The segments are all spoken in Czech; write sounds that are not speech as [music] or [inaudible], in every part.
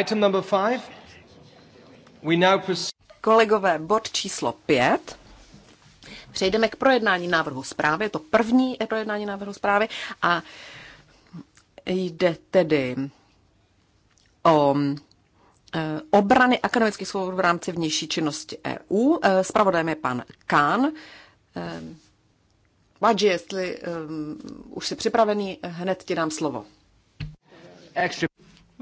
Item number five. We now Kolegové, bod číslo pět. Přejdeme k projednání návrhu zprávy. Je to první projednání návrhu zprávy a jde tedy o eh, obrany akademických svobod v rámci vnější činnosti EU. Spravodajem eh, je pan Kán. Vadži, eh, jestli um, už jsi připravený, hned ti dám slovo. Extra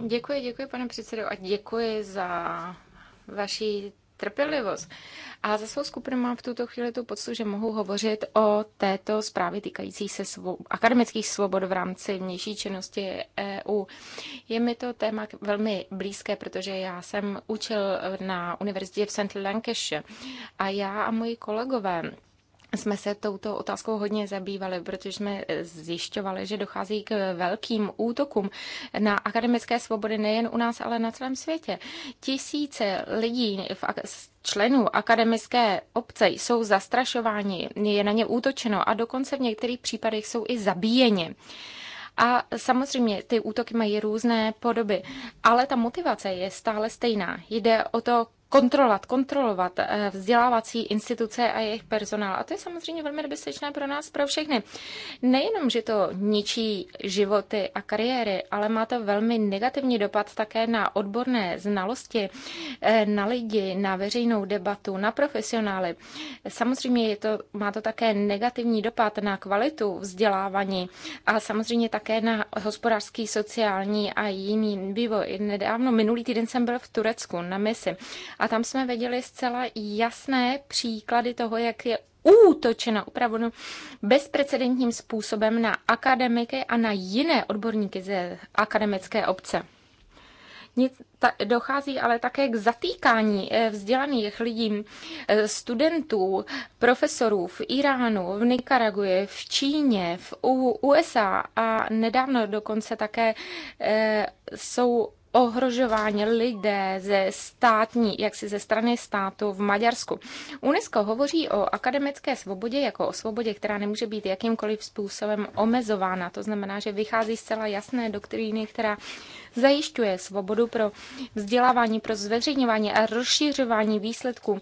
Děkuji, děkuji, pane předsedo, a děkuji za vaši trpělivost. A za svou skupinu mám v tuto chvíli tu poctu, že mohu hovořit o této zprávě týkající se svob- akademických svobod v rámci vnější činnosti EU. Je mi to téma velmi blízké, protože já jsem učil na univerzitě v St. Lancashire a já a moji kolegové jsme se touto otázkou hodně zabývali, protože jsme eh, zjišťovali, že dochází k velkým útokům na akademické svobody nejen u nás, ale na celém světě. Tisíce lidí v členů akademické obce jsou zastrašováni, je na ně útočeno a dokonce v některých případech jsou i zabíjeni. A samozřejmě ty útoky mají různé podoby, ale ta motivace je stále stejná. Jde o to kontrolovat, kontrolovat eh, vzdělávací instituce a jejich personál. A to je samozřejmě velmi nebezpečné pro nás, pro všechny. Nejenom, že to ničí životy a kariéry, ale má to velmi negativní dopad také na odborné znalosti, eh, na lidi, na veřejnou debatu, na profesionály. Samozřejmě je to, má to také negativní dopad na kvalitu vzdělávání a samozřejmě také na hospodářský, sociální a jiný vývoj. Nedávno, minulý týden jsem byl v Turecku na misi a a tam jsme viděli zcela jasné příklady toho, jak je útočena opravdu bezprecedentním způsobem na akademiky a na jiné odborníky ze akademické obce. Nic, ta, dochází ale také k zatýkání eh, vzdělaných lidí, eh, studentů, profesorů v Iránu, v Nikaraguji, v Číně, v USA a nedávno dokonce také eh, jsou ohrožování lidé ze státní, jak si ze strany státu v Maďarsku. UNESCO hovoří o akademické svobodě jako o svobodě, která nemůže být jakýmkoliv způsobem omezována. To znamená, že vychází zcela jasné doktríny, která zajišťuje svobodu pro vzdělávání, pro zveřejňování a rozšířování výsledků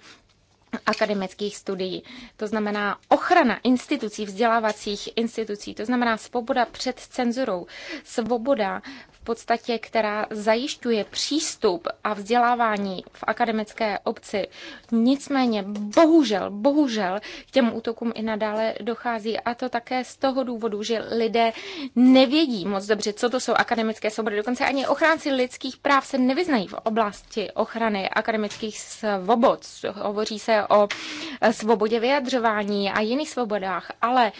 akademických studií. To znamená ochrana institucí, vzdělávacích institucí, to znamená svoboda před cenzurou, svoboda podstatě, která zajišťuje přístup a vzdělávání v akademické obci. Nicméně, bohužel, bohužel, k těm útokům i nadále dochází a to také z toho důvodu, že lidé nevědí moc dobře, co to jsou akademické svobody. Dokonce ani ochránci lidských práv se nevyznají v oblasti ochrany akademických svobod. Hovoří se o svobodě vyjadřování a jiných svobodách, ale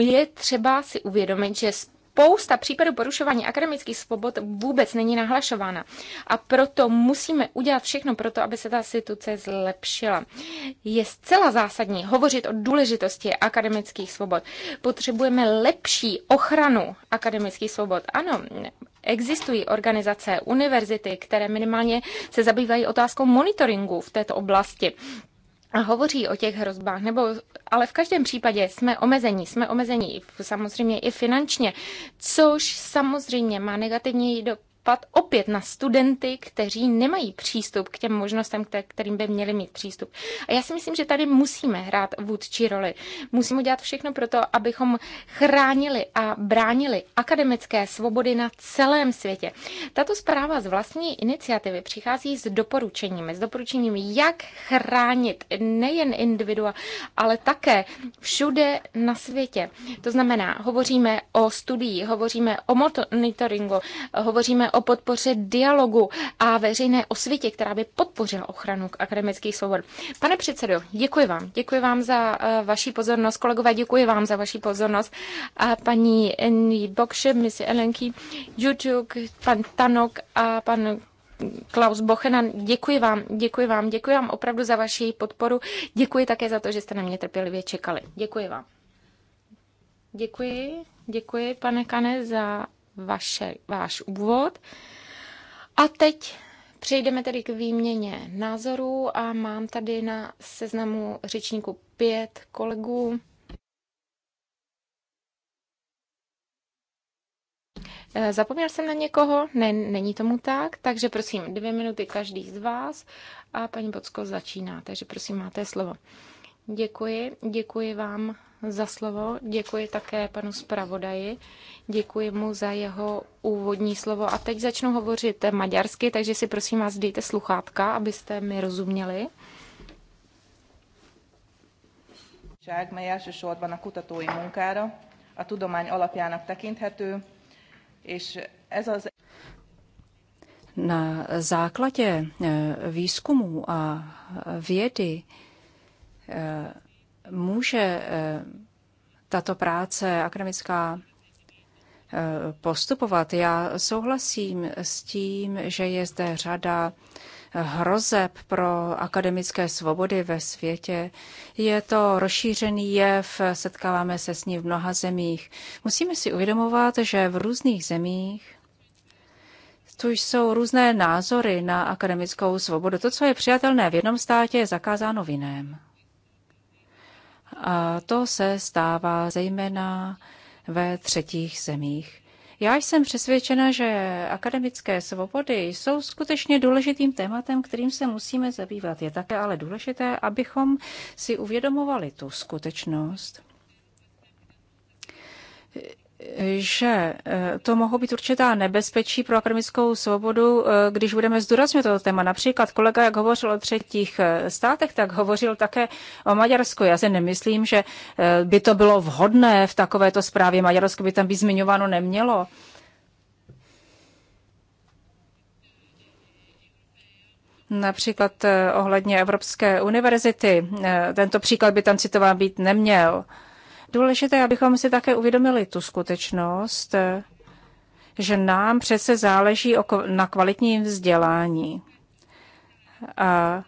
je třeba si uvědomit, že spousta případů porušování akademických svobod vůbec není nahlašována. A proto musíme udělat všechno pro to, aby se ta situace zlepšila. Je zcela zásadní hovořit o důležitosti akademických svobod. Potřebujeme lepší ochranu akademických svobod. Ano, existují organizace, univerzity, které minimálně se zabývají otázkou monitoringu v této oblasti a hovoří o těch hrozbách, nebo, ale v každém případě jsme omezení, jsme omezení samozřejmě i finančně, což samozřejmě má negativní dopad dopad opět na studenty, kteří nemají přístup k těm možnostem, kterým by měli mít přístup. A já si myslím, že tady musíme hrát vůdčí roli. Musíme dělat všechno pro to, abychom chránili a bránili akademické svobody na celém světě. Tato zpráva z vlastní iniciativy přichází s doporučeními, s doporučením, jak chránit nejen individua, ale také všude na světě. To znamená, hovoříme o studii, hovoříme o monitoringu, hovoříme o o podpoře dialogu a veřejné osvětě, která by podpořila ochranu akademických svobod. Pane předsedo, děkuji vám. Děkuji vám za eh, vaši pozornost. Kolegové, děkuji vám za vaši pozornost. A paní Enny Bokše, misi Elenky, Jutuk, pan Tanok a pan Klaus Bochenan, děkuji vám, děkuji vám, děkuji vám opravdu za vaši podporu. Děkuji také za to, že jste na mě trpělivě čekali. Děkuji vám. Děkuji, děkuji, pane Kane, za vaše, váš úvod. A teď přejdeme tedy k výměně názorů a mám tady na seznamu řečníku pět kolegů. Eh, zapomněl jsem na někoho? Ne, není tomu tak, takže prosím, dvě minuty každý z vás a paní Bocko začíná, takže prosím, máte slovo. Děkuji, děkuji vám za slovo. Děkuji také panu zpravodaji. Děkuji mu za jeho úvodní slovo. A teď začnu hovořit maďarsky, takže si prosím vás dejte sluchátka, abyste mi rozuměli. mely elsősorban a kutatói munkára, a tudomány alapjának tekinthető, és ez az na základě eh, výzkumu a eh, vědy eh, může eh, tato práce akademická eh, postupovat. Já souhlasím s tím, že je zde řada eh, hrozeb pro akademické svobody ve světě. Je to rozšířený jev, setkáváme se s ním v mnoha zemích. Musíme si uvědomovat, že v různých zemích tu jsou různé názory na akademickou svobodu. To, co je přijatelné v jednom státě, je zakázáno v jiném. A to se stává zejména ve třetích zemích. Já jsem přesvědčena, že akademické svobody jsou skutečně důležitým tématem, kterým se musíme zabývat. Je také ale důležité, abychom si uvědomovali tu skutečnost, že eh, to mohou být určitá nebezpečí pro akademickou svobodu, eh, když budeme zdůrazňovat toto téma. Například kolega, jak hovořil o třetích eh, státech, tak hovořil také o Maďarsku. Já si nemyslím, že by to bylo vhodné v takovéto zprávě. Maďarsko by tam být zmiňováno nemělo. Například ohledně Evropské univerzity. Tento příklad by tam citován být neměl důležité, abychom si také uvědomili tu skutečnost, že nám přece záleží na kvalitním vzdělání. A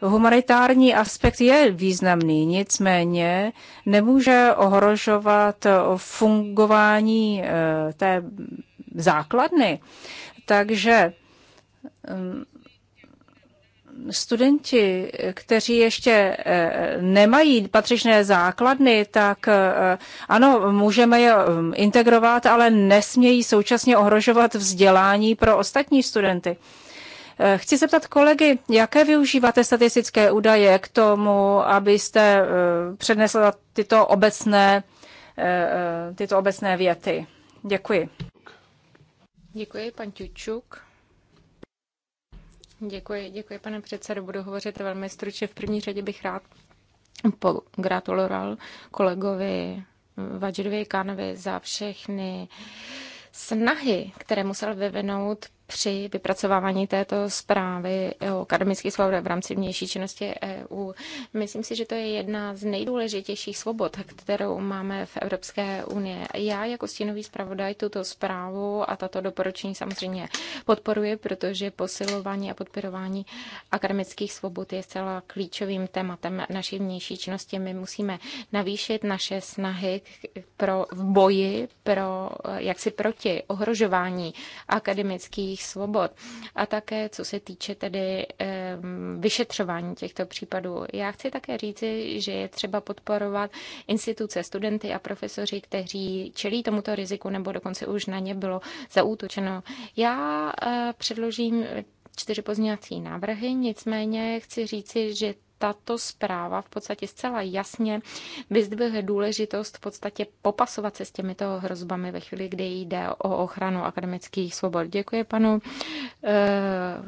Humanitární aspekt je významný, nicméně nemůže ohrožovat fungování eh, té základny. Takže mm, studenti, kteří ještě eh, nemají patřičné základny, tak eh, ano, můžeme je mm, integrovat, ale nesmějí současně ohrožovat vzdělání pro ostatní studenty. Eh, chci se ptat kolegy, jaké využíváte statistické údaje k tomu, abyste přednesla tyto obecné, tyto obecné věty? Děkuji. Děkuji, pan Čučuk. Děkuji, děkuji pane předsedo, budu hovořit velmi stručně. V první řadě bych rád pogratuloval kolegovi Vajdovi Kánovi za všechny snahy, které musel vyvinout při vypracovávání této zprávy o akademické svobod v rámci vnější činnosti EU. Myslím si, že to je jedna z nejdůležitějších svobod, kterou máme v Evropské unii. Já jako stínový zpravodaj tuto zprávu a tato doporučení samozřejmě podporuji, protože posilování a podporování akademických svobod je zcela klíčovým tématem naší vnější činnosti. My musíme navýšit naše snahy pro v boji pro, jaksi proti ohrožování akademických základních svobod a také co se týče tedy vyšetřování těchto případů. Já chci také říci, že je třeba podporovat instituce, studenty a profesoři, kteří čelí tomuto riziku nebo dokonce už na ně bylo zaútočeno. Já eh, předložím čtyři pozměňovací návrhy, nicméně chci říci, že tato zpráva v podstatě zcela jasně vyzdvihuje důležitost v podstatě popasovat se s těmito hrozbami ve chvíli, kdy jde o ochranu akademických svobod. Děkuji panu eh,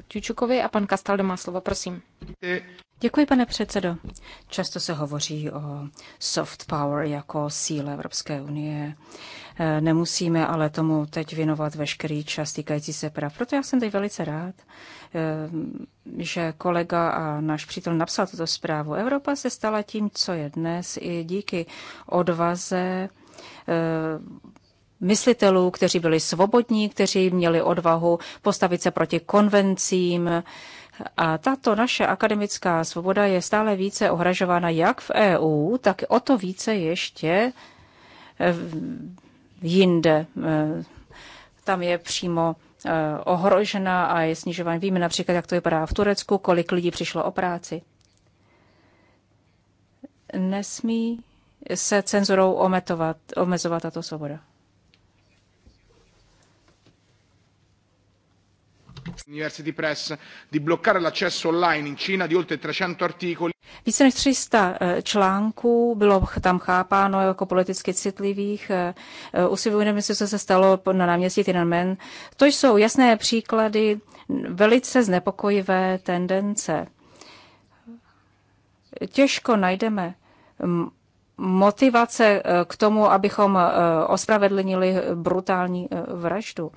Čučukovi a pan Kastaldo má slovo, prosím. Děkuji, pane předsedo. Často se hovoří o soft power jako síle Evropské unie. Eh, nemusíme ale tomu teď věnovat veškerý čas týkající se práv. Proto já jsem teď velice rád, Ehm, že kolega a náš přítel napsal tuto zprávu. Evropa se stala tím, co je dnes, i díky odvaze ehm, myslitelů, kteří byli svobodní, kteří měli odvahu postavit se proti konvencím. A tato naše akademická svoboda je stále více ohražována jak v EU, tak o to více ještě ehm, jinde. Tam je přímo Eh, ohrožena a je snižování. Víme například, jak to vypadá v Turecku, kolik lidí přišlo o práci. Nesmí se cenzurou ometovat, omezovat tato svoboda. University Press di bloccare l'accesso online in Cina di oltre 300 articoli. Více než 300 eh, článků bylo tam chápáno jako politicky citlivých. Eh, eh, Usilujeme si, co se stalo na náměstí Tiananmen. To jsou jasné příklady velice znepokojivé tendence. Těžko najdeme mm, motivace k tomu, abychom ospravedlnili brutální vraždu.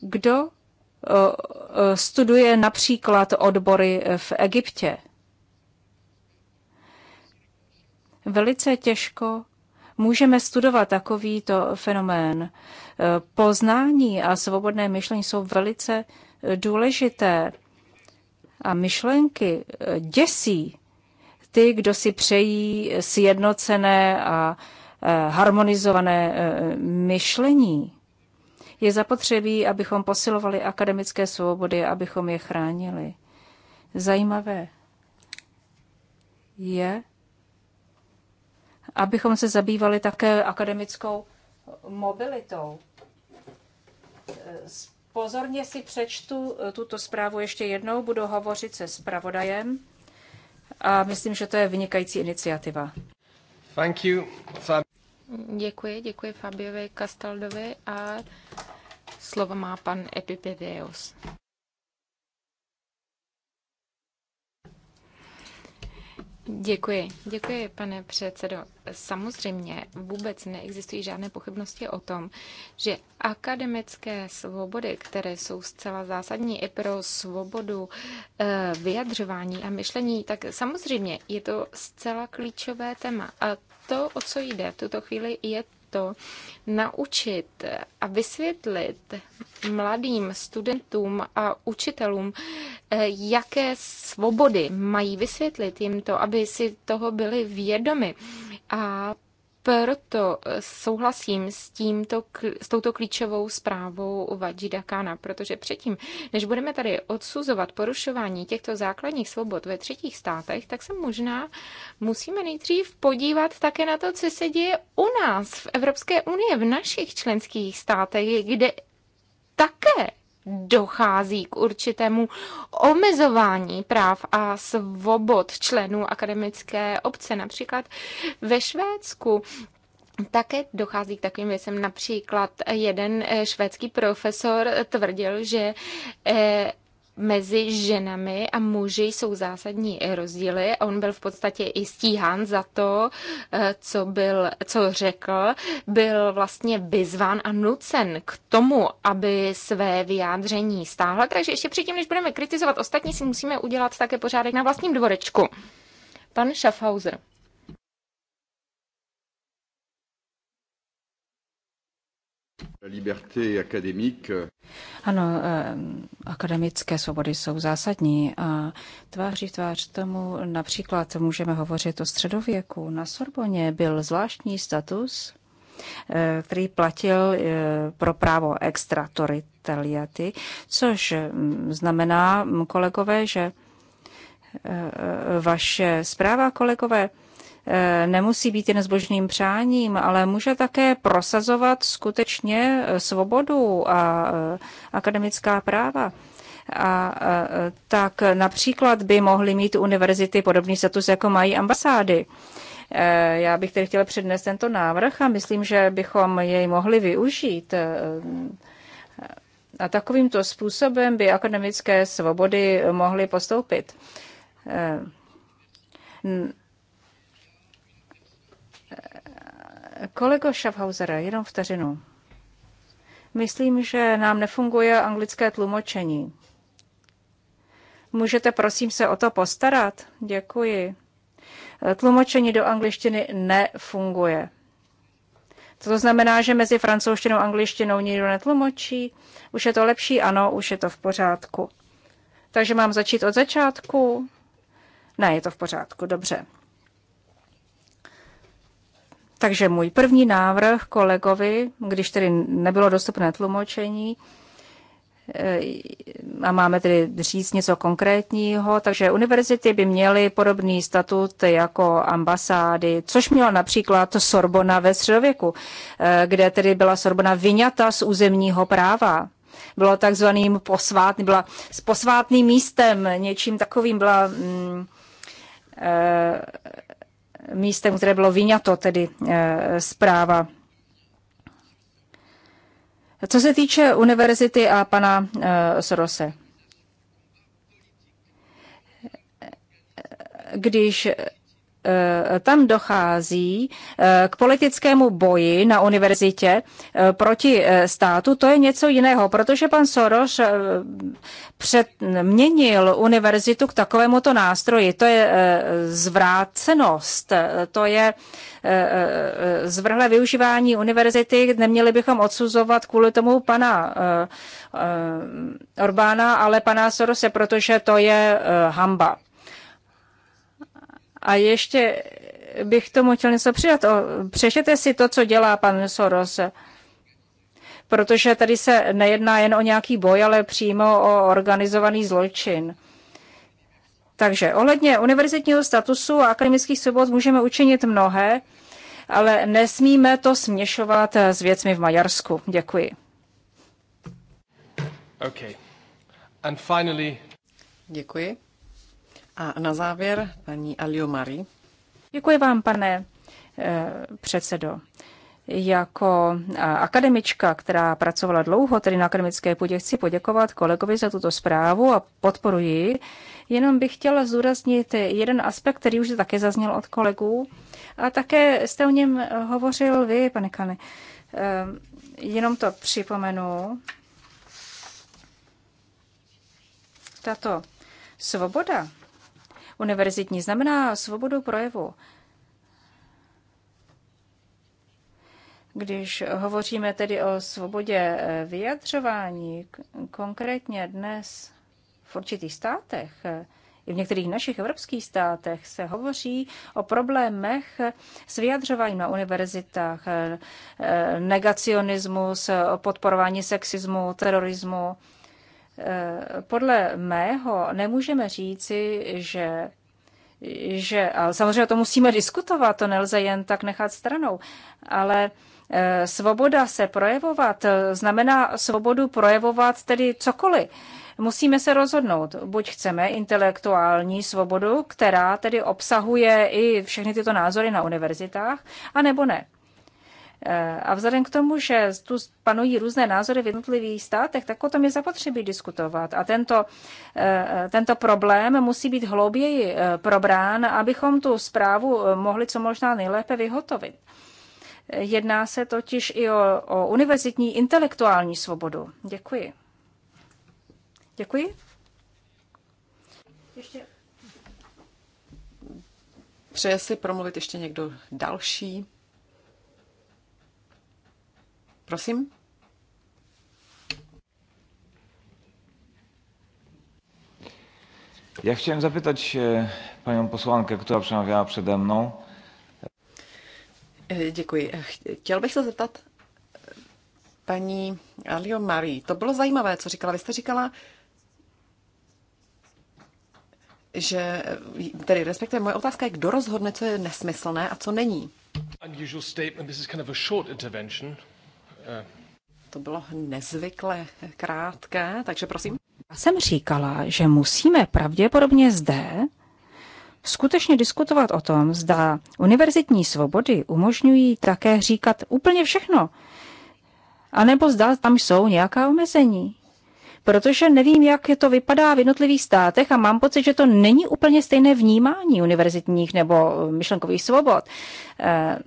Kdo eh, eh, studuje například odbory v Egyptě? Velice těžko můžeme studovat takovýto fenomén. Eh, poznání a svobodné myšlení jsou velice důležité. A myšlenky děsí ty, kdo si přejí sjednocené a harmonizované myšlení. Je zapotřebí, abychom posilovali akademické svobody, abychom je chránili. Zajímavé je, abychom se zabývali také akademickou mobilitou. Pozorně si přečtu eh, tuto zprávu ještě jednou, budu hovořit se zpravodajem a myslím, že to je vynikající iniciativa. Thank you, Fab. Děkuji, děkuji Fabiovi Kastaldovi a Slovo má pan Epipedeus. Děkuji, děkuji, pane předsedo. Samozřejmě vůbec neexistují žádné pochybnosti o tom, že akademické svobody, které jsou zcela zásadní i pro svobodu eh, vyjadřování a myšlení, tak samozřejmě je to zcela klíčové téma. A to, o co jde v tuto chvíli, je to naučit a vysvětlit mladým studentům a učitelům, eh, jaké svobody mají vysvětlit jim to, aby si toho byli vědomi. A proto eh, souhlasím s, tímto, s touto klíčovou zprávou u Vajida Kana, protože předtím, než budeme tady odsuzovat porušování těchto základních svobod ve třetích státech, tak se možná musíme nejdřív podívat také na to, co se děje u nás v Evropské unii, v našich členských státech, kde také dochází k určitému omezování práv a svobod členů akademické obce. Například ve Švédsku také dochází k takovým věcem. Například jeden eh, švédský profesor tvrdil, že eh, mezi ženami a muži jsou zásadní rozdíly. On byl v podstatě i stíhán za to, eh, co, byl, co řekl. Byl vlastně vyzván a nucen k tomu, aby své vyjádření stáhl. Takže ještě předtím, než budeme kritizovat ostatní, si musíme udělat také pořádek na vlastním dvorečku. Pan Schaffhauser. Euh, ano, akademické svobody jsou zásadní a tváří v tvář tomu například můžeme hovořit o středověku. Na Sorboně byl zvláštní status, eh, který platil eh, pro právo extraterritoriality, což mm, znamená, kolegové, že eh, vaše zpráva, kolegové, Eh, nemusí být jen zbožným přáním, ale může také prosazovat skutečně eh, svobodu a eh, akademická práva. A, tak například by mohly mít univerzity podobný status, jako mají ambasády. Já bych tedy chtěla přednést tento návrh a myslím, že bychom jej mohli využít. A takovýmto způsobem by akademické svobody mohly postoupit. Kolego Schaffhauser, jenom vteřinu. Myslím, že nám nefunguje anglické tlumočení. Můžete prosím se o to postarat? Děkuji. Tlumočení do angličtiny nefunguje. To znamená, že mezi francouzštinou a angličtinou nikdo netlumočí. Už je to lepší? Ano, už je to v pořádku. Takže mám začít od začátku? Ne, je to v pořádku, dobře. Takže můj první návrh kolegovi, když tedy nebylo dostupné tlumočení, eh, a máme tedy říct něco konkrétního, takže univerzity by měly podobný statut jako ambasády, což měla například Sorbona ve středověku, eh, kde tedy byla Sorbona vyňata z územního práva. Bylo takzvaným posvátným, byla s posvátným místem, něčím takovým byla mm, e, místem, které bylo vyňato, tedy eh, zpráva. Co se týče univerzity a pana eh, Sorose, když Eh, tam dochází eh, k politickému boji na univerzitě eh, proti státu, to je něco jiného, protože pan Soros předměnil univerzitu k takovémuto nástroji. To je zvrácenost, to je zvrhlé využívání univerzity. Neměli bychom odsuzovat kvůli tomu pana Orbána, ale pana Sorose, protože to je hamba. A ještě bych k tomu chtěl něco přidat. Přešete si to, co dělá pan Soros, protože tady se nejedná jen o nějaký boj, ale přímo o organizovaný zločin. Takže ohledně univerzitního statusu a akademických svobod můžeme učinit mnohé, ale nesmíme to směšovat s věcmi v Maďarsku. Děkuji. Okay. And finally... Děkuji. A na závěr paní Alio Mari. Děkuji vám, pane eh, předsedo. Jako eh, akademička, která pracovala dlouho tedy na akademické půdě, chci poděkovat kolegovi za tuto zprávu a podporuji. Jenom bych chtěla zúraznit jeden aspekt, který už také zazněl od kolegů a také jste o něm hovořil vy, pane Kane. Eh, jenom to připomenu. Tato svoboda univerzitní. Znamená svobodu projevu. Když hovoříme tedy o svobodě eh, vyjadřování, konkrétně dnes v určitých státech, eh, i v některých našich evropských státech se hovoří o problémech s vyjadřováním na univerzitách, eh, negacionismus, podporování sexismu, terorismu. Eh, podle mého nemůžeme říci, že že, ale samozřejmě to musíme diskutovat, to nelze jen tak nechat stranou, ale eh, svoboda se projevovat eh, znamená svobodu projevovat tedy cokoliv. Musíme se rozhodnout, buď chceme intelektuální svobodu, která tedy obsahuje i všechny tyto názory na univerzitách, anebo ne. Eh, a vzhledem k tomu, že tu panují různé názory v jednotlivých státech, tak o tom je zapotřebí diskutovat. A tento, eh, tento problém musí být hlouběji eh, probrán, abychom tu zprávu mohli co možná nejlépe vyhotovit. Jedná se totiž i o, o univerzitní intelektuální svobodu. Děkuji. Děkuji. Ještě. Přeje si promluvit ještě někdo další? Prosím. Já chciałem zapytać paní posłankę, která przemawiała přede mnou. Eh, děkuji. Eh, chtěl bych se zeptat eh, paní Alio Marie. To bylo zajímavé, co říkala. Vy jste říkala, že, tedy respektive moje otázka je, kdo rozhodne, co je nesmyslné a co není. Unusual statement. This is kind of a short intervention. To bylo nezvykle krátké, takže prosím. Já jsem říkala, že musíme pravděpodobně zde skutečně diskutovat o tom, zda univerzitní svobody umožňují také říkat úplně všechno, anebo zda tam jsou nějaká omezení. Protože nevím, jak je to vypadá v jednotlivých státech a mám pocit, že to není úplně stejné vnímání univerzitních nebo myšlenkových svobod. Eh,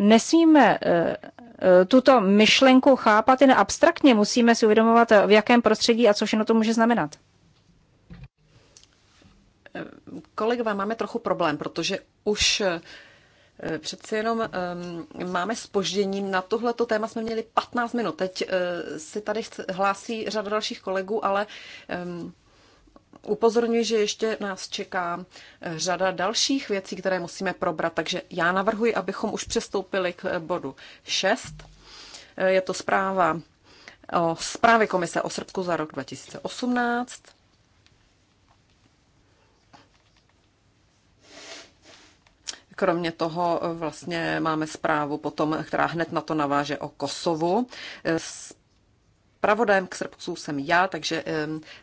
nesmíme eh, Eh, tuto myšlenku chápat jen abstraktně, musíme si uvědomovat, eh, v jakém prostředí a co všechno to může znamenat. Eh, kolegové, máme trochu problém, protože už Přeci jenom um, máme spoždění. Na tohleto téma jsme měli 15 minut. Teď uh, si tady hlásí řada dalších kolegů, ale um, upozorňuji, že ještě nás čeká eh, řada dalších věcí, které musíme probrat, takže já navrhuji, abychom už přestoupili k eh, bodu 6. Eh, je to zpráva o zprávě komise o Srbsku za rok 2018. Kromě toho vlastně máme zprávu potom, která hned na to naváže o Kosovu zpravodajem k Srbců jsem já, takže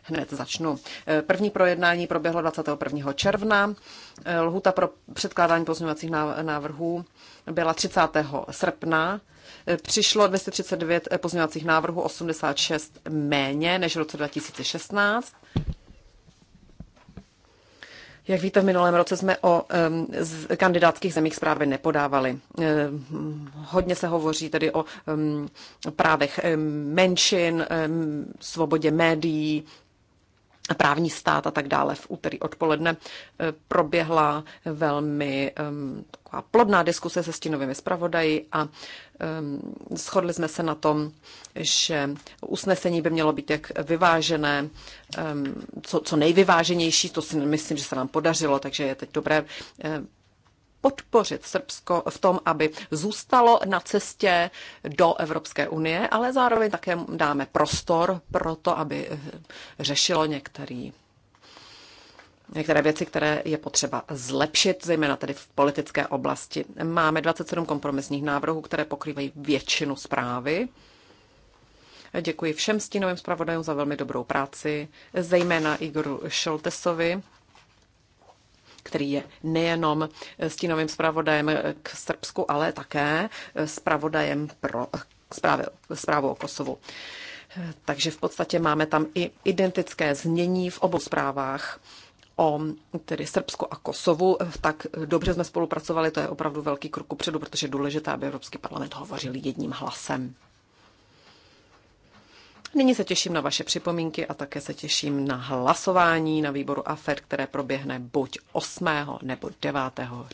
hned začnu. Eh, první projednání proběhlo 21. června. Eh, Lhuta pro předkládání pozměňovacích návrhů byla 30. srpna. Eh, přišlo 239 pozměňovacích návrhů, 86 méně než v roce 2016. Jak víte, v minulém roce jsme o um, kandidátských zemích zprávy nepodávali. Um, hodně se hovoří tedy o um, právech menšin, um, svobodě médií, právní stát a tak dále. V úterý odpoledne eh, proběhla velmi um, taková plodná diskuse se stínovými zpravodaji a Ehm, shodli jsme se na tom, že usnesení by mělo být jak vyvážené, ehm, co, co nejvyváženější, to si myslím, že se nám podařilo, takže je teď dobré ehm, podpořit Srbsko v tom, aby zůstalo na cestě do Evropské unie, ale zároveň také dáme prostor pro to, aby eh, řešilo některý některé věci, které je potřeba zlepšit, zejména tedy v politické oblasti. Máme 27 kompromisních návrhů, které pokrývají většinu zprávy. Děkuji všem stínovým zpravodajům za velmi dobrou práci, zejména Igoru Šoltesovi, který je nejenom stínovým zpravodajem k Srbsku, ale také zpravodajem pro zprávu o Kosovu. Takže v podstatě máme tam i identické znění v obou zprávách o tedy Srbsko a Kosovu, tak dobře jsme spolupracovali, to je opravdu velký krok upředu, protože je důležité, aby Evropský parlament hovořil jedním hlasem. Nyní se těším na vaše připomínky a také se těším na hlasování na výboru AFED, které proběhne buď 8. nebo 9.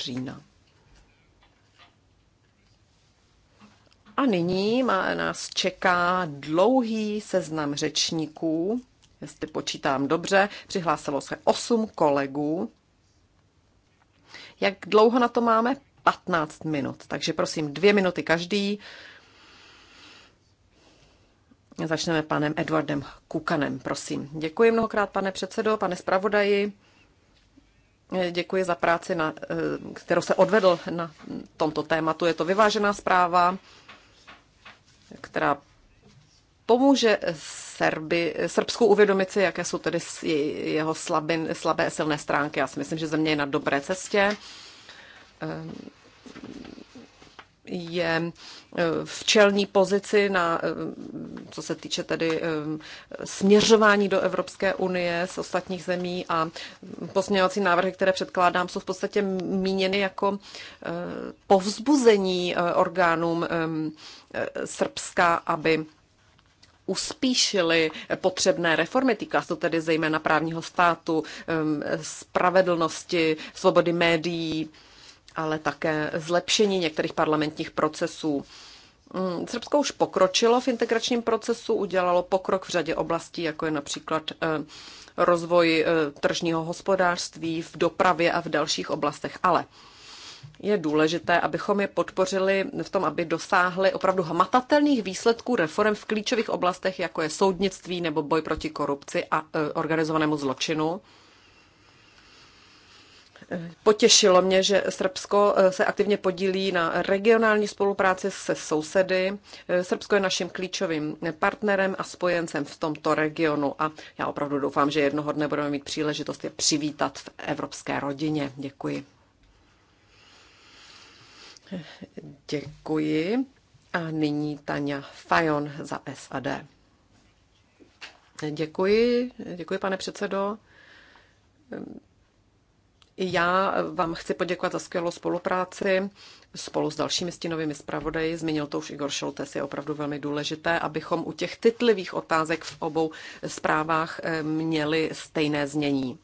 října. A nyní má, nás čeká dlouhý seznam řečníků jestli počítám dobře, přihlásilo se 8 kolegů. Jak dlouho na to máme? 15 minut, takže prosím, dvě minuty každý. Začneme panem Edwardem Kukanem, prosím. Děkuji mnohokrát, pane předsedo, pane zpravodaji. Děkuji za práci, na, eh, kterou se odvedl na tomto tématu. Je to vyvážená zpráva, která pomůže s Serby, Srbsku uvědomit si, jaké jsou tedy jeho slabin, slabé silné stránky. Já si myslím, že země je na dobré cestě. Ehm, je ehm, v čelní pozici, na, ehm, co se týče tedy směřování do Evropské unie z ostatních zemí a pozměňovací návrhy, které předkládám, jsou v podstatě míněny jako povzbuzení e, orgánům e, Srbska, aby uspíšili potřebné reformy. Týká se to tedy zejména právního státu, spravedlnosti, svobody médií, ale také zlepšení některých parlamentních procesů. Mm, Srbsko už pokročilo v integračním procesu, udělalo pokrok v řadě oblastí, jako je například rozvoj e, tržního hospodářství v dopravě a v dalších oblastech. Ale je důležité, abychom je podpořili v tom, aby dosáhli opravdu hmatatelných výsledků reform v klíčových oblastech, jako je soudnictví nebo boj proti korupci a e, organizovanému zločinu. Potěšilo mě, že Srbsko e, se aktivně podílí na regionální spolupráci se sousedy. E, Srbsko je naším klíčovým partnerem a spojencem v tomto regionu a já opravdu doufám, že jednoho dne budeme mít příležitost je přivítat v evropské rodině. Děkuji. Děkuji. A nyní Tania Fajon za SAD. Děkuji, děkuji pane předsedo. Já vám chci poděkovat za skvělou spolupráci spolu s dalšími stínovými zpravodaji. Zmínil to už Igor Šoltes, je opravdu velmi důležité, abychom u těch titlivých otázek v obou zprávách eh, měli stejné znění.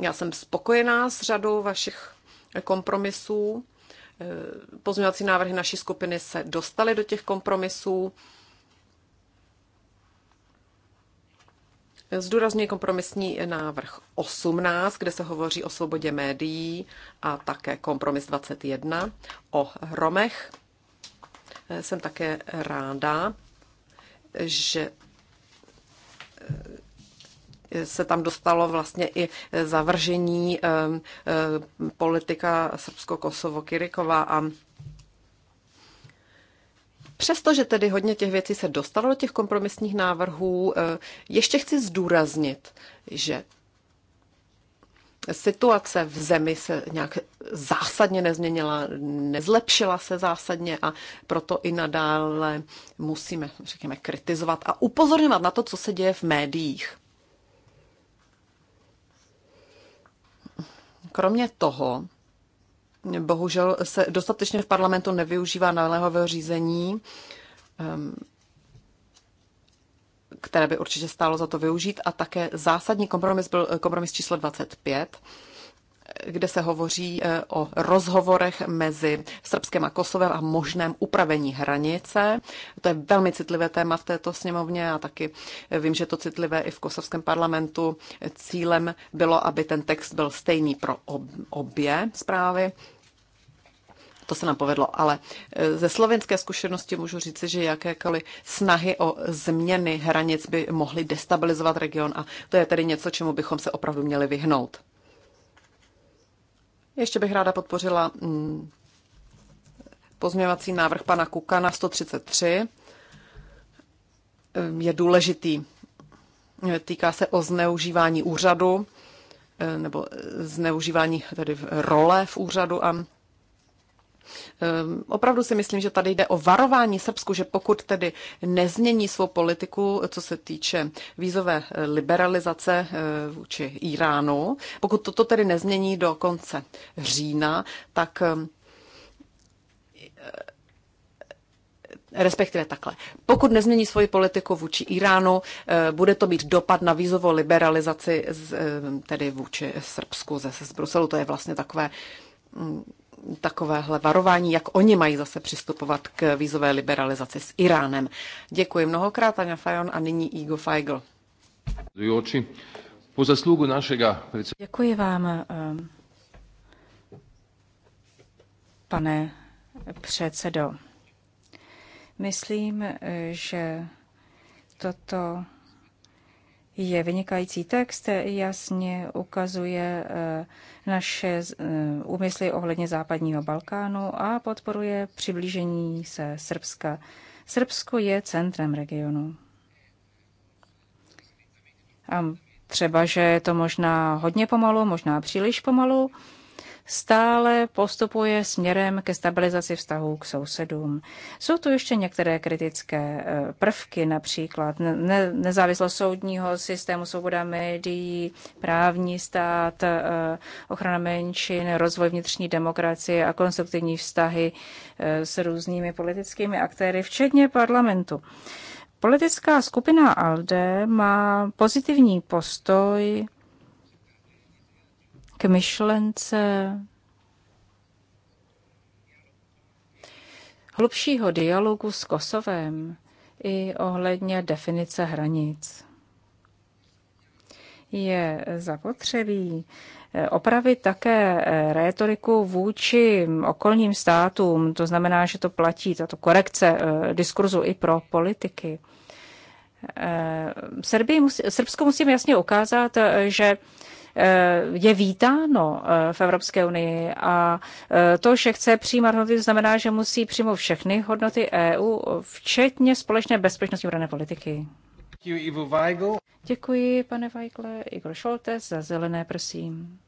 Já jsem spokojená s řadou vašich kompromisů. Pozměňovací návrhy naší skupiny se dostaly do těch kompromisů. Zdůrazňuji kompromisní návrh 18, kde se hovoří o svobodě médií a také kompromis 21 o Romech. Jsem také ráda, že se tam dostalo vlastně i zavržení politika Srbsko-Kosovo Kirikova a Přestože tedy hodně těch věcí se dostalo do těch kompromisních návrhů, eh, ještě chci zdůraznit, že situace v zemi se nějak zásadně nezměnila, nezlepšila se zásadně a proto i nadále musíme, řekněme, kritizovat a upozorňovat na to, co se děje v médiích. Kromě toho, bohužel se dostatečně v parlamentu nevyužívá náléhového řízení, ehm, které by určitě stálo za to využít, a také zásadní kompromis byl kompromis číslo 25, kde se hovoří eh, o rozhovorech mezi Srbskem a Kosovem a možném upravení hranice. To je velmi citlivé téma v této sněmovně a taky eh, vím, že to citlivé i v kosovském parlamentu. Cílem bylo, aby ten text byl stejný pro obě zprávy. To se nám povedlo, ale eh, ze slovenské zkušenosti můžu říci, že jakékoliv snahy o změny hranic by mohly destabilizovat region a to je tedy něco, čemu bychom se opravdu měli vyhnout. Ještě bych ráda podpořila mm, pozměvací návrh pana Kuka na 133. Ehm, je důležitý. E, týká se o zneužívání úřadu e, nebo e, zneužívání tedy role v úřadu a Ehm, opravdu si myslím, že tady jde o varování Srbsku, že pokud tedy nezmění svou politiku, co se týče vízové eh, liberalizace eh, vůči Iránu, pokud toto tedy nezmění do konce října, tak ehm, eh, respektive takhle. Pokud nezmění svoji politiku vůči Iránu, bude to mít dopad na vízovou liberalizaci ehm, tedy vůči Srbsku ze, z Bruselu. To je vlastně takové mm, takovéhle varování, jak oni mají zase přistupovat k vízové liberalizaci s Iránem. Děkuji mnohokrát, Anja Fajon a nyní Igo Feigl. Děkuji vám, eh, pane předsedo. Myslím, eh, že toto je vynikající text, jasně ukazuje eh, naše eh, úmysly ohledně západního Balkánu a podporuje přiblížení se Srbska. Srbsko je centrem regionu. A třeba, že je to možná hodně pomalu, možná příliš pomalu, stále postupuje směrem ke stabilizaci vztahů k sousedům. Jsou tu ještě některé kritické eh, prvky, například ne, nezávislost soudního systému, svoboda médií, právní stát, eh, ochrana menšin, rozvoj vnitřní demokracie a konstruktivní vztahy eh, s různými politickými aktéry, včetně parlamentu. Politická skupina ALDE má pozitivní postoj k myšlence hlubšího dialogu s Kosovem i ohledně definice hranic. Je zapotřebí eh, opravit také eh, rétoriku vůči okolním státům, to znamená, že to platí, tato korekce eh, diskurzu i pro politiky. Srbii, Srbsko musím jasně ukázat, že Eh, je vítáno eh, v Evropské unii a eh, to, že chce přijímat hodnoty, znamená, že musí přijmout všechny hodnoty EU, včetně společné bezpečnostní obrané politiky. Děkuji, Děkuji, pane Weigle. Igor Šoltes za zelené, prosím.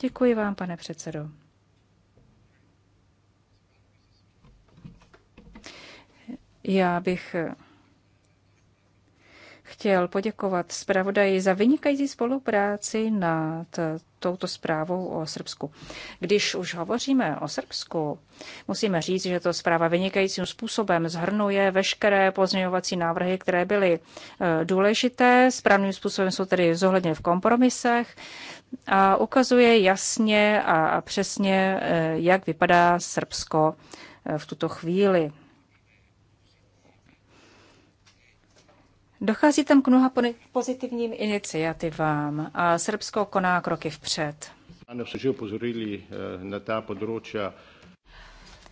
Děkuji vám, pane předsedo. Já bych chtěl poděkovat zpravodaji za vynikající spolupráci nad touto zprávou o Srbsku. Když už hovoříme o Srbsku, musíme říct, že to zpráva vynikajícím způsobem zhrnuje veškeré pozměňovací návrhy, které byly e, důležité. Správným způsobem jsou tedy zohledně v kompromisech a ukazuje jasně a přesně, e, jak vypadá Srbsko e, v tuto chvíli. Dochází tam k mnoha pozitivním iniciativám a Srbsko koná kroky vpřed. Ano, že upozorili eh, na ta područja.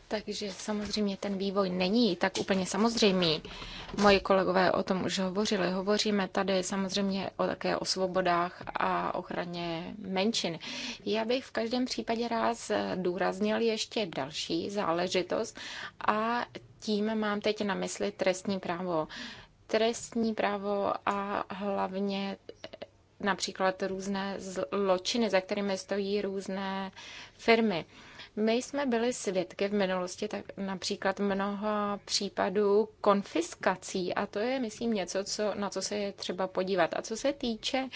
Takže samozřejmě ten vývoj není tak úplně samozřejmý. Moji kolegové o tom už hovořili. Hovoříme tady samozřejmě o, také o svobodách a ochraně menšin. Já bych v každém případě rád důraznil ještě další záležitost a tím mám teď na mysli trestní právo trestní právo a hlavně například různé zločiny, za kterými stojí různé firmy. My jsme byli svědky v minulosti tak například mnoha případů konfiskací a to je, myslím, něco, co, na co se je třeba podívat. A co se týče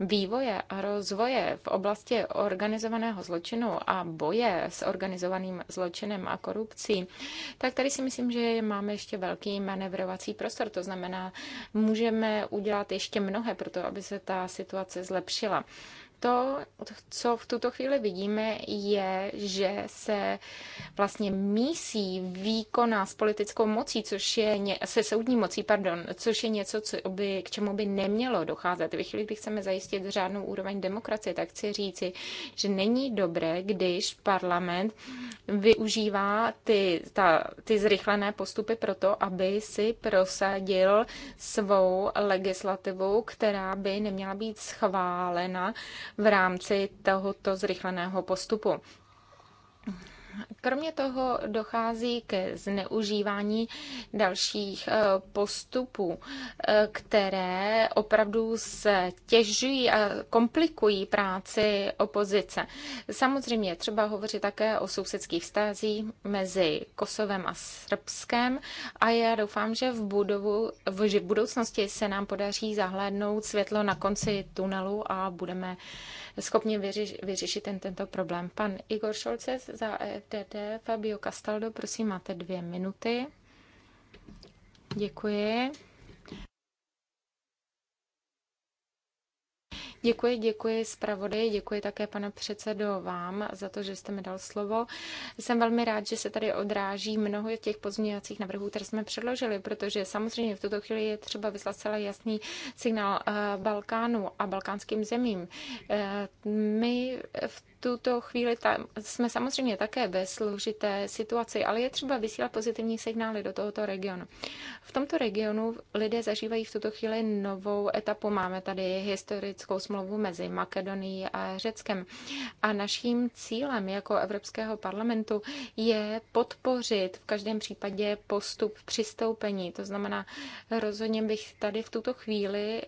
vývoje a rozvoje v oblasti organizovaného zločinu a boje s organizovaným zločinem a korupcí, tak tady si myslím, že máme ještě velký manevrovací prostor. To znamená, můžeme udělat ještě mnohé pro to, aby se ta situace zlepšila to, co v tuto chvíli vidíme, je, že se vlastně mísí výkona s politickou mocí, což je ně, se soudní mocí, pardon, což je něco, co by, k čemu by nemělo docházet. Ve chvíli, kdy chceme zajistit řádnou úroveň demokracie, tak chci říci, že není dobré, když parlament využívá ty, ta, ty zrychlené postupy pro to, aby si prosadil svou legislativu, která by neměla být schválena v rámci tohoto zrychleného postupu. Kromě toho dochází ke zneužívání dalších eh, postupů, eh, které opravdu se těžují a komplikují práci opozice. Samozřejmě třeba hovoří také o sousedských vztazích mezi Kosovem a Srbskem a já doufám, že v, budovu, že v budoucnosti se nám podaří zahlédnout světlo na konci tunelu a budeme schopni vyřiš, vyřešit ten, tento problém. Pan Igor Šolces za EFDD, Fabio Castaldo, prosím, máte dvě minuty. Děkuji. Děkuji, děkuji zpravodaji, děkuji také pane předsedo vám za to, že jste mi dal slovo. Jsem velmi rád, že se tady odráží mnoho těch pozměňovacích návrhů, které jsme předložili, protože samozřejmě v tuto chvíli je třeba vyslat celý jasný signál eh, Balkánu a balkánským zemím. Eh, my v tuto chvíli tam, jsme samozřejmě také ve složité situaci, ale je třeba vysílat pozitivní signály do tohoto regionu. V tomto regionu lidé zažívají v tuto chvíli novou etapu. Máme tady historickou smlouvu smlouvu mezi Makedonií a Řeckem. A naším cílem jako Evropského parlamentu je podpořit v každém případě postup přistoupení. To znamená, rozhodně bych tady v tuto chvíli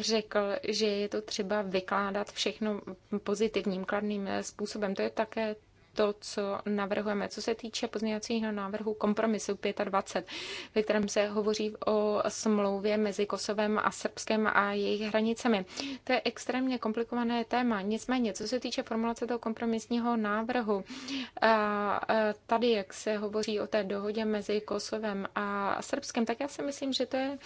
řekl, že je to třeba vykládat všechno pozitivním, kladným způsobem. To je také to, co navrhujeme. Co se týče pozměňovacího návrhu kompromisu 25, ve kterém se hovoří o smlouvě mezi Kosovem a Srbskem a jejich hranicemi. To je extrémně komplikované téma. Nicméně, co se týče formulace toho kompromisního návrhu, tady, jak se hovoří o té dohodě mezi Kosovem a Srbskem, tak já si myslím, že to je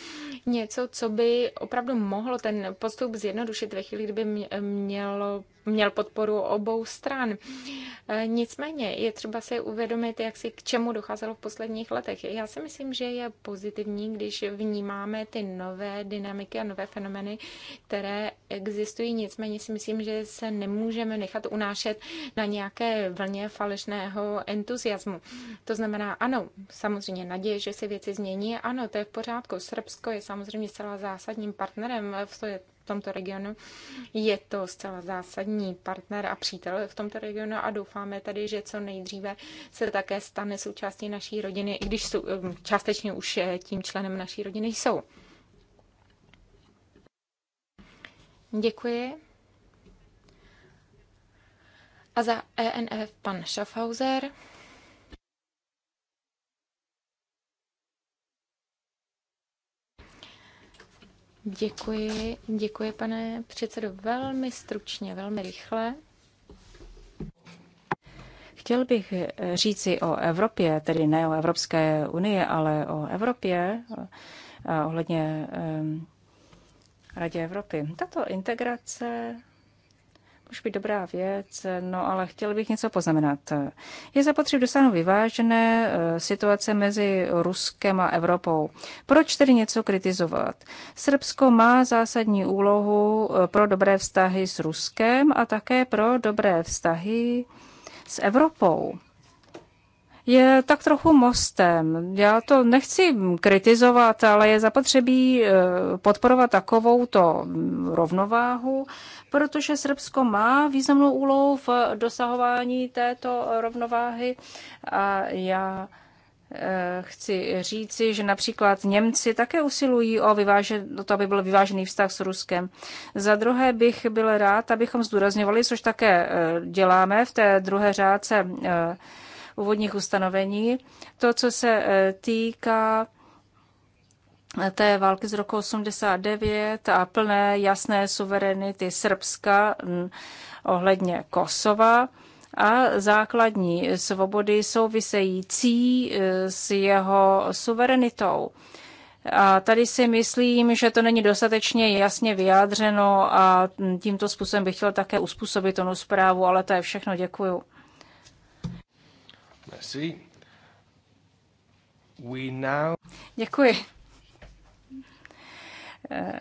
něco, co by opravdu mohlo ten postup zjednodušit ve chvíli, kdyby mělo, měl podporu obou stran. Nicméně je třeba si uvědomit, jak si k čemu docházelo v posledních letech. Já si myslím, že je pozitivní, když vnímáme ty nové dynamiky a nové fenomény, které existují. Nicméně si myslím, že se nemůžeme nechat unášet na nějaké vlně falešného entuziasmu. To znamená, ano, samozřejmě naděje, že se věci změní, ano, to je v pořádku. Srbsko je samozřejmě celá zásadním partnerem v tomto regionu. Je to zcela zásadní partner a přítel v tomto regionu a doufáme tady, že co nejdříve se také stane součástí naší rodiny, i když jsou, um, částečně už eh, tím členem naší rodiny jsou. Děkuji. A za ENF pan Schaffhauser. Děkuji, děkuji, pane předsedo. Velmi stručně, velmi rychle. Chtěl bych říci o Evropě, tedy ne o Evropské unii, ale o Evropě, eh, ohledně eh, Radě Evropy. Tato integrace už by dobrá věc, no ale chtěl bych něco poznamenat. Je zapotřebí dosáhnout vyvážené eh, situace mezi Ruskem a Evropou. Proč tedy něco kritizovat? Srbsko má zásadní úlohu eh, pro dobré vztahy s Ruskem a také pro dobré vztahy s Evropou je tak trochu mostem. Já to nechci kritizovat, ale je zapotřebí eh, podporovat takovou to rovnováhu, protože Srbsko má významnou úlohu v dosahování této rovnováhy a já eh, chci říci, že například Němci také usilují o, vyvážen, o to, aby byl vyvážený vztah s Ruskem. Za druhé bych byl rád, abychom zdůrazňovali, což také eh, děláme v té druhé řádce úvodních ustanovení. To, co se e, týká e, té války z roku 89 a plné jasné suverenity Srbska ohledně Kosova a základní svobody související e, s jeho suverenitou. A tady si myslím, že to není dostatečně jasně vyjádřeno a tímto způsobem bych chtěl také uspůsobit onu zprávu, ale to je všechno. Děkuju. Merci. We now... Děkuji. Eh,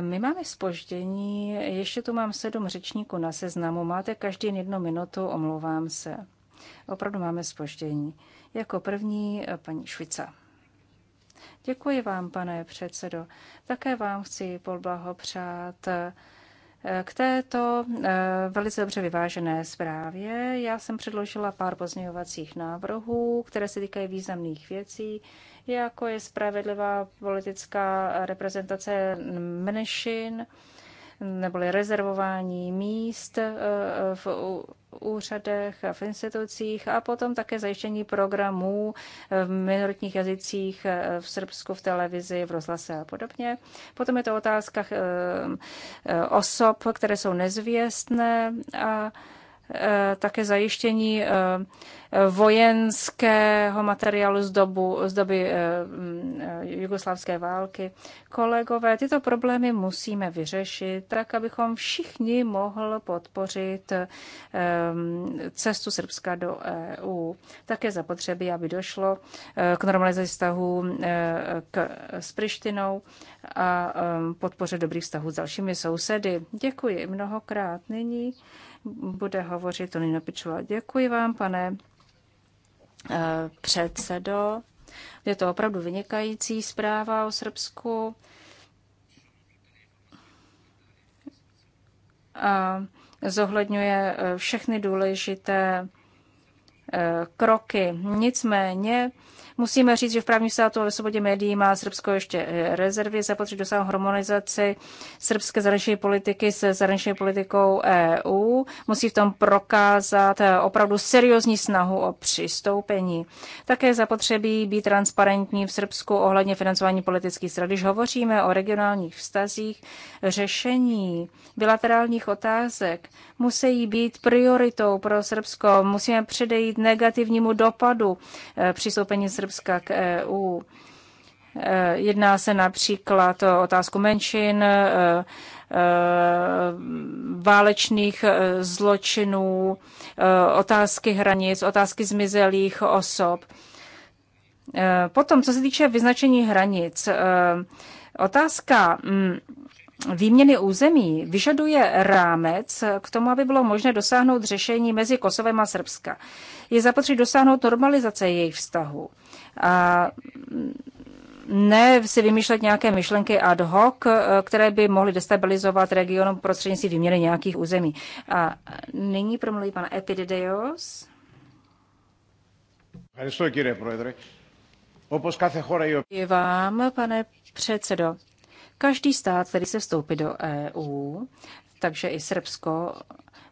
my máme spoždění, ještě tu mám sedm řečníků na seznamu, máte každý jednu minutu, omlouvám se. Opravdu máme spoždění. Jako první eh, paní Švica. Děkuji vám, pane předsedo. Také vám chci poblahopřát přát eh, k této eh, velice dobře vyvážené zprávě já jsem předložila pár pozměňovacích návrhů, které se týkají významných věcí, jako je spravedlivá politická reprezentace menšin, neboli rezervování míst eh, v úřadech a v institucích a potom také zajištění programů eh, v minoritních jazycích eh, v Srbsku, v televizi, v rozhlase a podobně. Potom je to otázka osob, které jsou nezvěstné a Eh, také zajištění eh, vojenského materiálu z, dobu, z doby eh, mm, jugoslávské války. Kolegové, tyto problémy musíme vyřešit tak, abychom všichni mohl podpořit cestu Srbska do EU. Také zapotřebí, aby došlo k normalizaci vztahů k, s Prištinou a podpoře dobrých vztahů s dalšími sousedy. Děkuji mnohokrát. Nyní bude hovořit Tonino Pičula. Děkuji vám, pane eh, předsedo. Je to opravdu vynikající zpráva o Srbsku. A zohledňuje eh, všechny důležité eh, kroky. Nicméně Musíme říct, že v právním státu a ve svobodě médií má Srbsko ještě eh, rezervy, zapotřebí dosáhnout harmonizaci srbské zahraniční politiky se zahraniční politikou EU. Musí v tom prokázat eh, opravdu seriózní snahu o přistoupení. Také zapotřebí být transparentní v Srbsku ohledně financování politických stran. Když hovoříme o regionálních vztazích, řešení bilaterálních otázek musí být prioritou pro Srbsko. Musíme předejít negativnímu dopadu eh, přistoupení Srbska Srbska k EU. Eh, jedná se například o otázku menšin, eh, eh, válečných zločinů, otázky hranic, otázky zmizelých osob. Potom, co se týče vyznačení hranic, otázka mm, výměny území vyžaduje rámec k tomu, aby bylo možné dosáhnout řešení mezi Kosovem a Srbska. Je zapotřebí dosáhnout normalizace jejich vztahu. A ne si vymýšlet nějaké myšlenky ad hoc, eh, které by mohly destabilizovat region prostřednictvím výměny nějakých území. A nyní promluví pan Epidideos. Děkuji vám, pane předsedo. Každý stát, který se vstoupí do EU, takže i Srbsko,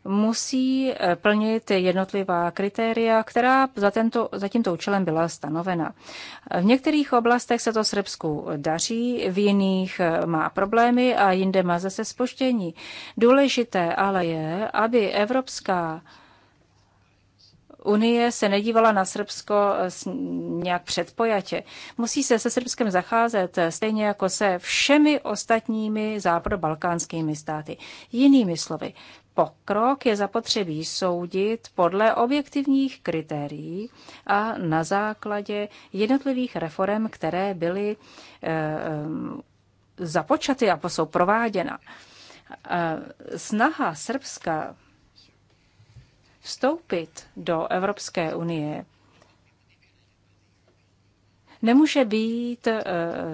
musí eh, plnit jednotlivá kritéria, která za, tento, za tímto účelem byla stanovena. Eh, v některých oblastech se to Srbsku daří, v jiných eh, má problémy a jinde má zase spoštění. Důležité ale je, aby Evropská Unie se nedívala na Srbsko nějak předpojatě. Musí se se Srbskem zacházet stejně jako se všemi ostatními západobalkánskými státy. Jinými slovy, pokrok je zapotřebí soudit podle objektivních kritérií a na základě jednotlivých reform, které byly eh, eh, započaty a jsou prováděna. Eh, snaha Srbska vstoupit do Evropské unie nemůže být e,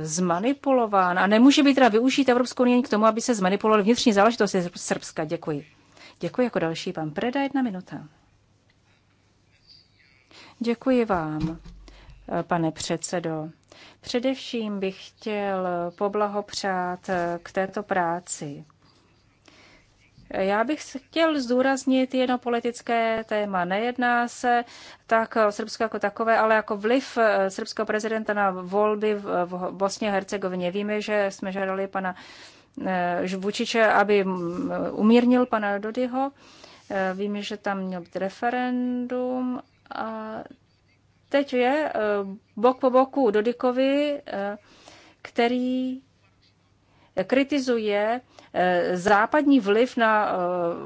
zmanipulován a nemůže být teda využít Evropskou unii k tomu, aby se zmanipulovaly vnitřní záležitosti Srbska. Děkuji. Děkuji jako další pan Preda, jedna minuta. Děkuji vám, pane předsedo. Především bych chtěl poblahopřát k této práci. Já bych chtěl zdůraznit jedno politické téma. Nejedná se tak o Srbsko jako takové, ale jako vliv srbského prezidenta na volby v Bosně a Hercegovině. Víme, že jsme žádali pana Eh, Vučiče, aby mm, umírnil pana Dodyho. Eh, Víme, že tam měl být referendum a teď je eh, bok po boku Dodikovi, který kritizuje západní vliv na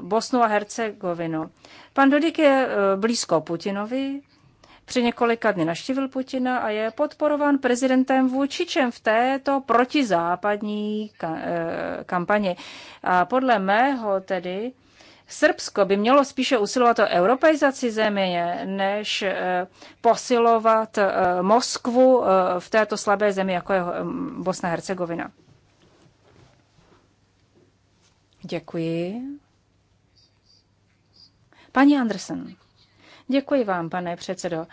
Bosnu a Hercegovinu. Pan Dodik je blízko Putinovi, při několika dny naštívil Putina a je podporován prezidentem Vůčičem v této protizápadní eh, kampani. A podle mého tedy Srbsko by mělo spíše usilovat o europeizaci země, než eh, posilovat eh, Moskvu v této slabé zemi, jako je Bosna Hercegovina. Děkuji. Paní Andersen. Děkuji vám, pane předsedo.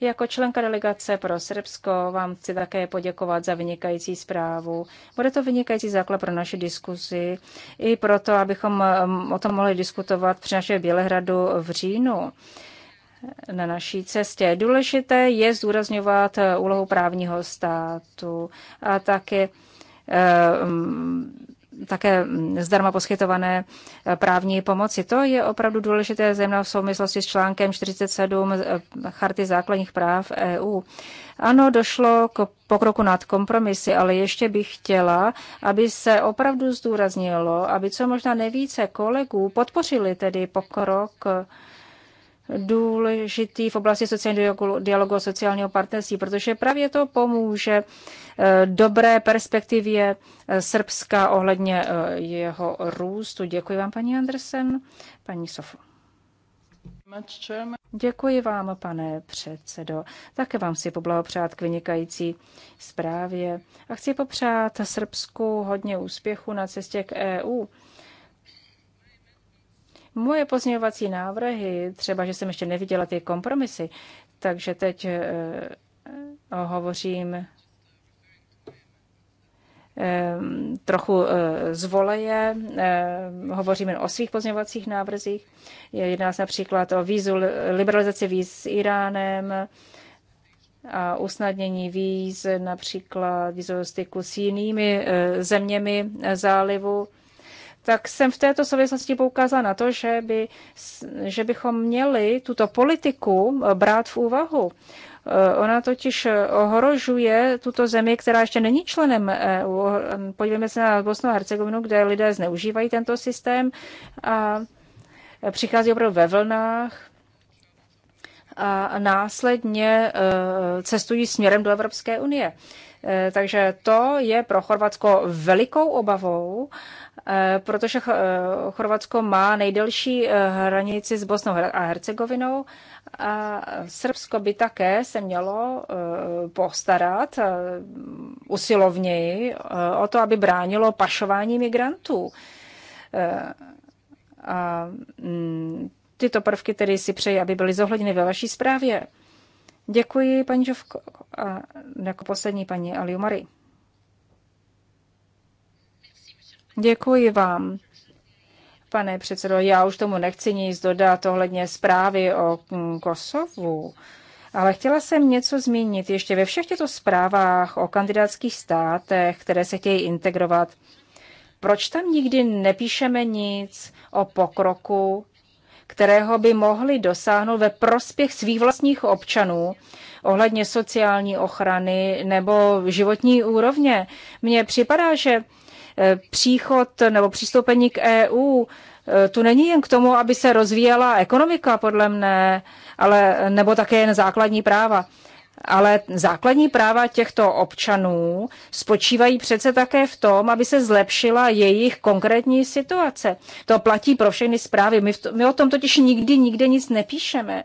Jako členka delegace pro Srbsko vám chci také poděkovat za vynikající zprávu. Bude to vynikající základ pro naši diskuzi i proto, abychom um, o tom mohli diskutovat při našem Bělehradu v říjnu na naší cestě. Důležité je zdůrazňovat uh, úlohu právního státu a také uh, také zdarma poskytované eh, právní pomoci. To je opravdu důležité, zejména v souvislosti s článkem 47 eh, Charty základních práv EU. Ano, došlo k pokroku nad kompromisy, ale ještě bych chtěla, aby se opravdu zdůraznilo, aby co možná nejvíce kolegů podpořili tedy pokrok eh, důležitý v oblasti sociálního dialogu a sociálního partnerství, protože právě to pomůže Eh, dobré perspektivě eh, Srbska ohledně eh, jeho růstu. Děkuji vám, paní Andersen. Paní Sofu. Děkuji vám, pane předsedo. Také vám si poblahopřát k vynikající zprávě a chci popřát Srbsku hodně úspěchu na cestě k EU. Moje pozměňovací návrhy, třeba, že jsem ještě neviděla ty kompromisy, takže teď hovořím trochu eh, z voleje. Hovoříme o svých pozměňovacích návrzích. Jedná se například o vízu, liberalizaci víz s Iránem, a usnadnění víz, například vízového styku s jinými eh, zeměmi eh, zálivu, tak jsem v této souvislosti poukázala na to, že, by, že bychom měli tuto politiku brát v úvahu. Ona totiž ohrožuje tuto zemi, která ještě není členem EU. Podívejme se na Bosnu a Hercegovinu, kde lidé zneužívají tento systém a přichází opravdu ve vlnách a následně e, cestují směrem do Evropské unie. E, takže to je pro Chorvatsko velikou obavou Eh, protože eh, Chorvatsko má nejdelší eh, hranici s Bosnou a Hercegovinou a Srbsko by také se mělo postarat usilovněji o to, aby bránilo pašování migrantů. A mm, tyto prvky tedy si přeji, aby byly zohledněny ve vaší zprávě. Děkuji, paní Žovko. A jako poslední paní Aliumari. Děkuji vám. Pane předsedo, já už tomu nechci nic dodat ohledně zprávy o mm, Kosovu, ale chtěla jsem něco zmínit ještě ve všech těchto zprávách o kandidátských státech, které se chtějí integrovat. Proč tam nikdy nepíšeme nic o pokroku, kterého by mohli dosáhnout ve prospěch svých vlastních občanů ohledně sociální ochrany nebo životní úrovně? Mně připadá, že Eh, příchod nebo přistoupení k EU eh, tu není jen k tomu, aby se rozvíjela ekonomika, podle mne, ale, nebo také jen základní práva. Ale základní práva těchto občanů spočívají přece také v tom, aby se zlepšila jejich konkrétní situace. To platí pro všechny zprávy. My, v to, my o tom totiž nikdy, nikde nic nepíšeme.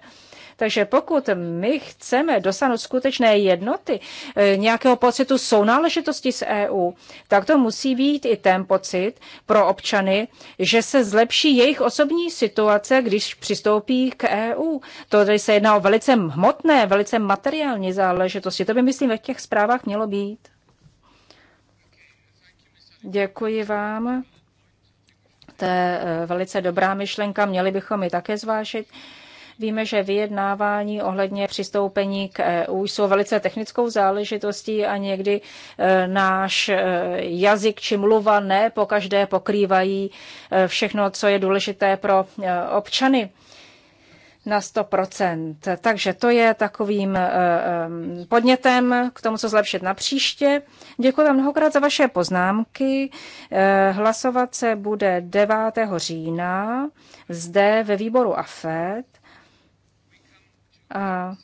Takže pokud my chceme dosáhnout skutečné jednoty, e, nějakého pocitu sounáležitosti s EU, tak to musí být i ten pocit pro občany, že se zlepší jejich osobní situace, když přistoupí k EU. To tady se jedná o velice hmotné, velice materiální záležitosti. To by, myslím, ve těch zprávách mělo být. Děkuji vám. To je e, velice dobrá myšlenka, měli bychom ji také zvážit. Víme, že vyjednávání ohledně přistoupení k EU jsou velice technickou záležitostí a někdy e, náš e, jazyk či mluva ne po každé pokrývají e, všechno, co je důležité pro občany na 100%. Takže to je takovým podnětem k tomu, co zlepšit na příště. Děkuji vám mnohokrát za vaše poznámky. Hlasovat se bude 9. října zde ve výboru AFED a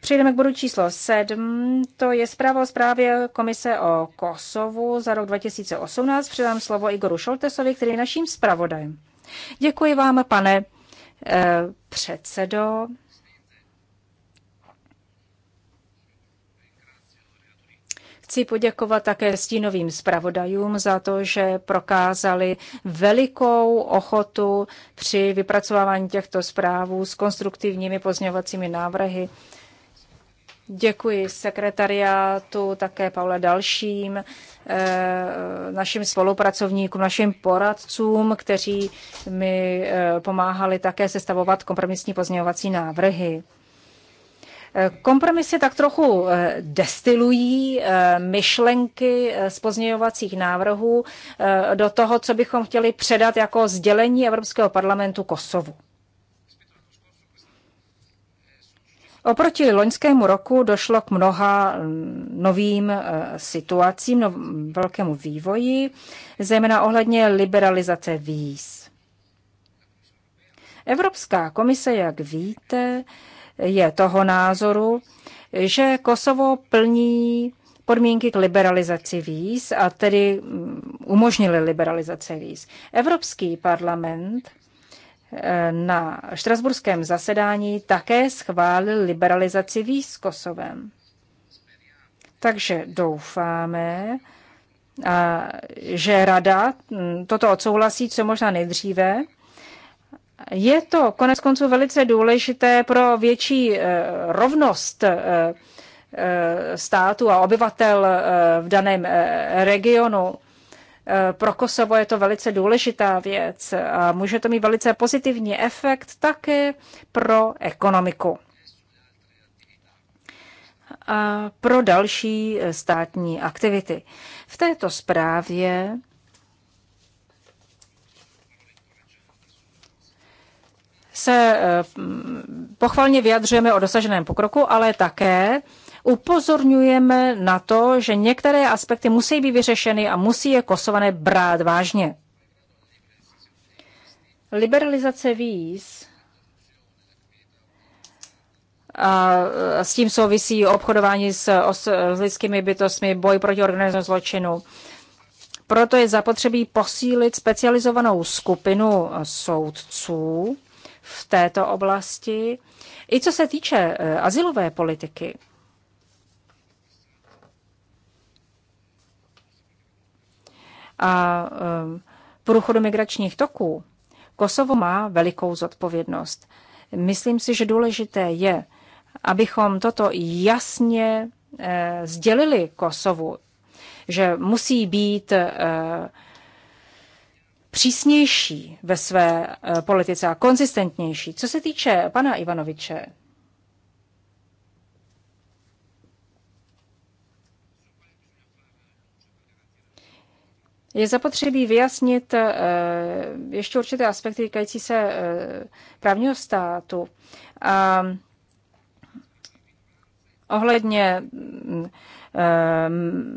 přejdeme k bodu číslo 7. To je zpráva o zprávě Komise o Kosovu za rok 2018. Předám slovo Igoru Šoltesovi, který je naším zpravodajem. Děkuji vám, pane eh, předsedo. Chci poděkovat také stínovým zpravodajům za to, že prokázali velikou ochotu při vypracovávání těchto zprávů s konstruktivními pozměňovacími návrhy. Děkuji sekretariátu, také Paule dalším, eh, našim spolupracovníkům, našim poradcům, kteří mi eh, pomáhali také sestavovat kompromisní pozměňovací návrhy. Kompromisy tak trochu eh, destilují eh, myšlenky eh, z pozměňovacích návrhů do toho, co bychom chtěli předat jako sdělení Evropského parlamentu Kosovu. Oproti loňskému roku došlo k mnoha mm, novým situacím, nov, velkému vývoji, zejména ohledně liberalizace víz. Evropská komise, jak víte, je toho názoru, že Kosovo plní podmínky k liberalizaci víz a tedy mm, umožnili liberalizaci víz. Evropský parlament eh, na štrasburském zasedání také schválil liberalizaci víz s Kosovem. Takže doufáme, že rada mm, toto odsouhlasí co možná nejdříve je to konec konců velice důležité pro větší eh, rovnost eh, eh, státu a obyvatel v daném regionu. Pro Kosovo je to velice důležitá věc a může to mít velice pozitivní efekt také pro ekonomiku. A pro další státní aktivity. V této zprávě se eh, pochvalně vyjadřujeme o dosaženém pokroku, ale také upozorňujeme na to, že některé aspekty musí být vyřešeny a musí je kosované brát vážně. Liberalizace víz a s tím souvisí obchodování s, os, s lidskými bytostmi, boj proti organizovanému zločinu. Proto je zapotřebí posílit specializovanou skupinu soudců, v této oblasti. I co se týče eh, asilové politiky, a eh, průchodu migračních toků, Kosovo má velikou zodpovědnost. Myslím si, že důležité je, abychom toto jasně eh, sdělili Kosovu, že musí být přísnější ve své eh, politice a konzistentnější. Co se týče pana Ivanoviče, Je zapotřebí vyjasnit eh, ještě určité aspekty týkající se eh, právního státu. A mm, ohledně mm,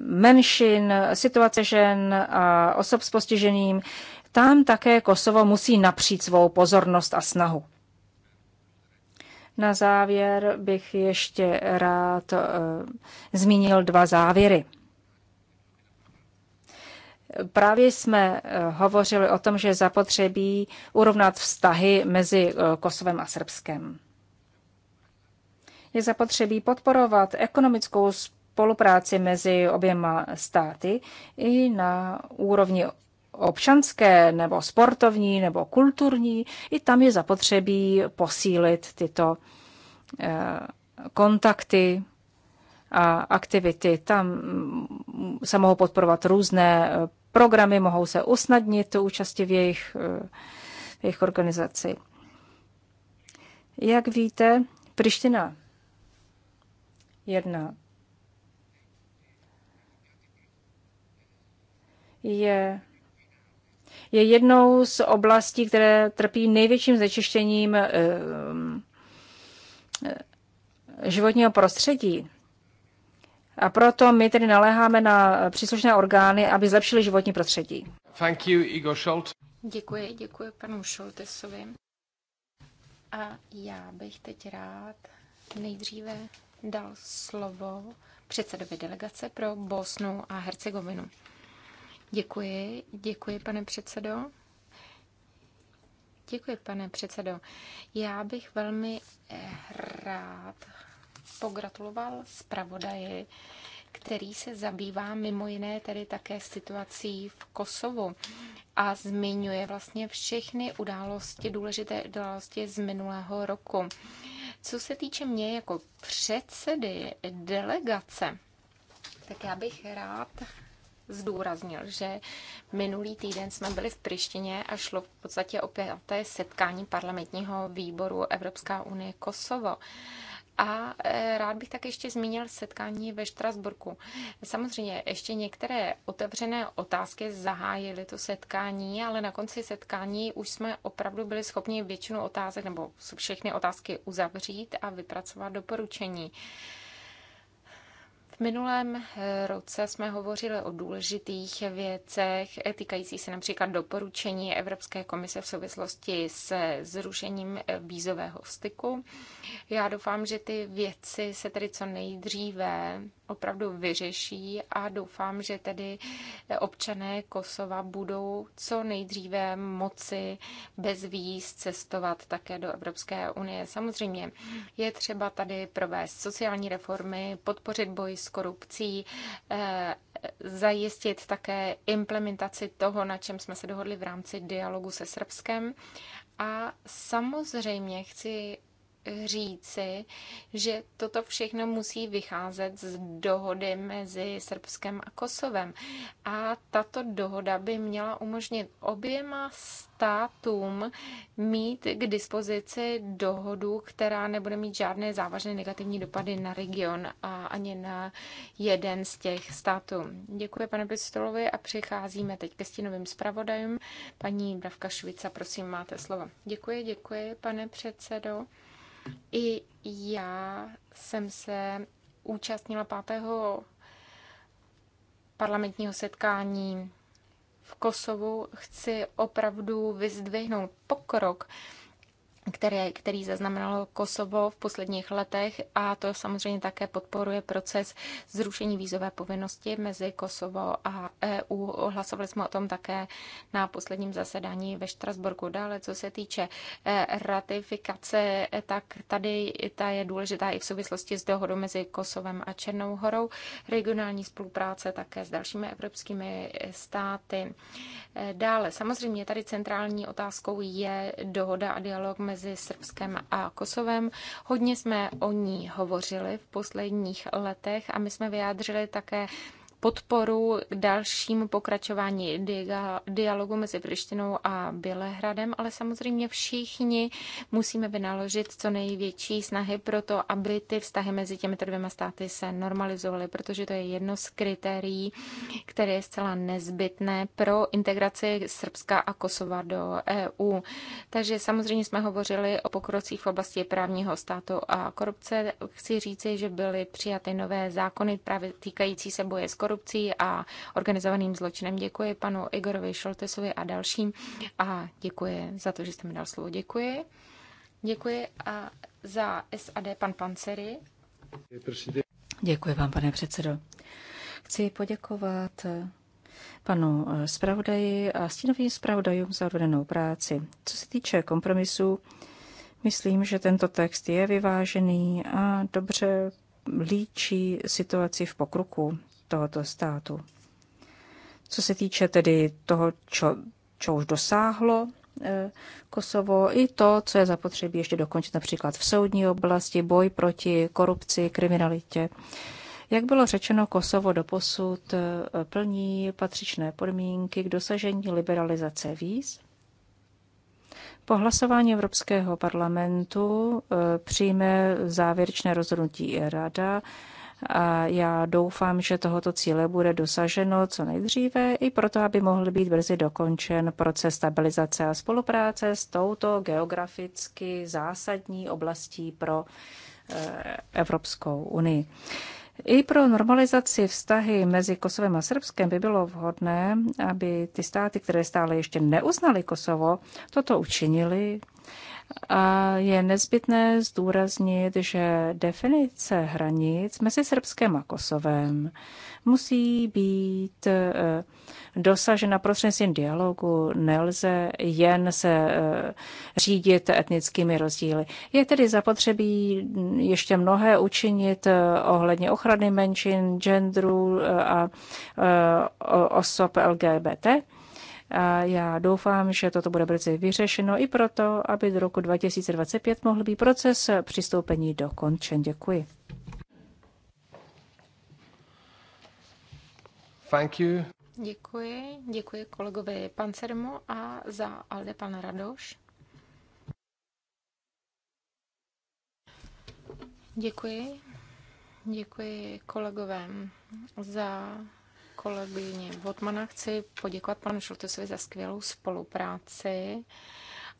menšin, situace žen a osob s postižením. Tam také Kosovo musí napřít svou pozornost a snahu. Na závěr bych ještě rád e, zmínil dva závěry. Právě jsme eh, hovořili o tom, že zapotřebí urovnat vztahy mezi eh, Kosovem a Srbskem. Je zapotřebí podporovat ekonomickou spolupráci mezi oběma státy i na úrovni občanské nebo sportovní nebo kulturní, i tam je zapotřebí posílit tyto eh, kontakty a aktivity. Tam mm, se mohou podporovat různé eh, programy, mohou se usnadnit účasti v jejich, eh, v jejich organizaci. Jak víte, Priština jedna je je jednou z oblastí, které trpí největším znečištěním eh, eh, životního prostředí. A proto my tedy naléháme na příslušné orgány, aby zlepšili životní prostředí. Thank you, Igor Schultz. Děkuji, děkuji panu Šoltesovi. A já bych teď rád nejdříve dal slovo předsedovi delegace pro Bosnu a Hercegovinu. Děkuji, děkuji, pane předsedo. Děkuji, pane předsedo. Já bych velmi eh, rád pogratuloval zpravodaji, který se zabývá mimo jiné tedy také situací v Kosovu a zmiňuje vlastně všechny události, důležité události z minulého roku. Co se týče mě jako předsedy delegace, tak já bych rád zdůraznil, že minulý týden jsme byli v Prištině a šlo v podstatě opět té setkání parlamentního výboru Evropská unie Kosovo. A e, rád bych tak ještě zmínil setkání ve Štrasburku. Samozřejmě ještě některé otevřené otázky zahájily to setkání, ale na konci setkání už jsme opravdu byli schopni většinu otázek nebo všechny otázky uzavřít a vypracovat doporučení. V minulém eh, roce jsme hovořili o důležitých věcech eh, týkající se například doporučení Evropské komise v souvislosti se zrušením bízového eh, styku. Já doufám, že ty věci se tedy co nejdříve opravdu vyřeší a doufám, že tedy občané Kosova budou co nejdříve moci bez víz cestovat také do Evropské unie. Samozřejmě je třeba tady provést sociální reformy, podpořit boj s korupcí, eh, zajistit také implementaci toho, na čem jsme se dohodli v rámci dialogu se Srbskem. A samozřejmě chci říci, že toto všechno musí vycházet z dohody mezi Srbskem a Kosovem. A tato dohoda by měla umožnit oběma státům mít k dispozici dohodu, která nebude mít žádné závažné negativní dopady na region a ani na jeden z těch států. Děkuji pane Pistolovi a přicházíme teď ke stínovým zpravodajům. Paní Bravka Švica, prosím, máte slovo. Děkuji, děkuji, pane předsedo. I já jsem se účastnila pátého parlamentního setkání v Kosovu. Chci opravdu vyzdvihnout pokrok, které, který zaznamenalo Kosovo v posledních letech a to samozřejmě také podporuje proces zrušení vízové povinnosti mezi Kosovo a EU. Hlasovali jsme o tom také na posledním zasedání ve Štrasburku. Dále, co se týče eh, ratifikace, eh, tak tady ta je důležitá i v souvislosti s dohodou mezi Kosovem a Černou horou, regionální spolupráce také s dalšími evropskými eh, státy. Dále, samozřejmě tady centrální otázkou je dohoda a dialog mezi mezi Srbskem a Kosovem. Hodně jsme o ní hovořili v posledních letech a my jsme vyjádřili také podporu k dalšímu pokračování dialogu mezi Prištinou a Bělehradem, ale samozřejmě všichni musíme vynaložit co největší snahy pro to, aby ty vztahy mezi těmito dvěma státy se normalizovaly, protože to je jedno z kritérií, které je zcela nezbytné pro integraci Srbska a Kosova do EU. Takže samozřejmě jsme hovořili o pokrocích v oblasti právního státu a korupce. Chci říci, že byly přijaty nové zákony právě týkající se boje s korupcí korupcí a organizovaným zločinem. Děkuji panu Igorovi Šoltesovi a dalším a děkuji za to, že jste mi dal slovo. Děkuji. Děkuji a za SAD pan Panceri. Děkuji vám, pane předsedo. Chci poděkovat eh, panu eh, zpravodaji a stínovým zpravodajům za odvedenou práci. Co se týče kompromisu, myslím, že tento text je vyvážený a dobře líčí situaci v pokroku tohoto státu. Co se týče tedy toho, čo, čo už dosáhlo eh, Kosovo, i to, co je zapotřebí ještě dokončit například v soudní oblasti, boj proti korupci, kriminalitě. Jak bylo řečeno, Kosovo doposud eh, plní patřičné podmínky k dosažení liberalizace víz. Po hlasování Evropského parlamentu eh, přijme závěrečné rozhodnutí Rada a já doufám, že tohoto cíle bude dosaženo co nejdříve i proto, aby mohl být brzy dokončen proces stabilizace a spolupráce s touto geograficky zásadní oblastí pro e, Evropskou unii. I pro normalizaci vztahy mezi Kosovem a Srbskem by bylo vhodné, aby ty státy, které stále ještě neuznaly Kosovo, toto učinili a je nezbytné zdůraznit, že definice hranic mezi Srbskem a Kosovem musí být e, dosažena prostřednictvím dialogu. Nelze jen se e, řídit etnickými rozdíly. Je tedy zapotřebí ještě mnohé učinit e, ohledně ochrany menšin, genderu a osob LGBT a já doufám, že toto bude brzy vyřešeno i proto, aby do roku 2025 mohl být proces přistoupení dokončen. Děkuji. Thank you. Děkuji, děkuji kolegovi Pancermu a za Alde pan Radoš. Děkuji, děkuji kolegové za kolegyně Votmana. Chci poděkovat panu Šultesovi za skvělou spolupráci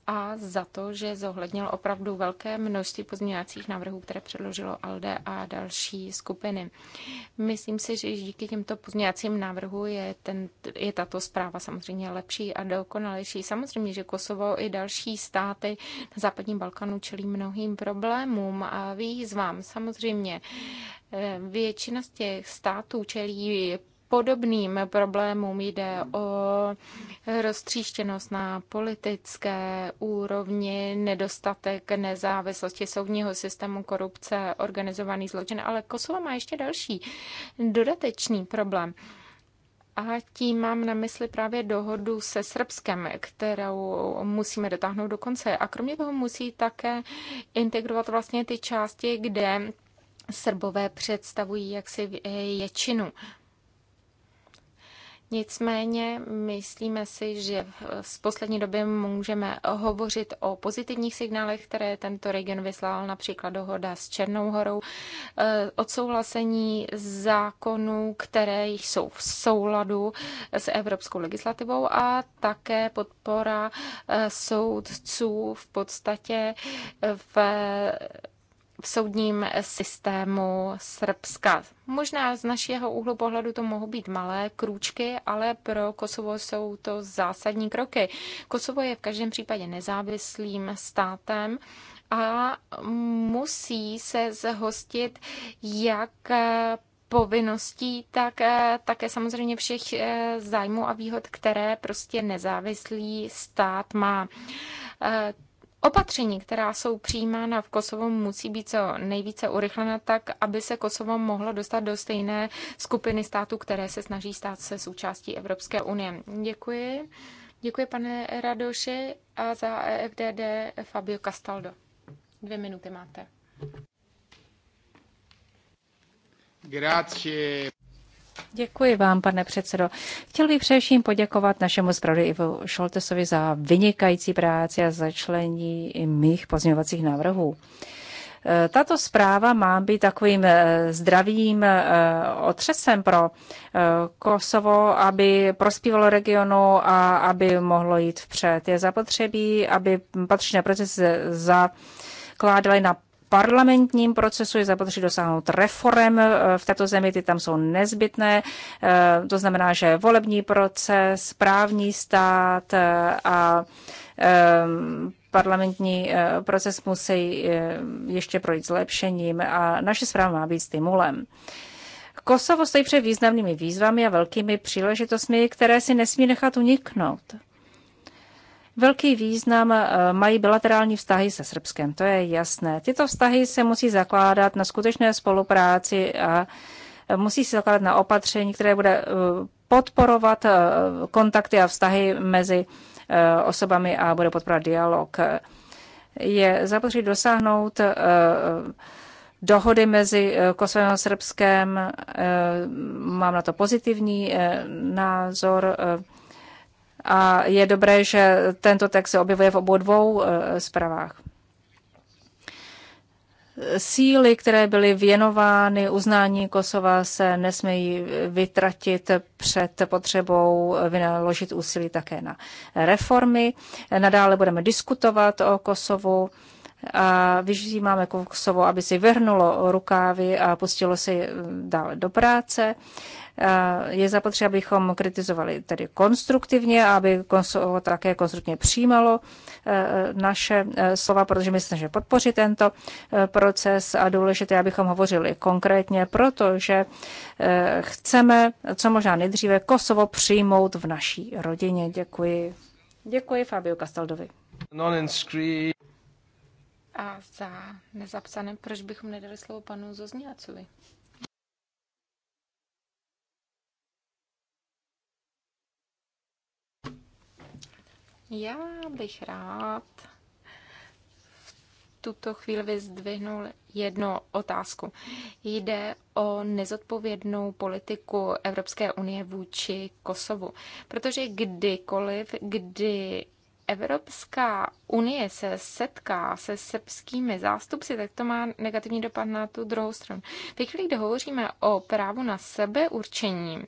a za to, že zohlednil opravdu velké množství pozměňovacích návrhů, které předložilo ALDE a další skupiny. Myslím si, že díky těmto pozměňovacím návrhům je, ten, je tato zpráva samozřejmě lepší a dokonalejší. Samozřejmě, že Kosovo i další státy na západním Balkánu čelí mnohým problémům a výzvám. Samozřejmě eh, většina z těch států čelí podobným problémům. Jde o roztříštěnost na politické úrovni, nedostatek nezávislosti soudního systému, korupce, organizovaný zločin, ale Kosovo má ještě další dodatečný problém. A tím mám na mysli právě dohodu se Srbskem, kterou musíme dotáhnout do konce. A kromě toho musí také integrovat vlastně ty části, kde Srbové představují jaksi většinu. Nicméně myslíme si, že z poslední době můžeme hovořit o pozitivních signálech, které tento region vyslal, například dohoda s Černou horou, e, odsouhlasení zákonů, které jsou v souladu s evropskou legislativou a také podpora e, soudců v podstatě v v soudním systému Srbska. Možná z našeho úhlu pohledu to mohou být malé krůčky, ale pro Kosovo jsou to zásadní kroky. Kosovo je v každém případě nezávislým státem a musí se zhostit jak povinností, tak také samozřejmě všech eh, zájmů a výhod, které prostě nezávislý stát má. Eh, Opatření, která jsou přijímána v Kosovu, musí být co nejvíce urychlena tak, aby se Kosovo mohlo dostat do stejné skupiny států, které se snaží stát se součástí Evropské unie. Děkuji. Děkuji, pane Radoši, a za EFDD Fabio Castaldo. Dvě minuty máte. Grazie. Děkuji vám, pane předsedo. Chtěl bych především poděkovat našemu zpravodaji Ivo Šoltesovi za vynikající práci a začlení mých pozměňovacích návrhů. E, tato zpráva má být takovým e, zdravým e, otřesem pro Kosovo, aby prospívalo regionu a aby mohlo jít vpřed. Je zapotřebí, aby patřičné procesy za na parlamentním procesu, je zapotřebí dosáhnout reform eh, v této zemi, ty tam jsou nezbytné. Eh, to znamená, že volební proces, právní stát eh, a parlamentní proces musí ještě projít zlepšením a naše zpráva má být stimulem. Kosovo stojí před významnými výzvami a velkými příležitostmi, které si nesmí nechat uniknout. Velký význam eh, mají bilaterální vztahy se Srbskem, to je jasné. Tyto vztahy se musí zakládat na skutečné spolupráci a eh, musí se zakládat na opatření, které bude eh, podporovat kontakty a vztahy mezi osobami a bude podporovat dialog. Je zapotřebí dosáhnout dohody mezi Kosovem a Srbskem. Mám na to pozitivní názor. A je dobré, že tento text se objevuje v obou dvou eh, zprávách. Síly, které byly věnovány uznání Kosova, se nesmějí vytratit před potřebou vynaložit úsilí také na reformy. Nadále budeme diskutovat o Kosovu a vyžíváme Kosovo, aby si vrhnulo rukávy a pustilo se eh, dále do práce. Eh, je zapotřebí, abychom kritizovali tedy konstruktivně, aby Kosovo také konstruktivně přijímalo eh, naše eh, slova, protože my snažíme podpořit tento proces a důležité, abychom hovořili konkrétně, protože chceme co možná nejdříve Kosovo přijmout v naší rodině. Děkuji. Děkuji Fabio Castaldovi. A za nezapsané, proč bychom nedali slovo panu Zozniacovi? Já bych rád tuto chvíli vyzdvihnul jednu otázku. Jde o nezodpovědnou politiku Evropské unie vůči Kosovu. Protože kdykoliv, kdy Evropská unie se setká se srbskými zástupci, tak to má negativní dopad na tu druhou stranu. V chvíli, kdy hovoříme o právu na sebeurčení,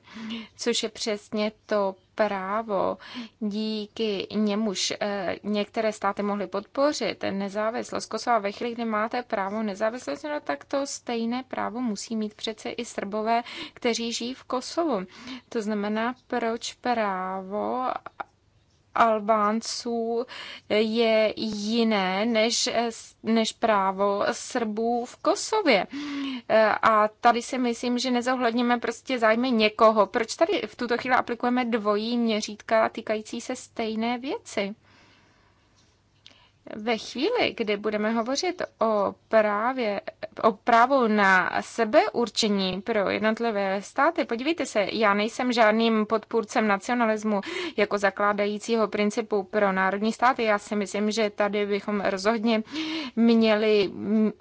což je přesně to právo, díky němuž eh, některé státy mohly podpořit nezávislost Kosova. Ve chvíli, kdy máte právo nezávislost, no, tak to stejné právo musí mít přece i Srbové, kteří žijí v Kosovu. To znamená, proč právo Albánců je jiné než, než právo Srbů v Kosově. A tady si myslím, že nezohledněme prostě zájmy někoho. Proč tady v tuto chvíli aplikujeme dvojí měřítka týkající se stejné věci? Ve chvíli, kdy budeme hovořit o, právě, o právu na sebeurčení pro jednotlivé státy, podívejte se, já nejsem žádným podpůrcem nacionalismu jako zakládajícího principu pro národní státy. Já si myslím, že tady bychom rozhodně měli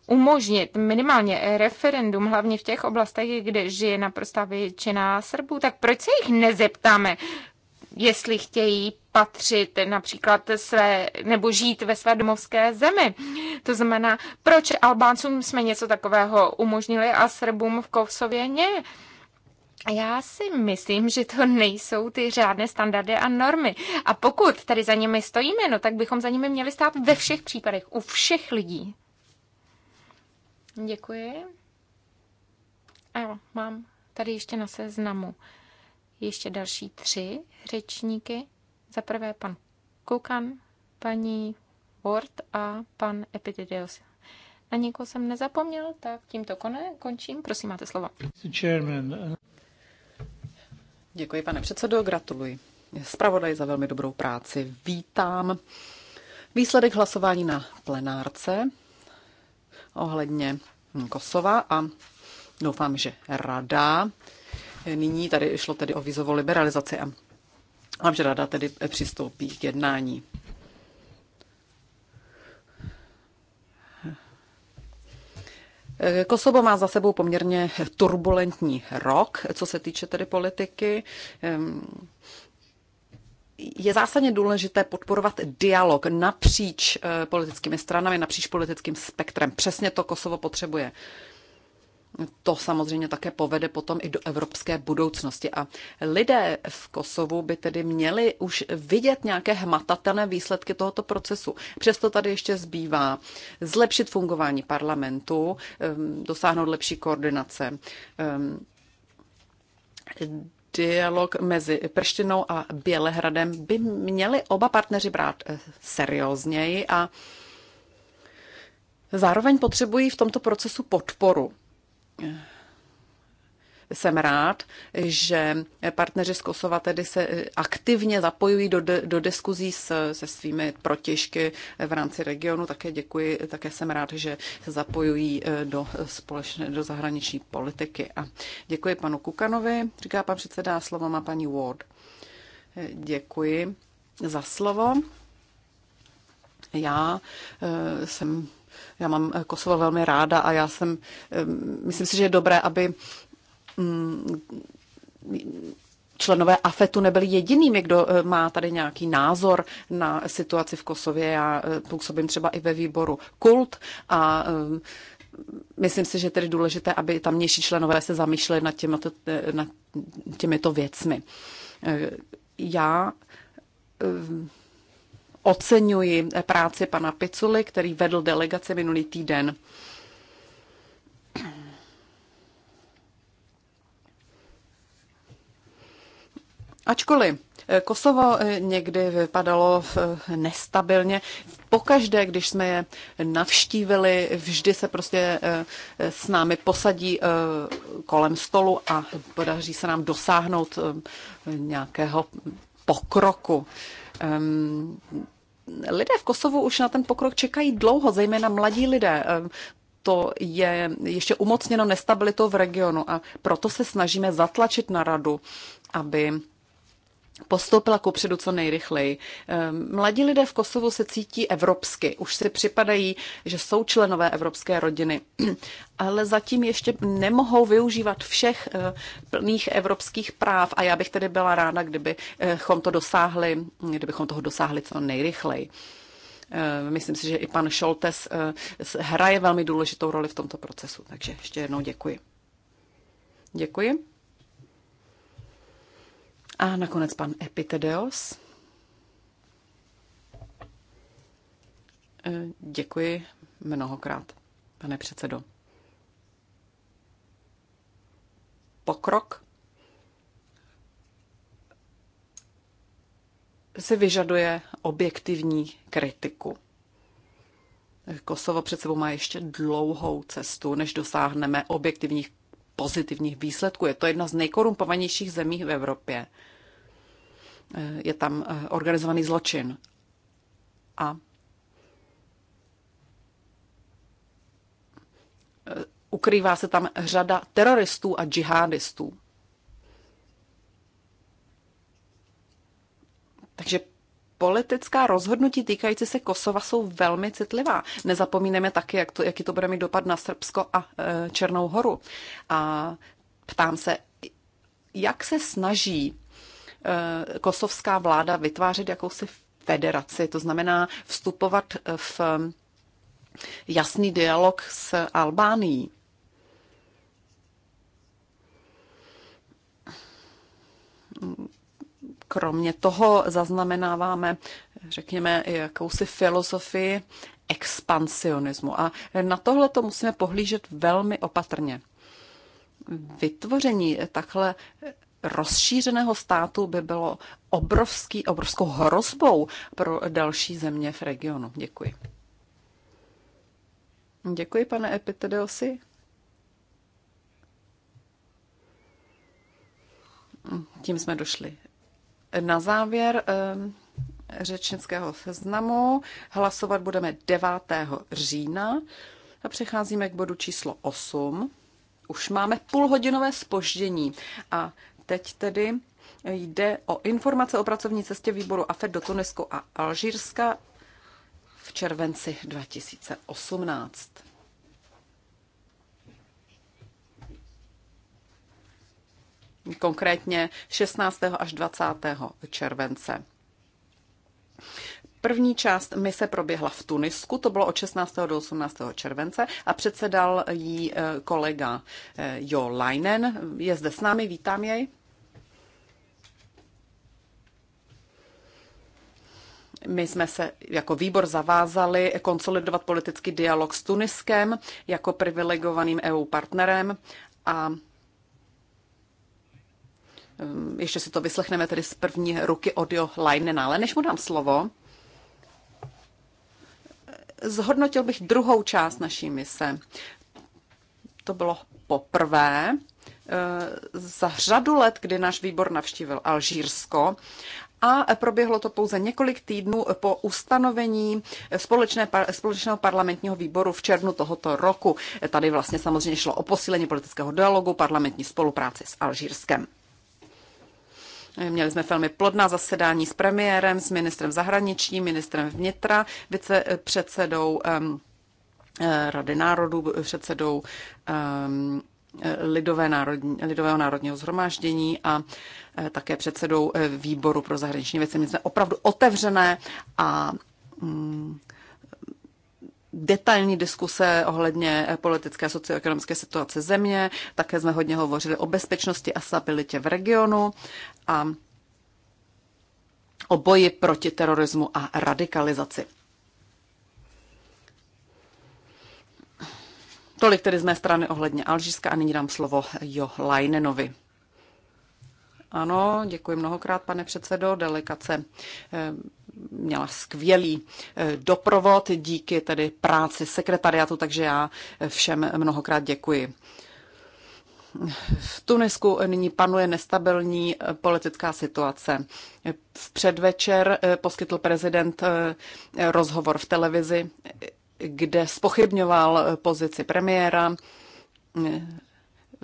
umožnit minimálně referendum, hlavně v těch oblastech, kde žije naprostá většina Srbů. Tak proč se jich nezeptáme, jestli chtějí patřit například své, nebo žít ve své domovské zemi. To znamená, proč Albáncům jsme něco takového umožnili a Srbům v Kosově ne? Já si myslím, že to nejsou ty řádné standardy a normy. A pokud tady za nimi stojíme, no tak bychom za nimi měli stát ve všech případech, u všech lidí. Děkuji. A jo, mám tady ještě na seznamu ještě další tři řečníky. Za prvé pan Kukan, paní Ward a pan Epitidios. Na někoho jsem nezapomněl, tak tímto kone, končím. Prosím, máte slovo. Uh, Děkuji, pane předsedo, gratuluji. Spravodaj za velmi dobrou práci. Vítám výsledek hlasování na plenárce ohledně Kosova a doufám, že rada. Nyní tady šlo tedy o vizovou liberalizaci a a že rada tedy přistoupí k jednání. Kosovo má za sebou poměrně turbulentní rok, co se týče tedy politiky. Je zásadně důležité podporovat dialog napříč eh, politickými stranami, napříč politickým spektrem. Přesně to Kosovo potřebuje to samozřejmě také povede potom i do evropské budoucnosti. A lidé v Kosovu by tedy měli už vidět nějaké hmatatelné výsledky tohoto procesu. Přesto tady ještě zbývá zlepšit fungování parlamentu, dosáhnout lepší koordinace dialog mezi Prštinou a Bělehradem by měli oba partneři brát eh, seriózněji a zároveň potřebují v tomto procesu podporu jsem rád, že partneři z Kosova tedy se aktivně zapojují do, do diskuzí se, se svými protěžky v rámci regionu. Také děkuji, také jsem rád, že se zapojují e, do společné, do zahraniční politiky. A děkuji panu Kukanovi, říká pan předseda, slovo má paní Ward. E, děkuji za slovo. Já e, jsem já mám eh, Kosovo velmi ráda a já jsem, eh, myslím si, že je dobré, aby mm, členové AFETu nebyli jedinými, kdo eh, má tady nějaký názor na situaci v Kosově. Já působím třeba i ve výboru KULT a myslím si, že je tedy důležité, aby tamnější členové se zamýšleli nad, těmito, nad těmito věcmi. Já oceňuji práci pana Piculy, který vedl delegaci minulý týden. Ačkoliv Kosovo eh, někdy vypadalo eh, nestabilně. Pokaždé, když jsme je navštívili, vždy se prostě eh, s námi posadí kolem stolu a podaří se nám dosáhnout nějakého pokroku. Ehm, lidé v Kosovu už na ten pokrok čekají dlouho, zejména mladí lidé. To je ještě umocněno nestabilitou v regionu a proto se snažíme zatlačit na radu, aby postoupila kupředu co nejrychleji. Ehm, mladí lidé v Kosovu se cítí evropsky, už si připadají, že jsou členové evropské rodiny, [clears throat] ale zatím ještě nemohou využívat všech eh, plných evropských práv a já bych tedy byla ráda, kdybychom eh, to dosáhli, kdybychom toho dosáhli co nejrychleji. Ehm, myslím si, že i pan Šoltes eh, hraje velmi důležitou roli v tomto procesu, takže ještě jednou děkuji. Děkuji. A nakonec pan Epitedeos. Eh, děkuji mnohokrát, pane předsedo. Pokrok si vyžaduje objektivní kritiku. Kosovo před sebou má ještě dlouhou cestu, než dosáhneme objektivních pozitivních výsledků. Je to jedna z nejkorumpovanějších zemí v Evropě. Eh, je tam eh, organizovaný zločin. A eh, ukrývá se tam řada teroristů a džihadistů. Takže politická rozhodnutí týkající se Kosova jsou velmi citlivá. Nezapomínáme taky, jak to, jaký to bude mít dopad na Srbsko a e, Černou horu. A ptám se, jak se snaží e, kosovská vláda vytvářet jakousi federaci, to znamená vstupovat e, v jasný dialog s Albánií. Kromě toho zaznamenáváme, řekněme, jakousi filozofii expansionismu. A na tohle to musíme pohlížet velmi opatrně. Vytvoření takhle rozšířeného státu by bylo obrovský, obrovskou hrozbou pro další země v regionu. Děkuji. Děkuji, pane Epitedeosi. Tím jsme došli na závěr ehm, řečnického seznamu. Hlasovat budeme 9. října a přecházíme k bodu číslo 8. Už máme půlhodinové spoždění a teď tedy jde o informace o pracovní cestě výboru AFED do Tunisku a Alžírska v červenci 2018. konkrétně 16. až 20. července. První část mise proběhla v Tunisku, to bylo od 16. do 18. července a předsedal jí eh, kolega eh, Jo Leinen. Je zde s námi, vítám jej. My jsme se jako výbor zavázali konsolidovat politický dialog s Tuniskem jako privilegovaným EU partnerem a Ehm, ještě si to vyslechneme tedy z první ruky od Jo Leinena, ale než mu dám slovo, zhodnotil bych druhou část naší mise. To bylo poprvé ehm, za řadu let, kdy náš výbor navštívil Alžírsko a proběhlo to pouze několik týdnů po ustanovení společné, společného parlamentního výboru v červnu tohoto roku. Tady vlastně samozřejmě šlo o posílení politického dialogu, parlamentní spolupráci s Alžírskem. Měli jsme velmi plodná zasedání s premiérem, s ministrem zahraničí, ministrem vnitra, vicepředsedou eh, Rady národů, předsedou eh, Lidové národní, Lidového národního zhromáždění a eh, také předsedou výboru pro zahraniční věci. My jsme opravdu otevřené a mm, detailní diskuse ohledně politické a socioekonomické situace země. Také jsme hodně hovořili o bezpečnosti a stabilitě v regionu a o boji proti terorismu a radikalizaci. Tolik tedy z mé strany ohledně Alžíska a nyní dám slovo Jo Lajnenovi. Ano, děkuji mnohokrát, pane předsedo. Delegace eh, měla skvělý eh, doprovod díky tedy práci sekretariátu, takže já eh, všem mnohokrát děkuji v Tunisku nyní panuje nestabilní eh, politická situace. V předvečer eh, poskytl prezident eh, rozhovor v televizi, kde spochybňoval pozici premiéra.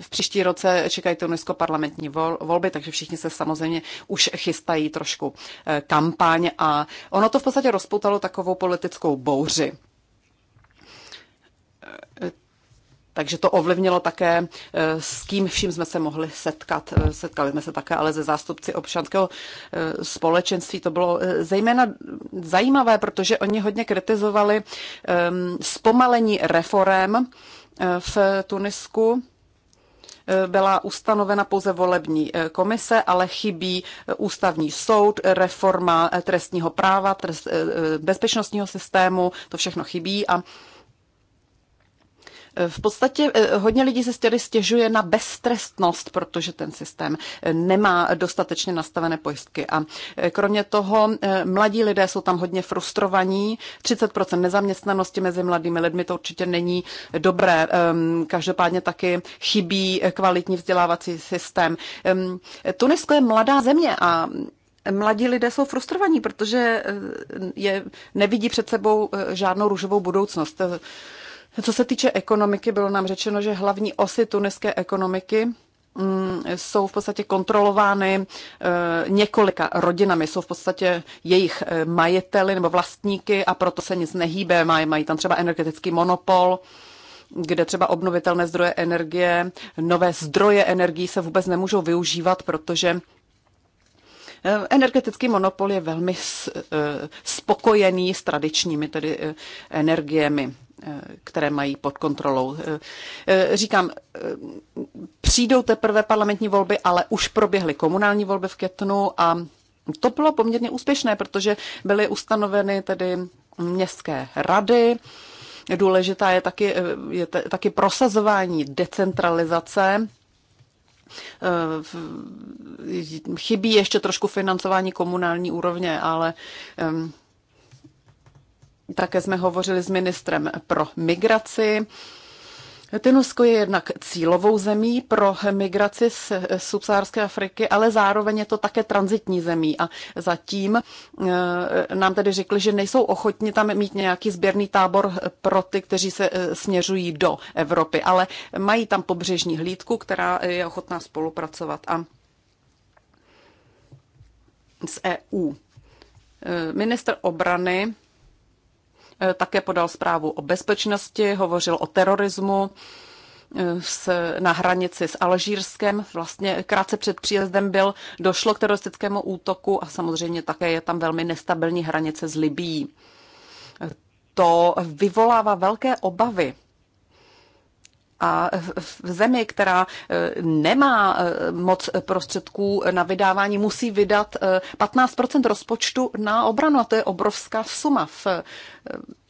V příští roce čekají Tunisko parlamentní volby, takže všichni se samozřejmě už chystají trošku kampaň a ono to v podstatě rozpoutalo takovou politickou bouři takže to ovlivnilo také, eh, s kým vším jsme se mohli setkat. Eh, setkali jsme se také ale ze zástupci občanského eh, společenství. To bylo zejména zajímavé, protože oni hodně kritizovali ehm, zpomalení reform v Tunisku byla ustanovena pouze volební komise, ale chybí ústavní soud, reforma trestního práva, trest, bezpečnostního systému, to všechno chybí a v podstatě eh, hodně lidí se stěli stěžuje na beztrestnost, protože ten systém eh, nemá dostatečně nastavené pojistky. A eh, kromě toho mladí lidé jsou tam hodně frustrovaní. 30% nezaměstnanosti mezi mladými lidmi to určitě není dobré. Ehm, každopádně taky chybí kvalitní vzdělávací systém. Ehm, Tunisko je mladá země a mladí lidé jsou frustrovaní, protože je, nevidí před sebou žádnou růžovou budoucnost. Co se týče ekonomiky, bylo nám řečeno, že hlavní osy tuniské ekonomiky mm, jsou v podstatě kontrolovány e, několika rodinami, jsou v podstatě jejich e, majiteli nebo vlastníky a proto se nic nehýbe, mají, mají tam třeba energetický monopol, kde třeba obnovitelné zdroje energie, nové zdroje energie se vůbec nemůžou využívat, protože e, energetický monopol je velmi spokojený s tradičními tedy energiemi které mají pod kontrolou. Eh, eh, říkám, eh, přijdou teprve parlamentní volby, ale už proběhly komunální volby v Ketnu a to bylo poměrně úspěšné, protože byly ustanoveny tedy městské rady. Důležitá je taky, je taky prosazování decentralizace chybí ještě trošku financování komunální úrovně, ale také jsme hovořili s ministrem pro migraci. Tunisko je jednak cílovou zemí pro migraci z subsaharské Afriky, ale zároveň je to také transitní zemí a zatím e, nám tedy řekli, že nejsou ochotni tam mít nějaký sběrný tábor pro ty, kteří se e, směřují do Evropy, ale mají tam pobřežní hlídku, která je ochotná spolupracovat a s EU. E, Minister obrany Eh, také podal zprávu o bezpečnosti, hovořil o terorismu eh, na hranici s Alžírskem. Vlastně krátce před příjezdem byl, došlo k teroristickému útoku a samozřejmě také je tam velmi nestabilní hranice s Libí. Eh, to vyvolává velké obavy a v zemi, která e, nemá e, moc prostředků na vydávání, musí vydat 15 e, rozpočtu na obranu. A to je obrovská suma, v,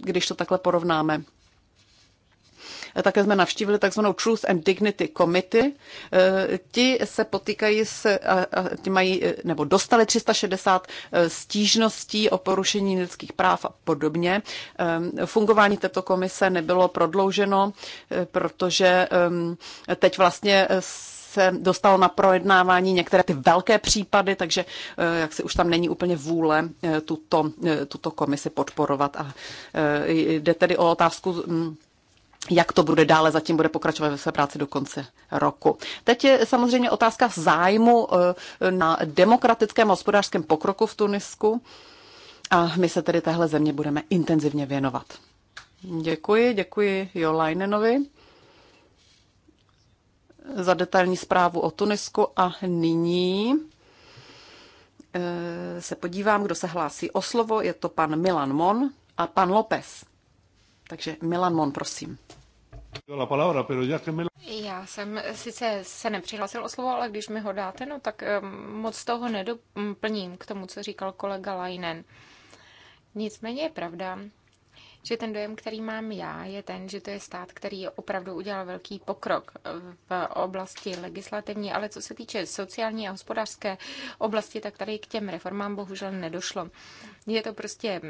když to takhle porovnáme. Také jsme navštívili takzvanou Truth and Dignity Committee. Eh, ti se potýkají s, ti mají, eh, nebo dostali 360 eh, stížností o porušení lidských práv a podobně. Fungování této komise nebylo prodlouženo, protože teď vlastně se dostalo na projednávání některé ty velké případy, takže jak si už tam není úplně vůle tuto, tuto komisi podporovat. A jde tedy o otázku mm, jak to bude dále, zatím bude pokračovat ve své práci do konce roku. Teď je samozřejmě otázka zájmu eh, na demokratickém a hospodářském pokroku v Tunisku a my se tedy téhle země budeme intenzivně věnovat. Děkuji, děkuji Jolajnenovi za detailní zprávu o Tunisku a nyní eh, se podívám, kdo se hlásí o slovo. Je to pan Milan Mon a pan López. Takže Milan Mon, prosím. Já jsem sice se nepřihlásil o slovo, ale když mi ho dáte, no tak moc toho nedoplním k tomu, co říkal kolega Lajnen. Nicméně je pravda, že ten dojem, který mám já, je ten, že to je stát, který opravdu udělal velký pokrok v oblasti legislativní, ale co se týče sociální a hospodářské oblasti, tak tady k těm reformám bohužel nedošlo. Je to prostě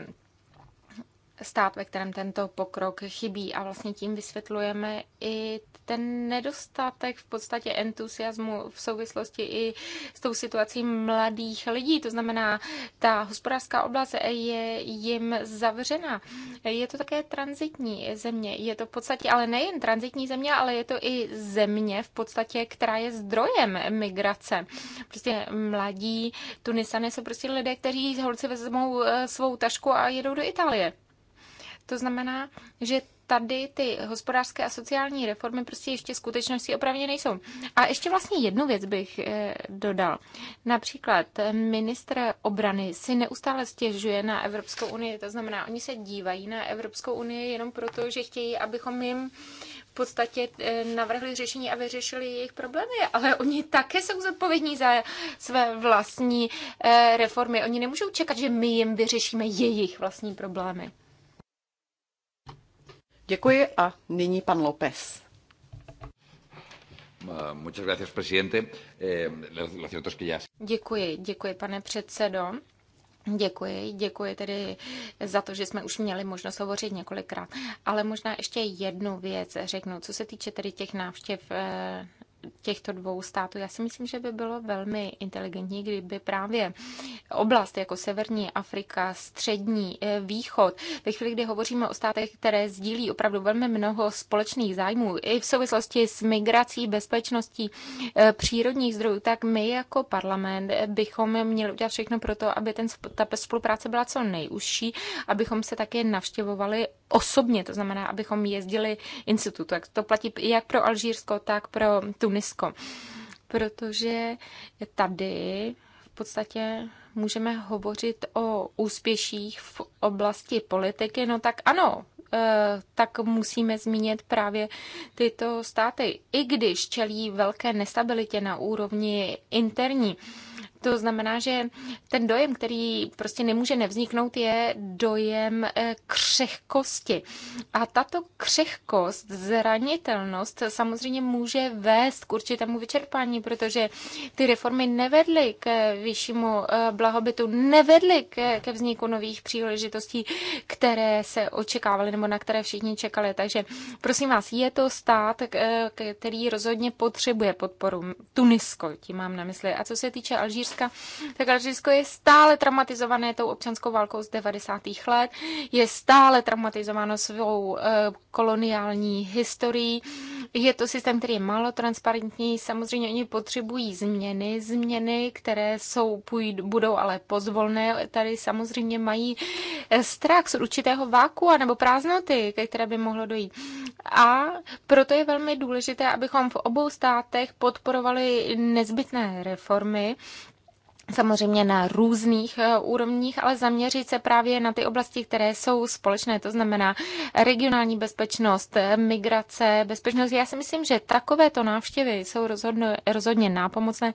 stát, ve kterém tento pokrok chybí. A vlastně tím vysvětlujeme i ten nedostatek v podstatě entuziasmu v souvislosti i s tou situací mladých lidí. To znamená, ta hospodářská oblast je jim zavřena. Je to také transitní země. Je to v podstatě ale nejen transitní země, ale je to i země v podstatě, která je zdrojem migrace. Prostě mladí Tunisané jsou prostě lidé, kteří holci vezmou eh, svou tašku a jedou do Itálie. To znamená, že tady ty hospodářské a sociální reformy prostě ještě skutečnosti opravdu nejsou. A ještě vlastně jednu věc bych eh, dodal. Například eh, ministr obrany si neustále stěžuje na Evropskou unii, to znamená, oni se dívají na Evropskou unii jenom proto, že chtějí, abychom jim v podstatě eh, navrhli řešení a vyřešili jejich problémy, ale oni také jsou zodpovědní za své vlastní reformy. Oni nemůžou čekat, že my jim vyřešíme jejich vlastní problémy. Děkuji a nyní pan López. Eh, děkuji, děkuji, pane předsedo. Děkuji, děkuji tedy za to, že jsme už měli možnost hovořit několikrát. Ale možná ještě jednu věc řeknu, co se týče tedy těch návštěv eh, těchto dvou států. Já si myslím, že by bylo velmi inteligentní, kdyby právě oblast jako Severní Afrika, Střední, eh, Východ, ve chvíli, kdy hovoříme o státech, které sdílí opravdu velmi mnoho společných zájmů i v souvislosti s migrací, bezpečností eh, přírodních zdrojů, tak my jako parlament bychom měli udělat všechno pro to, aby ten, ta spolupráce byla co nejužší, abychom se také navštěvovali osobně, to znamená, abychom jezdili institutu. To platí jak pro Alžírsko, tak pro Tunisko. Protože tady v podstatě můžeme hovořit o úspěších v oblasti politiky, no tak ano, eh, tak musíme zmínit právě tyto státy, i když čelí velké nestabilitě na úrovni interní to znamená, že ten dojem, který prostě nemůže nevzniknout, je dojem eh, křehkosti. A tato křehkost, zranitelnost samozřejmě může vést k určitému vyčerpání, protože ty reformy nevedly k eh, vyššímu eh, blahobytu, nevedly ke vzniku nových příležitostí, které se očekávaly nebo na které všichni čekali. Takže prosím vás, je to stát, který rozhodně potřebuje podporu. Tunisko, tím mám na mysli. A co se týče Alžírska, Alžírska, tak Alžírsko je stále traumatizované tou občanskou válkou z 90. let, je stále traumatizováno svou eh, koloniální historií. Je to systém, který je málo transparentní. Samozřejmě oni potřebují změny, změny, které jsou, budou ale pozvolné. Tady samozřejmě mají eh, strach z určitého váku nebo prázdnoty, ke které by mohlo dojít. A proto je velmi důležité, abychom v obou státech podporovali nezbytné reformy, samozřejmě na různých eh, úrovních, ale zaměřit se právě na ty oblasti, které jsou společné, to znamená regionální bezpečnost, eh, migrace, bezpečnost. Já si myslím, že takovéto návštěvy jsou rozhodno, rozhodně nápomocné.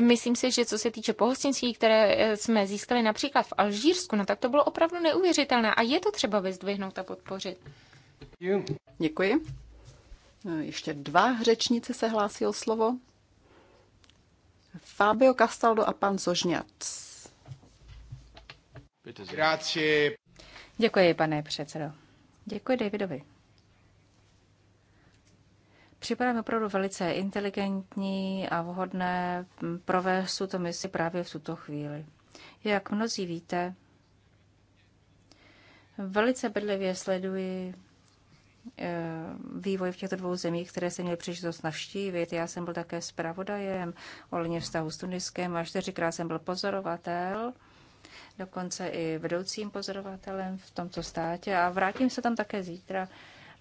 Myslím si, že co se týče pohostinství, které eh, jsme získali například v Alžírsku, no tak to bylo opravdu neuvěřitelné a je to třeba vyzdvihnout a podpořit. Děkuji. Ještě dva řečníci se hlásí o slovo. Fabio Castaldo a pan Zožňac. Děkuji, pane předsedo. Děkuji Davidovi. Připadá mi opravdu velice inteligentní a vhodné provést tuto misi právě v tuto chvíli. Jak mnozí víte, velice bedlivě sleduji Eh, vývoj v těchto dvou zemích, které se měly příležitost navštívit. Já jsem byl také zpravodajem ohledně vztahu s Tuniskem a čtyřikrát jsem byl pozorovatel, dokonce i vedoucím pozorovatelem v tomto státě a vrátím se tam také zítra,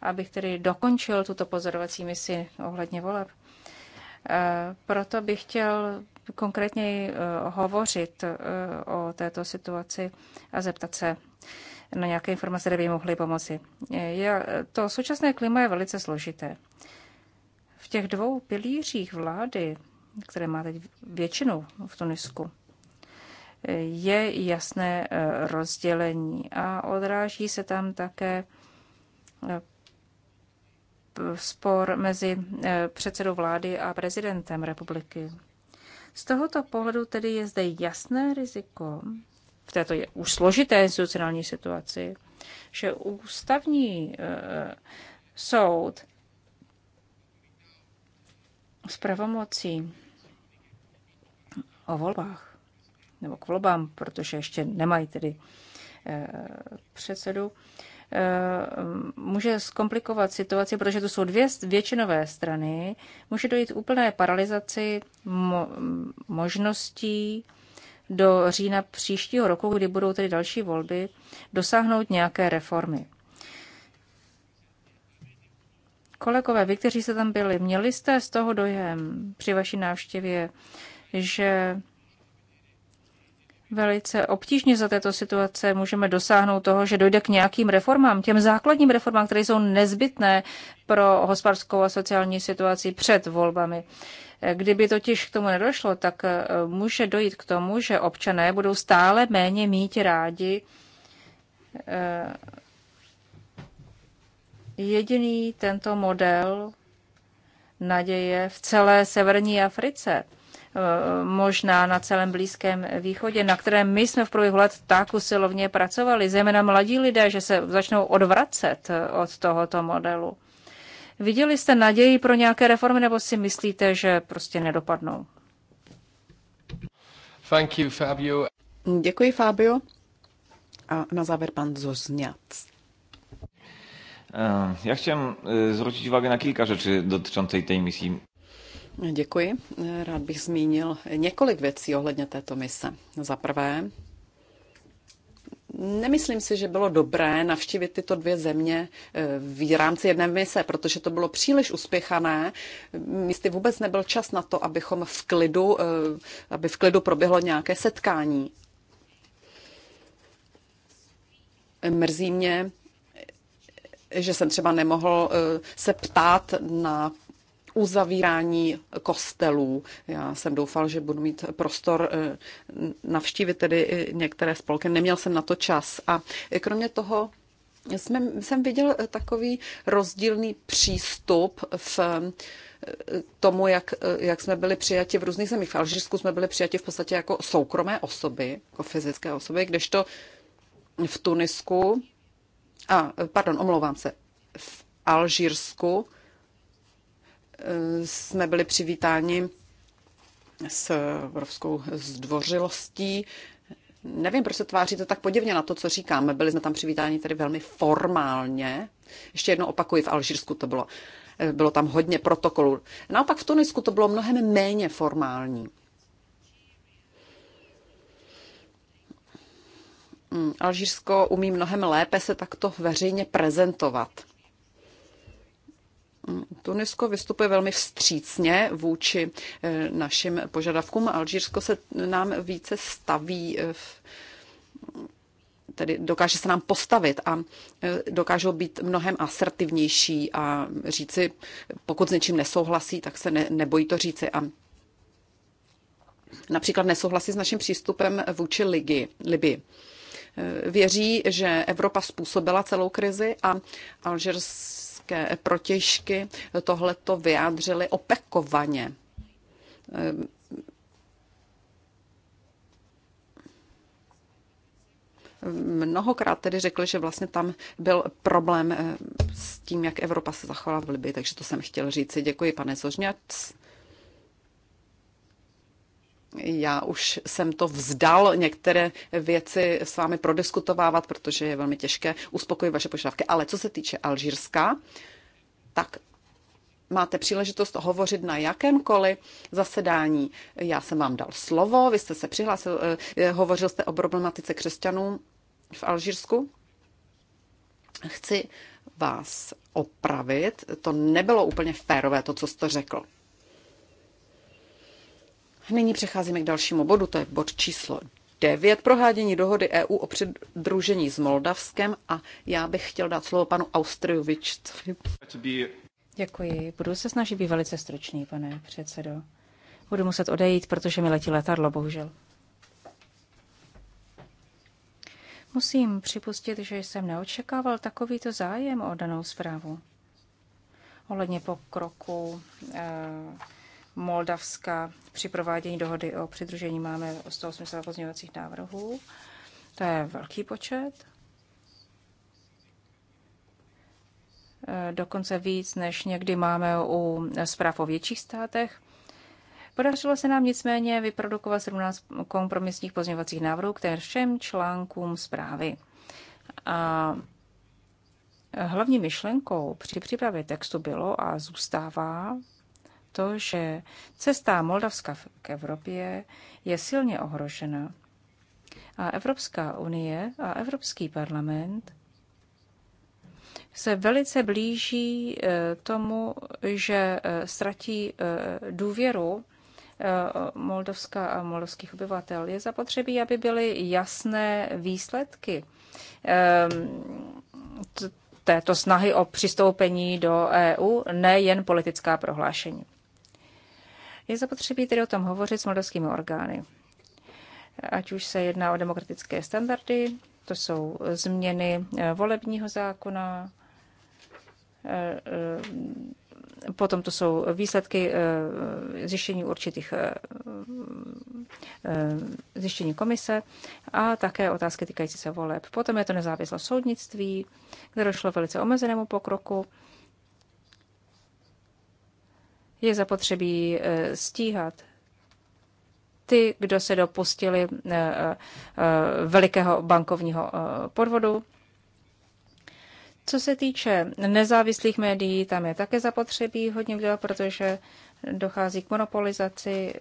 abych tedy dokončil tuto pozorovací misi ohledně voleb. Eh, proto bych chtěl konkrétně eh, hovořit o této situaci a zeptat se na nějaké informace, které by mohly pomoci. Je, to současné klima je velice složité. V těch dvou pilířích vlády, které má teď většinu v Tunisku, je jasné eh, rozdělení a odráží se tam také eh, spor mezi eh, předsedou vlády a prezidentem republiky. Z tohoto pohledu tedy je zde jasné riziko, v této už složité institucionální situaci, že ústavní uh, soud s pravomocí o volbách nebo k volbám, protože ještě nemají tedy uh, předsedu, eh, může zkomplikovat situaci, protože to jsou dvě většinové strany, může dojít úplné paralizaci mo- možností do října příštího roku, kdy budou tedy další volby, dosáhnout nějaké reformy. Kolegové, vy, kteří jste tam byli, měli jste z toho dojem při vaší návštěvě, že velice obtížně za této situace můžeme dosáhnout toho, že dojde k nějakým reformám, těm základním reformám, které jsou nezbytné pro hospodářskou a sociální situaci před volbami. Kdyby totiž k tomu nedošlo, tak eh, může dojít k tomu, že občané budou stále méně mít rádi eh, jediný tento model naděje v celé severní Africe, eh, možná na celém Blízkém východě, na kterém my jsme v průběhu let tak usilovně pracovali, zejména mladí lidé, že se začnou odvracet od tohoto modelu. Viděli jste naději pro nějaké reformy, nebo si myslíte, že prostě nedopadnou? Thank you, Fabio. Děkuji, Fabio. A na závěr pan Zozňac. Eh, já chtěl eh, zwrócić uwagę na kilka řeči dotyczącej té misí. Děkuji. Eh, rád bych zmínil několik věcí ohledně této mise. Za prvé, Nemyslím si, že bylo dobré navštívit tyto dvě země eh, v rámci jedné mise, protože to bylo příliš uspěchané. Místy vůbec nebyl čas na to, abychom v klidu, eh, aby v klidu proběhlo nějaké setkání. Mrzí mě, že jsem třeba nemohl eh, se ptát na uzavírání kostelů. Já jsem doufal, že budu mít prostor eh, navštívit tedy eh, některé spolky. Neměl jsem na to čas. A eh, kromě toho jsme, jsem viděl takový rozdílný přístup v tomu, jak, jak jsme byli přijati v různých zemích. V Alžírsku jsme byli přijati v podstatě jako soukromé osoby, jako fyzické osoby, kdežto v Tunisku, a pardon, omlouvám se, v Alžírsku jsme byli přivítáni s obrovskou zdvořilostí. Nevím, proč se tváří to tak podivně na to, co říkáme. Byli jsme tam přivítáni tedy velmi formálně. Ještě jednou opakuji, v Alžírsku to bylo. Eh, bylo tam hodně protokolů. Naopak v Tunisku to bylo mnohem méně formální. Mm, Alžírsko umí mnohem lépe se takto veřejně prezentovat. Tunisko vystupuje velmi vstřícně vůči e, našim požadavkům. Alžírsko se nám více staví e, v tedy dokáže se nám postavit a e, dokážou být mnohem asertivnější a říci, pokud s něčím nesouhlasí, tak se ne, nebojí to říci. A například nesouhlasí s naším přístupem vůči ligi, Libii. Věří, že Evropa způsobila celou krizi a Alžers evropské protěžky tohleto vyjádřili opekovaně. Mnohokrát tedy řekli, že vlastně tam byl problém s tím, jak Evropa se zachovala v Libii, takže to jsem chtěl říct. Děkuji, pane Zožňac já už jsem to vzdal některé věci s vámi prodiskutovávat, protože je velmi těžké uspokojit vaše požadavky. Ale co se týče Alžírska, tak máte příležitost hovořit na jakémkoliv zasedání. Já jsem vám dal slovo, vy jste se přihlásil, eh, hovořil jste o problematice křesťanů v Alžírsku. Chci vás opravit, to nebylo úplně férové, to, co jste řekl. Nyní přecházíme k dalšímu bodu, to je bod číslo 9, prohádění dohody EU o předružení s Moldavskem a já bych chtěl dát slovo panu Austriovičcovi. Děkuji, budu se snažit být velice stručný, pane předsedo. Budu muset odejít, protože mi letí letadlo, bohužel. Musím připustit, že jsem neočekával takovýto zájem o danou zprávu. Ohledně pokroku eh, Moldavska při provádění dohody o přidružení. Máme 180 pozměňovacích návrhů. To je velký počet. Eh, dokonce víc, než někdy máme u zpráv o větších státech. Podařilo se nám nicméně vyprodukovat 17 kompromisních pozměňovacích návrhů k všem článkům zprávy. A hlavní myšlenkou při přípravě textu bylo a zůstává to, že cesta Moldavska k Evropě je silně ohrožena. A Evropská unie a Evropský parlament se velice blíží eh, tomu, že eh, ztratí eh, důvěru Moldavska a moldovských obyvatel. Je zapotřebí, aby byly jasné výsledky této snahy o přistoupení do EU, nejen politická prohlášení. Je zapotřebí tedy o tom hovořit s moldavskými orgány. Ať už se jedná o demokratické standardy, to jsou změny eh, volebního zákona, eh, eh, potom to jsou výsledky zjištění určitých zjištění komise a také otázky týkající se voleb. Potom je to nezávislost soudnictví, kde došlo velice omezenému pokroku je zapotřebí eh, stíhat ty, kdo se dopustili eh, eh, velikého bankovního podvodu. Co se týče nezávislých médií, tam je také zapotřebí hodně udělat, protože dochází k monopolizaci.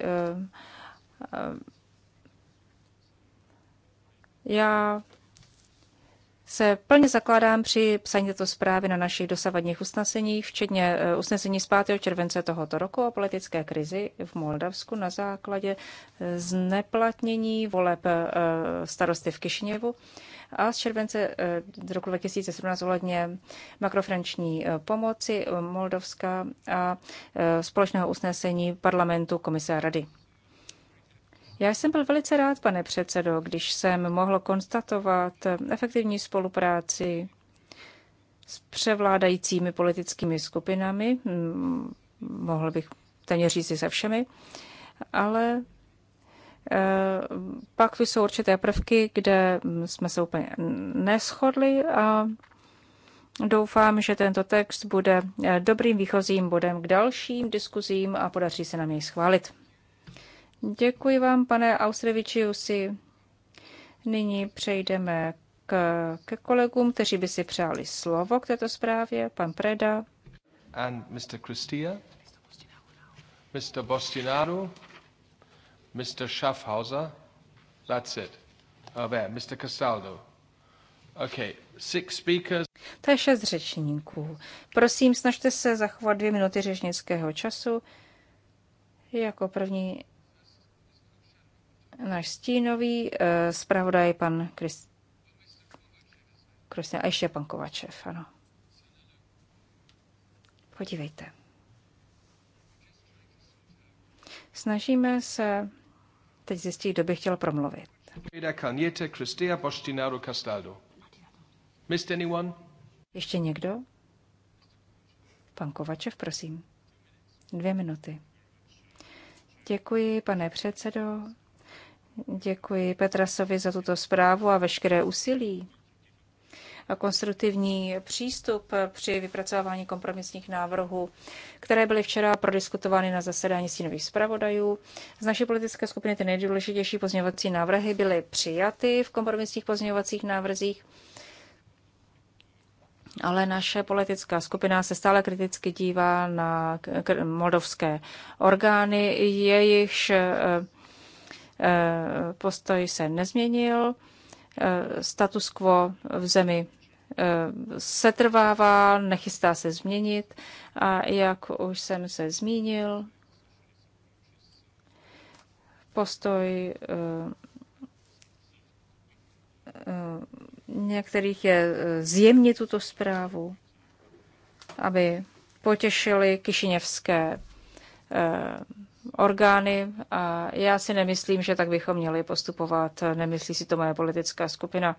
Já se plně zakládám při psaní této zprávy na našich dosavadních usneseních, včetně eh, usnesení z 5. července tohoto roku o politické krizi v Moldavsku na základě eh, zneplatnění voleb eh, starosty v Kišiněvu a z července z roku 2017 ohledně makrofrenční pomoci Moldavska a společného usnesení parlamentu komise a rady. Já jsem byl velice rád, pane předsedo, když jsem mohl konstatovat efektivní spolupráci s převládajícími politickými skupinami, mohl bych téměř říct se všemi, ale e, pak jsou určité prvky, kde jsme se úplně neschodli a doufám, že tento text bude e, dobrým výchozím bodem k dalším diskuzím a podaří se nám jej schválit. Děkuji vám, pane Austrevičiusi. Nyní přejdeme k, ke kolegům, kteří by si přáli slovo k této zprávě. Pan Preda. And Mr. Christia. Mr. Bostinaru. Mr. Schaffhauser. That's it. Uh, there, Mr. Castaldo. Okay, six speakers. To je šest řečníků. Prosím, snažte se zachovat dvě minuty řečnického času. Jako první náš stínový eh, zpravodaj pan Krist... Krist... a ještě pan Kovačev, ano. Podívejte. Snažíme se teď zjistit, kdo by chtěl promluvit. Castaldo. Missed anyone? Ještě někdo? Pan Kovačev, prosím. Dvě minuty. Děkuji, pane předsedo. Děkuji Petrasovi za tuto zprávu a veškeré úsilí a konstruktivní přístup při vypracování kompromisních návrhů, které byly včera prodiskutovány na zasedání stínových zpravodajů. Z naší politické skupiny ty nejdůležitější pozměňovací návrhy byly přijaty v kompromisních pozměňovacích návrzích, ale naše politická skupina se stále kriticky dívá na moldovské orgány, jejichž eh, Eh, postoj se nezměnil, eh, status quo v zemi eh, setrvává, nechystá se změnit a jak už jsem se zmínil, postoj některých je zjemnit tuto zprávu, aby potěšili kišiněvské orgány a já si nemyslím, že tak bychom měli postupovat, nemyslí si to moje politická skupina.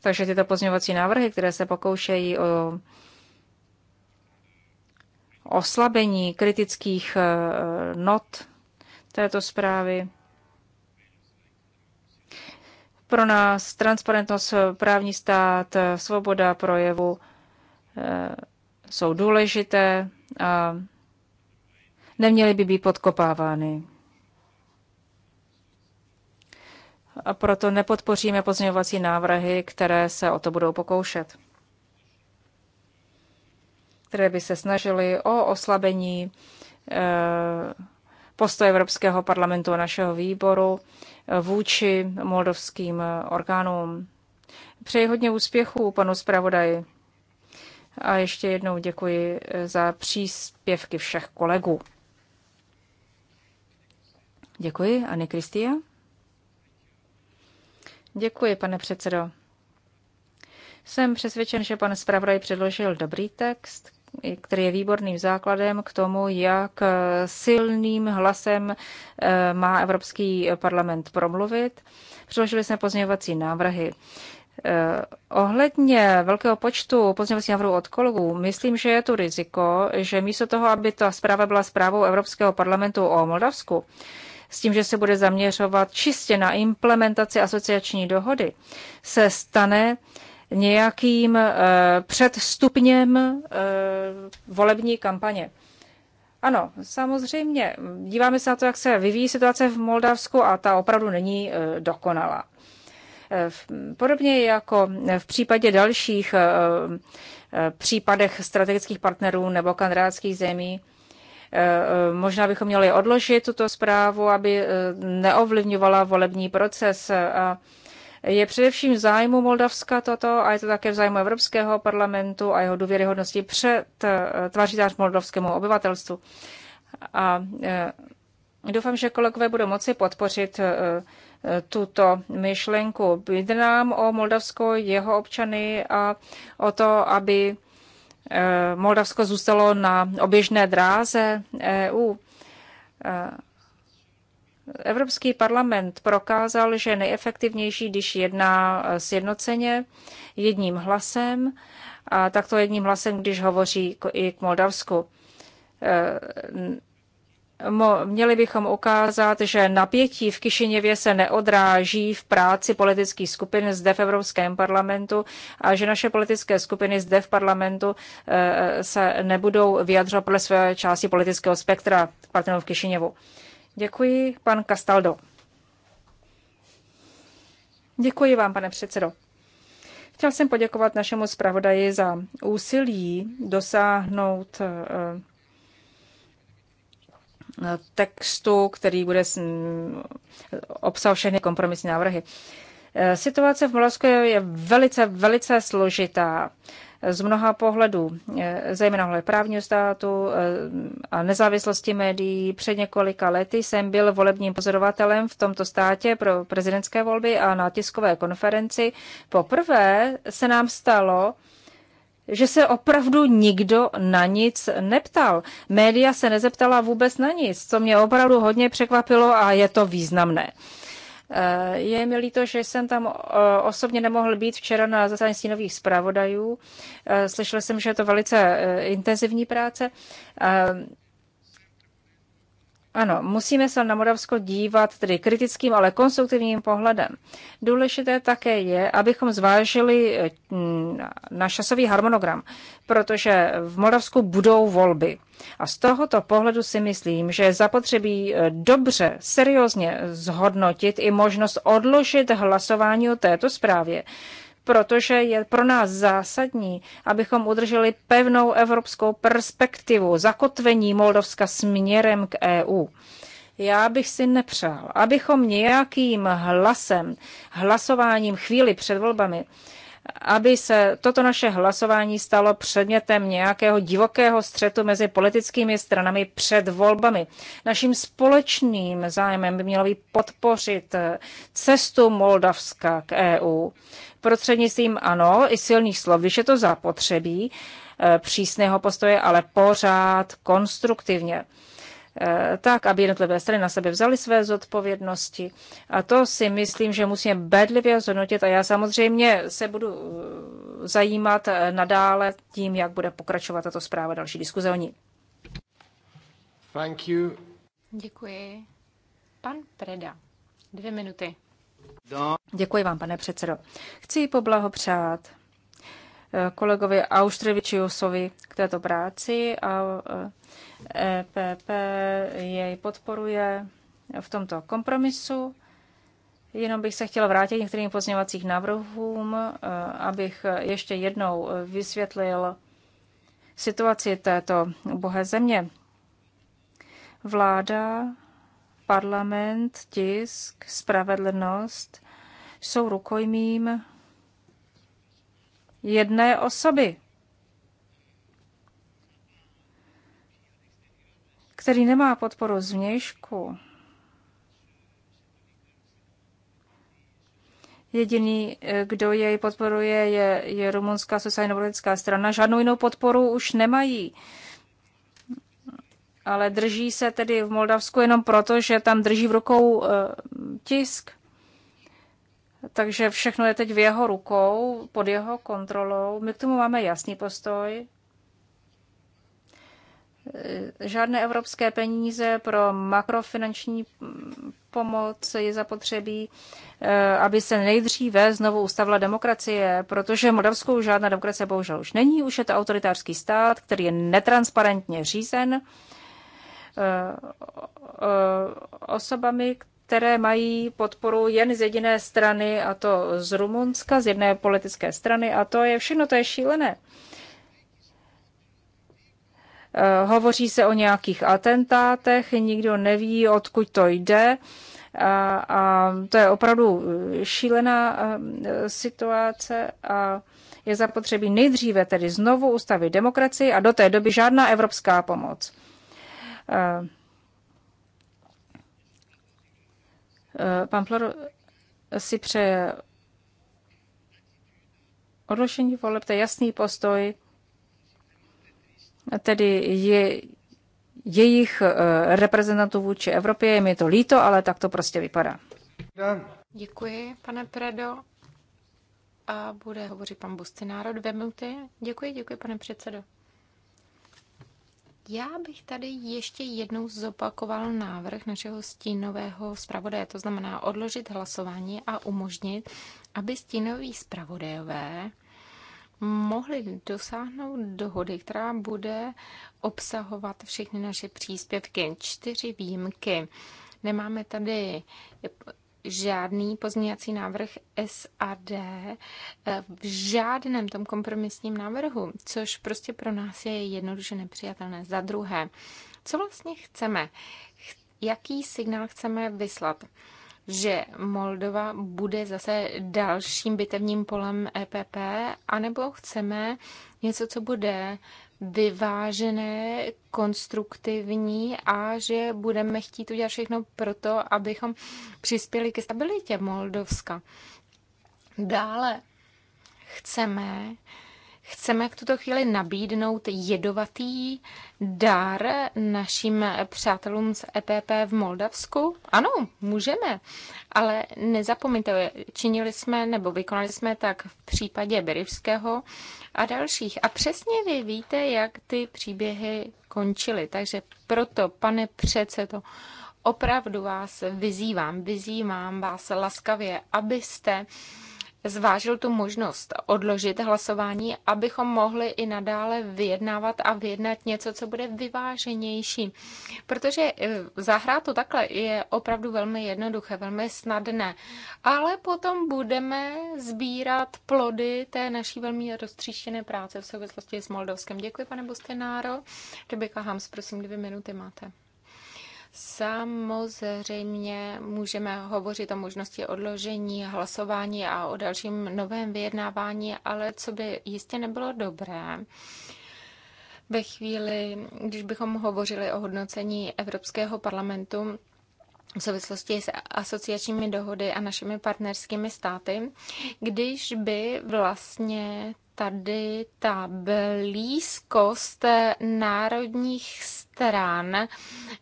Takže tyto pozměňovací návrhy, které se pokoušejí o oslabení kritických eh, not této zprávy, pro nás transparentnost, právní stát, eh, svoboda projevu eh, jsou důležité. A neměly by být podkopávány. A proto nepodpoříme pozměňovací návrhy, které se o to budou pokoušet, které by se snažily o oslabení eh, postoje Evropského parlamentu a našeho výboru eh, vůči moldovským eh, orgánům. Přeji hodně úspěchů panu zpravodaji. A ještě jednou děkuji za příspěvky všech kolegů. Děkuji. Anny Kristia. Děkuji, pane předsedo. Jsem přesvědčen, že pan zpravodaj předložil dobrý text, který je výborným základem k tomu, jak silným hlasem eh, má Evropský parlament promluvit. Přiložili jsme pozměňovací návrhy. Eh, ohledně velkého počtu pozměňovacích návrhů od kolegů, myslím, že je tu riziko, že místo toho, aby ta zpráva byla zprávou Evropského parlamentu o Moldavsku, s tím, že se bude zaměřovat čistě na implementaci asociační dohody, se stane nějakým eh, předstupněm eh, volební kampaně. Ano, samozřejmě. Díváme se na to, jak se vyvíjí situace v Moldavsku a ta opravdu není eh, dokonalá. Eh, podobně jako v případě dalších eh, eh, případech strategických partnerů nebo kandidátských zemí, Eh, eh, možná bychom měli odložit tuto zprávu, aby eh, neovlivňovala volební proces. A je především v zájmu Moldavska toto a je to také v zájmu Evropského parlamentu a jeho důvěryhodnosti před tváří tvář moldavskému obyvatelstvu. A doufám, že kolegové budou moci podpořit tuto myšlenku. Jde nám o Moldavsko, jeho občany a o to, aby Eh, Moldavsko zůstalo na oběžné dráze EU. Eh, Evropský parlament prokázal, že nejefektivnější, když jedná eh, sjednoceně jedním hlasem a takto jedním hlasem, když hovoří i k Moldavsku měli bychom ukázat, že napětí v Kišiněvě se neodráží v práci politických skupin zde v Evropském parlamentu a že naše politické skupiny zde v parlamentu eh, se nebudou vyjadřovat podle své části politického spektra partnerů v Kišiněvu. Děkuji, pan Castaldo. Děkuji vám, pane předsedo. Chtěl jsem poděkovat našemu zpravodaji za úsilí dosáhnout eh, textu, který bude obsah všechny kompromisní návrhy. E, situace v Moravsku je velice, velice složitá z mnoha pohledů, e, zejména hle právního státu e, a nezávislosti médií. Před několika lety jsem byl volebním pozorovatelem v tomto státě pro prezidentské volby a na tiskové konferenci. Poprvé se nám stalo, že se opravdu nikdo na nic neptal. Média se nezeptala vůbec na nic, co mě opravdu hodně překvapilo a je to významné. Eh, je mi líto, že jsem tam eh, osobně nemohl být včera na zasedání stínových zpravodajů. Eh, slyšel jsem, že je to velice intenzivní práce. Ano, musíme se na Moravsko dívat tedy kritickým, ale konstruktivním pohledem. Důležité také je, abychom zvážili eh, na časový harmonogram, protože v Moravsku budou volby. A z tohoto pohledu si myslím, že zapotřebí eh, dobře, seriózně zhodnotit i možnost odložit hlasování o této zprávě protože je pro nás zásadní, abychom udrželi pevnou evropskou perspektivu zakotvení Moldovska směrem k EU. Já bych si nepřál, abychom nějakým hlasem, hlasováním chvíli před volbami, aby se toto naše hlasování stalo předmětem nějakého divokého střetu mezi politickými stranami před volbami. Naším společným zájmem by mělo být podpořit cestu Moldavska k EU prostřednictvím ano, i silných slov, když je to zapotřebí, e, přísného postoje, ale pořád konstruktivně. Eh, tak, aby jednotlivé strany na sebe vzaly své zodpovědnosti. A to si myslím, že musíme bedlivě zhodnotit a já samozřejmě se budu eh, zajímat eh, nadále tím, jak bude pokračovat tato zpráva další diskuze o ní. Thank you. Děkuji. Pan Preda, dvě minuty. Děkuji vám, pane předsedo. Chci poblahopřát kolegovi Auštrevičiusovi k této práci a EPP jej podporuje v tomto kompromisu. Jenom bych se chtěla vrátit některým pozměňovacích návrhům, e, abych ještě jednou vysvětlil situaci této bohé země. Vláda, parlament, tisk, spravedlnost jsou rukojmím jedné osoby. který nemá podporu zvnějšku, Jediný, eh, kdo jej podporuje, je, je rumunská sociálně strana. Žádnou jinou podporu už nemají. Ale drží se tedy v Moldavsku jenom proto, že tam drží v rukou e, tisk. Takže všechno je teď v jeho rukou, pod jeho kontrolou. My k tomu máme jasný postoj žádné evropské peníze pro makrofinanční pomoc je zapotřebí, eh, aby se nejdříve znovu ustavila demokracie, protože Moldavskou žádná demokracie bohužel už není, už je to autoritářský stát, který je netransparentně řízen eh, eh, osobami, které mají podporu jen z jediné strany, a to z Rumunska, z jedné politické strany, a to je všechno, to je šílené. Eh, hovoří se o nějakých atentátech, nikdo neví, odkud to jde. A, a to je opravdu eh, šílená eh, situace a je zapotřebí nejdříve tedy znovu ustavit demokracii a do té doby žádná evropská pomoc. Pan Flor si přeje odložení voleb, to je jasný postoj tedy je, jejich eh, reprezentantů vůči Evropě. Je mi to líto, ale tak to prostě vypadá. Děkuji, pane Predo. A bude hovořit pan Bustináro dvě minuty. Děkuji, děkuji, pane předsedo. Já bych tady ještě jednou zopakoval návrh našeho stínového zpravodaje, to znamená odložit hlasování a umožnit, aby stínoví zpravodajové mohli dosáhnout dohody, která bude obsahovat všechny naše příspěvky. Čtyři výjimky. Nemáme tady žádný pozměňovací návrh SAD eh, v žádném tom kompromisním návrhu, což prostě pro nás je jednoduše nepřijatelné. Za druhé, co vlastně chceme? Jaký signál chceme vyslat? že Moldova bude zase dalším bitevním polem EPP, anebo chceme něco, co bude vyvážené, konstruktivní a že budeme chtít udělat všechno pro to, abychom přispěli ke stabilitě Moldovska. Dále chceme chceme v tuto chvíli nabídnout jedovatý dar našim přátelům z EPP v Moldavsku? Ano, můžeme, ale nezapomeňte, činili jsme nebo vykonali jsme tak v případě Berivského a dalších. A přesně vy víte, jak ty příběhy končily. Takže proto, pane to opravdu vás vyzývám, vyzývám vás laskavě, abyste uh, zvážil tu možnost odložit hlasování, abychom mohli i nadále vyjednávat a vyjednat něco, co bude vyváženější. Protože eh, zahrát to takhle je opravdu velmi jednoduché, velmi snadné. Ale potom budeme sbírat plody té naší velmi roztříštěné práce v souvislosti s Moldovskem. Děkuji, pane Bostenáro. Rebeka Hams, prosím, dvě minuty máte. Samozřejmě můžeme hovořit o možnosti odložení hlasování a o dalším novém vyjednávání, ale co by jistě nebylo dobré, ve chvíli, když bychom hovořili o hodnocení Evropského parlamentu, v souvislosti s asociačními dohody a našimi partnerskými státy, když by vlastně tady ta blízkost národních stran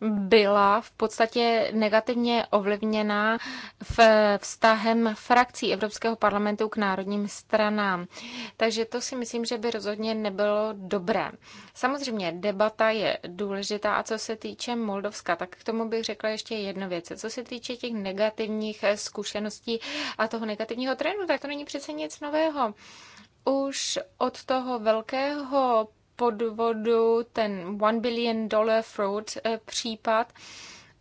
byla v podstatě negativně ovlivněna v vztahem frakcí Evropského parlamentu k národním stranám. Takže to si myslím, že by rozhodně nebylo dobré. Samozřejmě debata je důležitá a co se týče Moldovska, tak k tomu bych řekla ještě jednu věc. Co se týče těch negativních zkušeností a toho negativního trendu, tak to není přece nic nového už od toho velkého podvodu, ten One Billion Dollar Fraud eh, případ,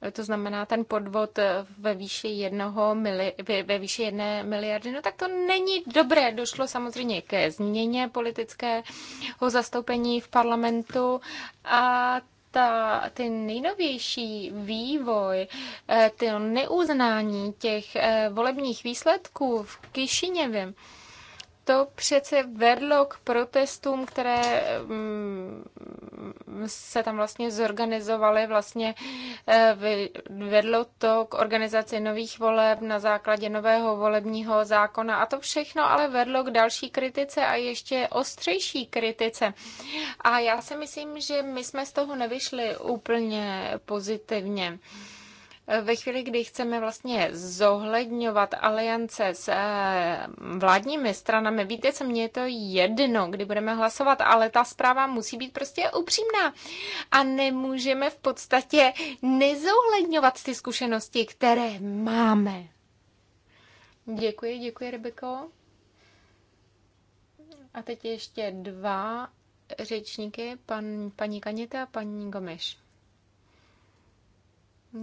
eh, to znamená ten podvod eh, ve výši, jednoho mili, ve výši jedné miliardy, no tak to není dobré. Došlo samozřejmě ke změně politického zastoupení v parlamentu a ta, ten nejnovější vývoj, ten neuznání těch volebních výsledků v Kišiněvi, to přece vedlo k protestům, které mm, se tam vlastně zorganizovaly, vlastně eh, vedlo to k organizaci nových voleb na základě nového volebního zákona a to všechno ale vedlo k další kritice a ještě ostřejší kritice. A já si myslím, že my jsme z toho nevyšli úplně pozitivně ve chvíli, kdy chceme vlastně zohledňovat aliance s eh, vládními stranami, víte co, mě je to jedno, kdy budeme hlasovat, ale ta zpráva musí být prostě upřímná a nemůžeme v podstatě nezohledňovat ty zkušenosti, které máme. Děkuji, děkuji, Rebeko. A teď ještě dva řečníky, pan, paní Kaněta a paní Gomeš.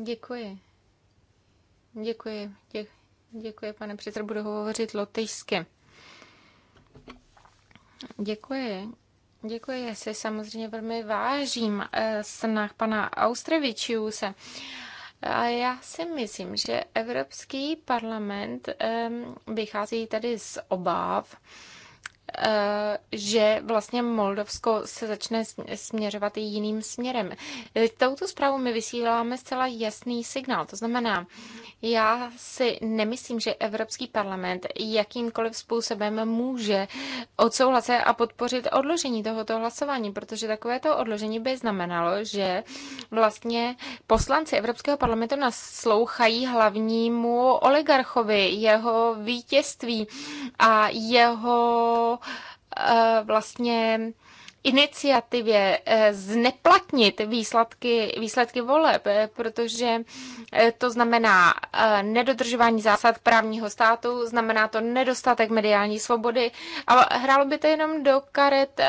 Děkuji. Děkuji. Dě, děkuji, pane předsedo. Budu hovořit lotyšsky. Děkuji. Děkuji, já si samozřejmě velmi vážím eh, snah pana Austrevičiuse. A já si myslím, že Evropský parlament vychází tady z obav, Eh, že vlastně Moldovsko se začne směřovat i jiným směrem. Eh, touto zprávu my vysíláme zcela jasný signál. To znamená, já si nemyslím, že Evropský parlament jakýmkoliv způsobem může odsouhlasit a podpořit odložení tohoto hlasování, protože takovéto odložení by znamenalo, že vlastně poslanci Evropského parlamentu naslouchají hlavnímu oligarchovi, jeho vítězství a jeho Eh, vlastně iniciativě eh, zneplatnit výsledky, výsledky voleb, eh, protože to znamená nedodržování zásad právního státu, znamená to nedostatek mediální svobody a hrálo by to jenom do karet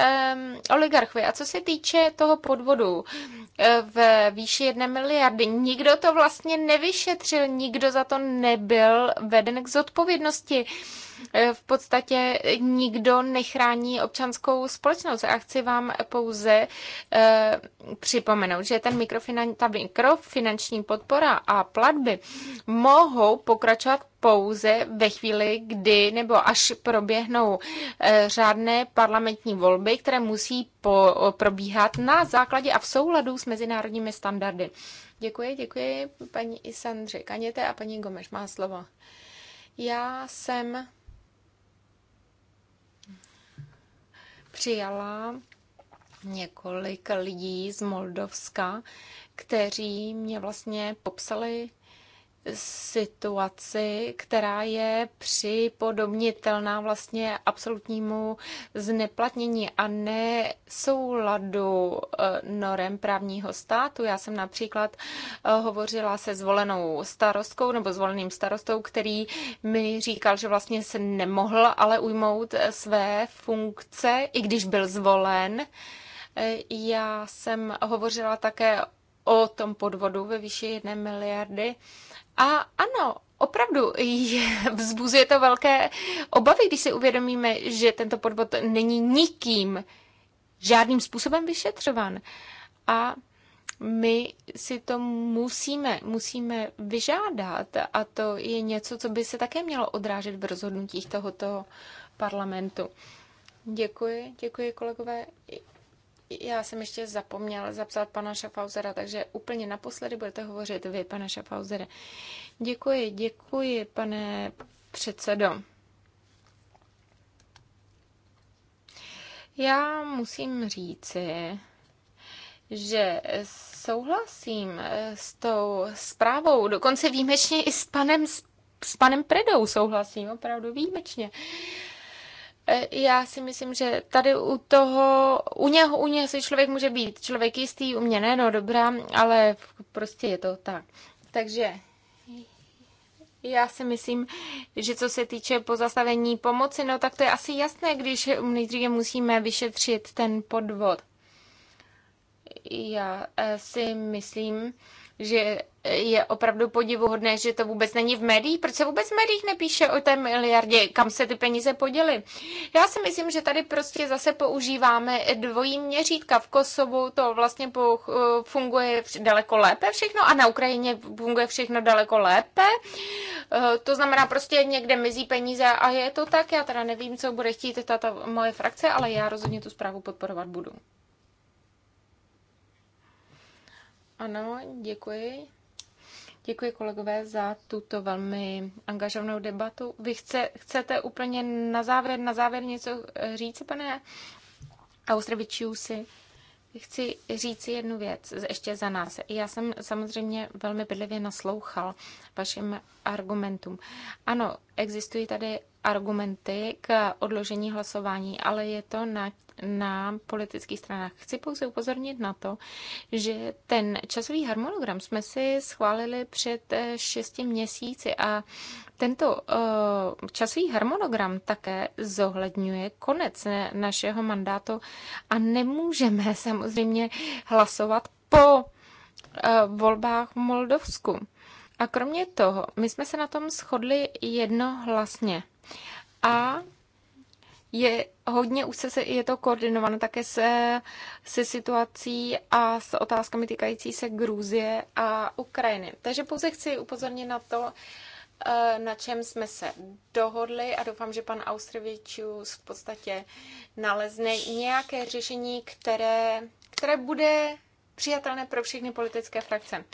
oligarchy. A co se týče toho podvodu v výši jedné miliardy, nikdo to vlastně nevyšetřil, nikdo za to nebyl veden k zodpovědnosti. Eh, v podstatě nikdo nechrání občanskou společnost. A chci vám pouze eh, připomenout, že ten mikrofinan, ta mikrofinanční podpora a platby mohou pokračovat pouze ve chvíli, kdy nebo až proběhnou eh, řádné parlamentní volby, které musí po, probíhat na základě a v souladu s mezinárodními standardy. Děkuji, děkuji paní Isandře Kaněte a paní Gomeš má slovo. Já jsem přijala několik lidí z Moldovska, kteří mě vlastně popsali situaci, která je připodobnitelná vlastně absolutnímu zneplatnění a ne souladu eh, norem právního státu. Já jsem například eh, hovořila se zvolenou starostkou nebo zvoleným starostou, který mi říkal, že vlastně se nemohl ale ujmout eh, své funkce, i když byl zvolen. Já jsem hovořila také o tom podvodu ve výši jedné miliardy a ano, opravdu je, vzbuzuje to velké obavy, když si uvědomíme, že tento podvod není nikým žádným způsobem vyšetřovan. A my si to musíme, musíme vyžádat a to je něco, co by se také mělo odrážet v rozhodnutích tohoto parlamentu. Děkuji, děkuji kolegové já jsem ještě zapomněla zapsat pana Schaffhausera, takže úplně naposledy budete hovořit vy, pane Schaffhausere. Děkuji, děkuji, pane předsedo. Já musím říci, že souhlasím s tou zprávou, dokonce výjimečně i s panem, s panem Predou souhlasím, opravdu výjimečně. Uh, E, já si myslím, že tady u toho, u něho, u něho si člověk může být. Člověk jistý, u mě ne, no dobrá, ale prostě je to tak. Takže já si myslím, že co se týče pozastavení pomoci, no tak to je asi jasné, když nejdříve musíme vyšetřit ten podvod. Já e, si myslím, že je opravdu podivuhodné, že to vůbec není v médiích. Proč se vůbec v médiích nepíše o té miliardě, kam se ty peníze poděly? Já si myslím, že tady prostě zase používáme dvojí měřítka. V Kosovu to vlastně eh, funguje daleko lépe všechno a na Ukrajině funguje všechno daleko lépe. Eh, to znamená prostě někde mizí peníze a je to tak. Já teda nevím, co bude chtít tato moje frakce, ale já rozhodně tu zprávu podporovat budu. Ano, děkuji. Děkuji kolegové za tuto velmi angažovanou debatu. Vy chce, chcete úplně na závěr, na závěr něco říct, pane si. Chci říct jednu věc ještě za nás. Já jsem samozřejmě velmi bedlivě naslouchal vašim argumentům. Ano, existují tady argumenty k odložení hlasování, ale je to na, na politických stranách. Chci pouze upozornit na to, že ten časový harmonogram jsme si schválili před eh, šesti měsíci a tento uh, časový harmonogram také zohledňuje konec našeho mandátu a nemůžeme [laughs] samozřejmě hlasovat po eh, volbách v Moldovsku. A kromě toho, my jsme se na tom shodli jednohlasně. A je hodně už se, je to koordinováno také se, se situací a s otázkami týkající se Gruzie a Ukrajiny. Takže pouze chci upozornit na to, eh, na čem jsme se dohodli a doufám, že pan Austrovičus v podstatě nalezne nějaké řešení, které, které bude přijatelné pro všechny politické frakce.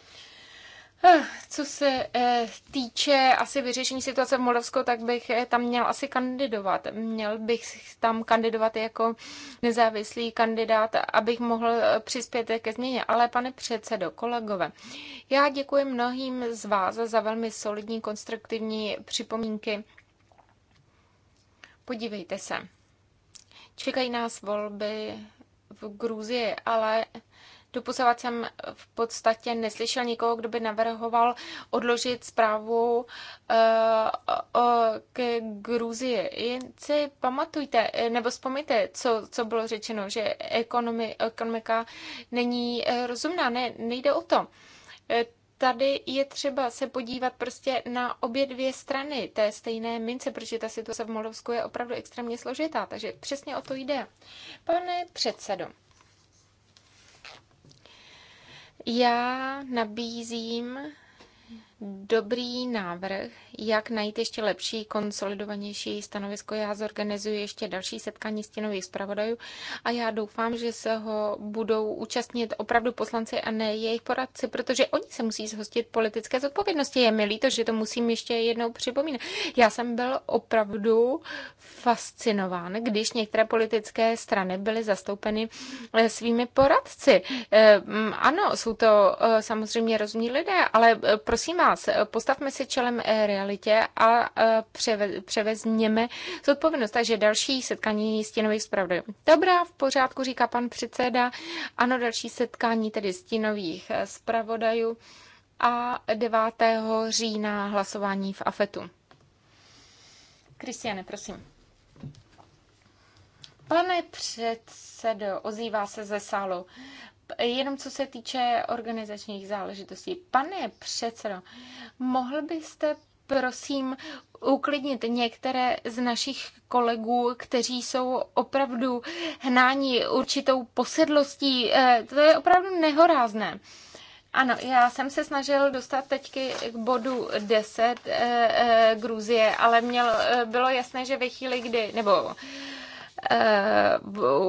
Co se eh, týče asi vyřešení situace v Moldavsku, tak bych eh, tam měl asi kandidovat. Měl bych tam kandidovat jako nezávislý kandidát, abych mohl eh, přispět ke změně. Ale pane předsedo, kolegové, já děkuji mnohým z vás za velmi solidní, konstruktivní připomínky. Podívejte se. Čekají nás volby v Gruzii, ale Doposavat jsem v podstatě neslyšel nikoho, kdo by navrhoval odložit zprávu eh, k Gruzii. Jen si pamatujte, eh, nebo vzpomněte, co, co bylo řečeno, že ekonomi, ekonomika není eh, rozumná. Ne, nejde o to tady je třeba se podívat prostě na obě dvě strany té stejné mince, protože ta situace v Moldovsku je opravdu extrémně složitá, takže přesně o to jde. Pane předsedo, já nabízím dobrý návrh, jak najít ještě lepší, konsolidovanější stanovisko. Já zorganizuji ještě další setkání stěnových zpravodajů a já doufám, že se ho budou účastnit opravdu poslanci a ne jejich poradci, protože oni se musí zhostit politické zodpovědnosti. Je mi líto, že to musím ještě jednou připomínat. Já jsem byl opravdu fascinován, když některé politické strany byly zastoupeny eh, svými poradci. Eh, ano, jsou to eh, samozřejmě rozumní lidé, ale prosím vás, nás. Eh, postavme se čelem eh, realitě a eh, převe, převezměme zodpovědnost. Takže další setkání stínových zpravodajů. Dobrá, v pořádku, říká pan předseda. Ano, další setkání tedy stínových zpravodajů a 9. října hlasování v AFETu. Kristiane, prosím. Pane předsedo, ozývá se ze sálu jenom co se týče organizačních záležitostí. Pane předsedo, mohl byste prosím uklidnit některé z našich kolegů, kteří jsou opravdu hnáni určitou posedlostí. Eh, to je opravdu nehorázné. Ano, já jsem se snažil dostat teďky k bodu 10 eh, eh, Gruzie, ale měl, eh, bylo jasné, že ve chvíli, kdy, nebo Eh,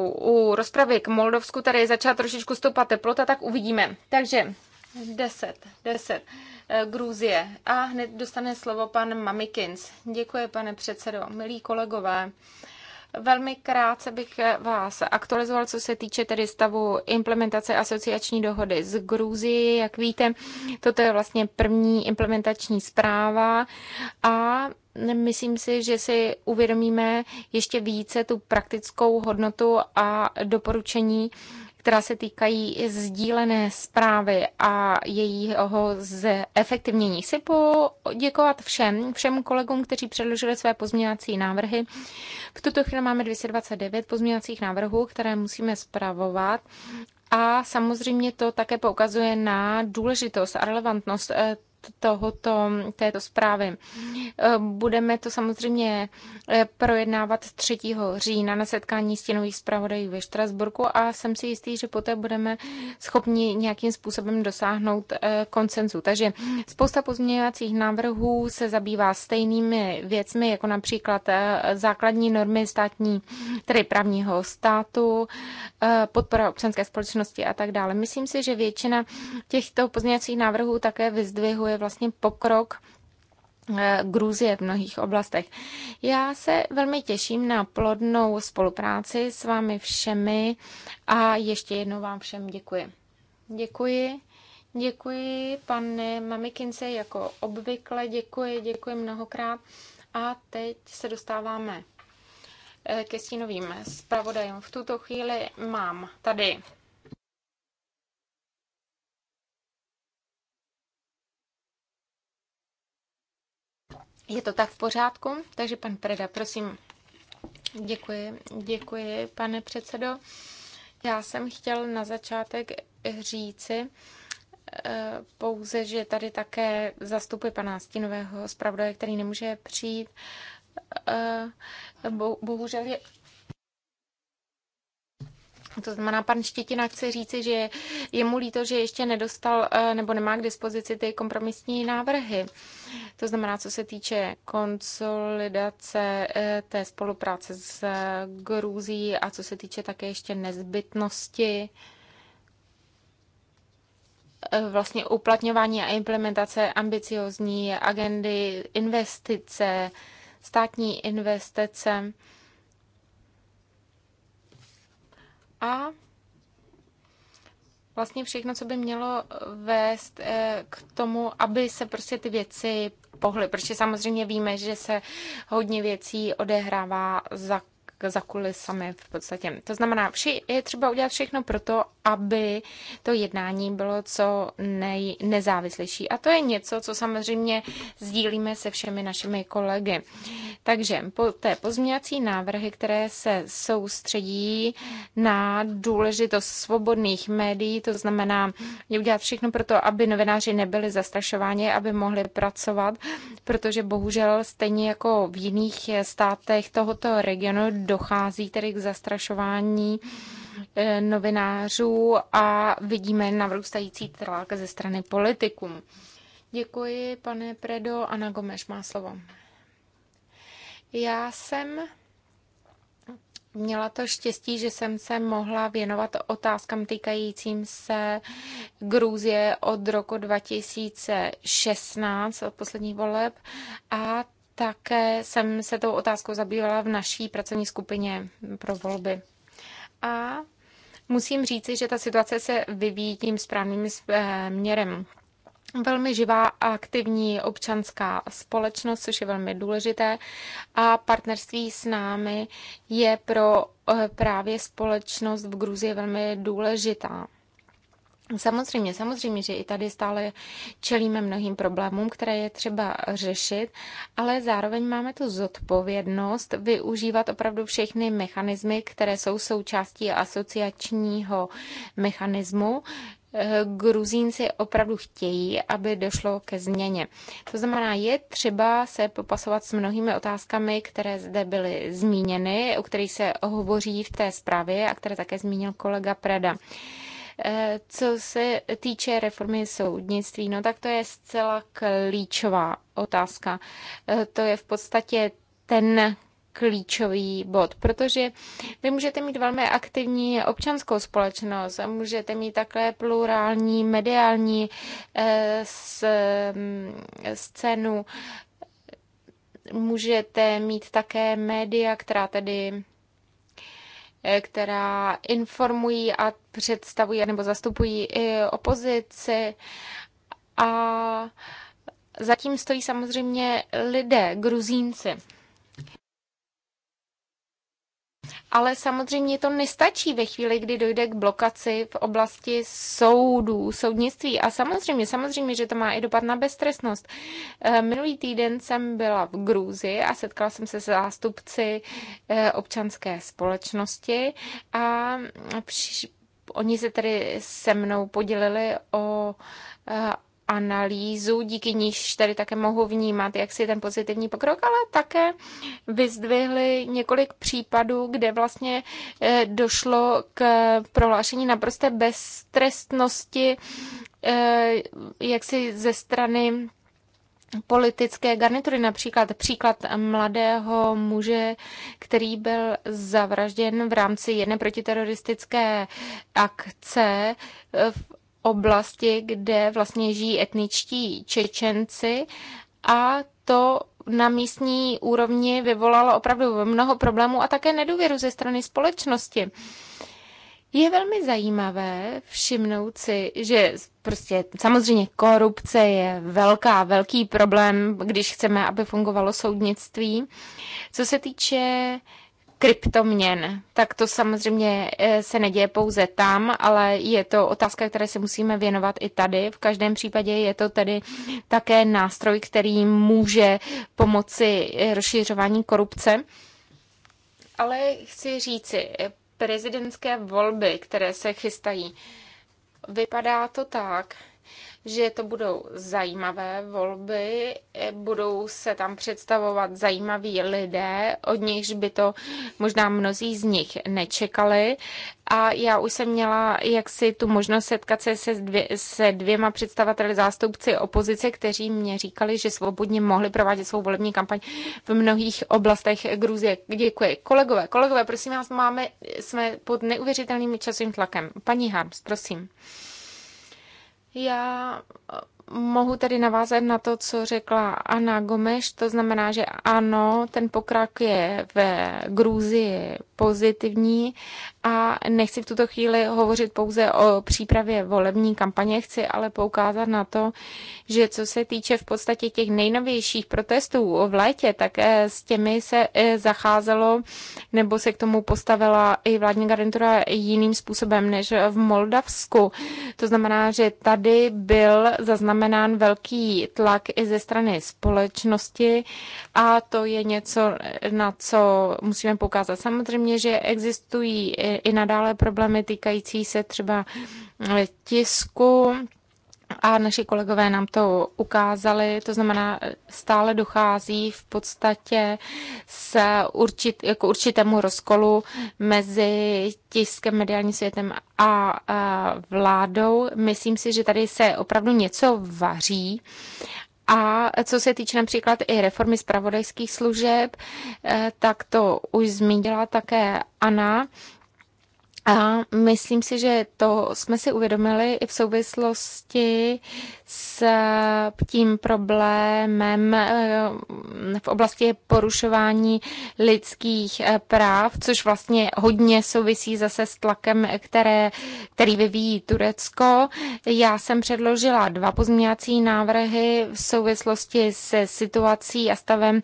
u rozpravy k Moldovsku tady začala trošičku stoupat teplota, tak uvidíme. Takže 10, 10. Eh, Gruzie. A hned dostane slovo pan Mamikins. Děkuji, pane předsedo. Milí kolegové, Velmi krátce bych vás aktualizoval, co se týče tedy stavu implementace asociační dohody z Gruzii. Jak víte, toto je vlastně první implementační zpráva a myslím si, že si uvědomíme ještě více tu praktickou hodnotu a doporučení, která se týkají sdílené zprávy a jejího zefektivnění. Chci poděkovat všem, všem kolegům, kteří předložili své pozměňovací návrhy. V tuto chvíli máme 229 pozměňovacích návrhů, které musíme zpravovat a samozřejmě to také poukazuje na důležitost a relevantnost eh, tohoto, této zprávy. Budeme to samozřejmě eh, projednávat 3. října na setkání stěnových zpravodajů ve Štrasburku a jsem si jistý, že poté budeme schopni nějakým způsobem dosáhnout eh, koncenzu. Takže spousta pozměňovacích návrhů se zabývá stejnými věcmi, jako například eh, základní normy státní, tedy právního státu, podpora občanské společnosti a tak dále. Myslím si, že většina těchto pozměňovacích návrhů také vyzdvihuje představuje vlastně pokrok eh, Gruzie v mnohých oblastech. Já se velmi těším na plodnou spolupráci s vámi všemi a ještě jednou vám všem děkuji. Děkuji. Děkuji, pane Mamikince, jako obvykle děkuji, děkuji mnohokrát. A teď se dostáváme eh, ke stínovým zpravodajům. V tuto chvíli mám tady Je to tak v pořádku? Takže pan Preda, prosím. Děkuji, děkuji, pane předsedo. Já jsem chtěl na začátek říci, eh, pouze, že tady také zastupuje pana Stinového zpravodaje, který nemůže přijít. Eh, bohužel je to znamená, pan Štětina chce říci, že je mu líto, že ještě nedostal eh, nebo nemá k dispozici ty kompromisní návrhy. To znamená, co se týče konsolidace eh, té spolupráce s eh, Gruzí a co se týče také ještě nezbytnosti vlastně uplatňování a implementace ambiciozní agendy, investice, státní investice a vlastně všechno, co by mělo vést eh, k tomu, aby se prostě ty věci pohly. Protože samozřejmě víme, že se hodně věcí odehrává za za kulisami v podstatě. To znamená, vši, je třeba udělat všechno pro to, aby to jednání bylo co nej, nezávislejší. A to je něco, co samozřejmě sdílíme se všemi našimi kolegy. Takže po té pozměňovací návrhy, které se soustředí na důležitost svobodných médií, to znamená je udělat všechno pro to, aby novináři nebyli zastrašováni, aby mohli pracovat, protože bohužel stejně jako v jiných státech tohoto regionu dochází tedy k zastrašování eh, novinářů a vidíme navrůstající tlak ze strany politiků. Děkuji, pane Predo. Ana Gomeš má slovo. Já jsem Měla to štěstí, že jsem se mohla věnovat otázkám týkajícím se Gruzie od roku 2016, od posledních voleb. A také jsem se tou otázkou zabývala v naší pracovní skupině pro volby. A musím říci, že ta situace se vyvíjí tím správným směrem. Eh, velmi živá a aktivní občanská společnost, což je velmi důležité, a partnerství s námi je pro eh, právě společnost v Gruzii velmi důležitá. Samozřejmě, samozřejmě, že i tady stále čelíme mnohým problémům, které je třeba řešit, ale zároveň máme tu zodpovědnost využívat opravdu všechny mechanismy, které jsou součástí asociačního mechanismu, eh, Gruzínci opravdu chtějí, aby došlo ke změně. To znamená, je třeba se popasovat s mnohými otázkami, které zde byly zmíněny, o kterých se hovoří v té zprávě a které také zmínil kolega Preda. Eh, co se týče reformy soudnictví, no tak to je zcela klíčová otázka. Eh, to je v podstatě ten klíčový bod, protože vy můžete mít velmi aktivní občanskou společnost, můžete mít takhle plurální mediální eh, mm, scénu, můžete mít také média, která tedy Eh, která informují a představují nebo zastupují i opozici. A zatím stojí samozřejmě lidé, gruzínci. ale samozřejmě to nestačí ve chvíli, kdy dojde k blokaci v oblasti soudů, soudnictví. A samozřejmě, samozřejmě, že to má i dopad na beztrestnost. Eh, minulý týden jsem byla v Grůzi a setkala jsem se s zástupci eh, občanské společnosti a při, oni se tedy se mnou podělili o eh, analýzu, díky níž tady také mohu vnímat, jak si ten pozitivní pokrok, ale také vyzdvihli několik případů, kde vlastně eh, došlo k prohlášení naprosté beztrestnosti eh, si ze strany politické garnitury, například příklad mladého muže, který byl zavražděn v rámci jedné protiteroristické akce eh, v oblasti, kde vlastně žijí etničtí Čečenci a to na místní úrovni vyvolalo opravdu mnoho problémů a také nedůvěru ze strany společnosti. Je velmi zajímavé všimnout si, že prostě samozřejmě korupce je velká, velký problém, když chceme, aby fungovalo soudnictví. Co se týče kryptoměn. Tak to samozřejmě eh, se neděje pouze tam, ale je to otázka, které se musíme věnovat i tady. V každém případě je to tedy také nástroj, který může pomoci eh, rozšiřování korupce. Ale chci říci, eh, prezidentské volby, které se chystají, vypadá to tak, že to budou zajímavé volby, e, budou se tam představovat zajímaví lidé, od nichž by to možná mnozí z nich nečekali. A já už jsem měla jaksi tu možnost setkat se, se, dvě, se dvěma představateli zástupci opozice, kteří mě říkali, že svobodně mohli provádět svou volební kampaň v mnohých oblastech Gruzie. Děkuji. Kolegové, kolegové, prosím vás, máme, jsme pod neuvěřitelným časovým tlakem. Paní Harms, prosím. Já mohu tedy navázat na to, co řekla Anna Gomeš, to znamená, že ano, ten pokrok je ve Gruzii pozitivní a nechci v tuto chvíli hovořit pouze o přípravě volební kampaně, chci ale poukázat na to, že co se týče v podstatě těch nejnovějších protestů v létě, tak eh, s těmi se eh, zacházelo nebo se k tomu postavila i vládní garantura jiným způsobem než v Moldavsku. To znamená, že tady byl zaznamenán zaznamenán velký tlak i ze strany společnosti a to je něco, na co musíme poukázat. Samozřejmě, že existují i nadále problémy týkající se třeba tisku, a naši kolegové nám to ukázali, to znamená, stále dochází v podstatě s určit, jako určitému rozkolu mezi tiskem, mediálním světem a, a vládou. Myslím si, že tady se opravdu něco vaří a co se týče například i reformy zpravodajských služeb, eh, tak to už zmínila také Ana. A myslím si, že to jsme si uvědomili i v souvislosti s tím problémem eh, v oblasti porušování lidských eh, práv, což vlastně hodně souvisí zase s tlakem, které, který vyvíjí Turecko. Já jsem předložila dva pozměňovací návrhy v souvislosti se situací a stavem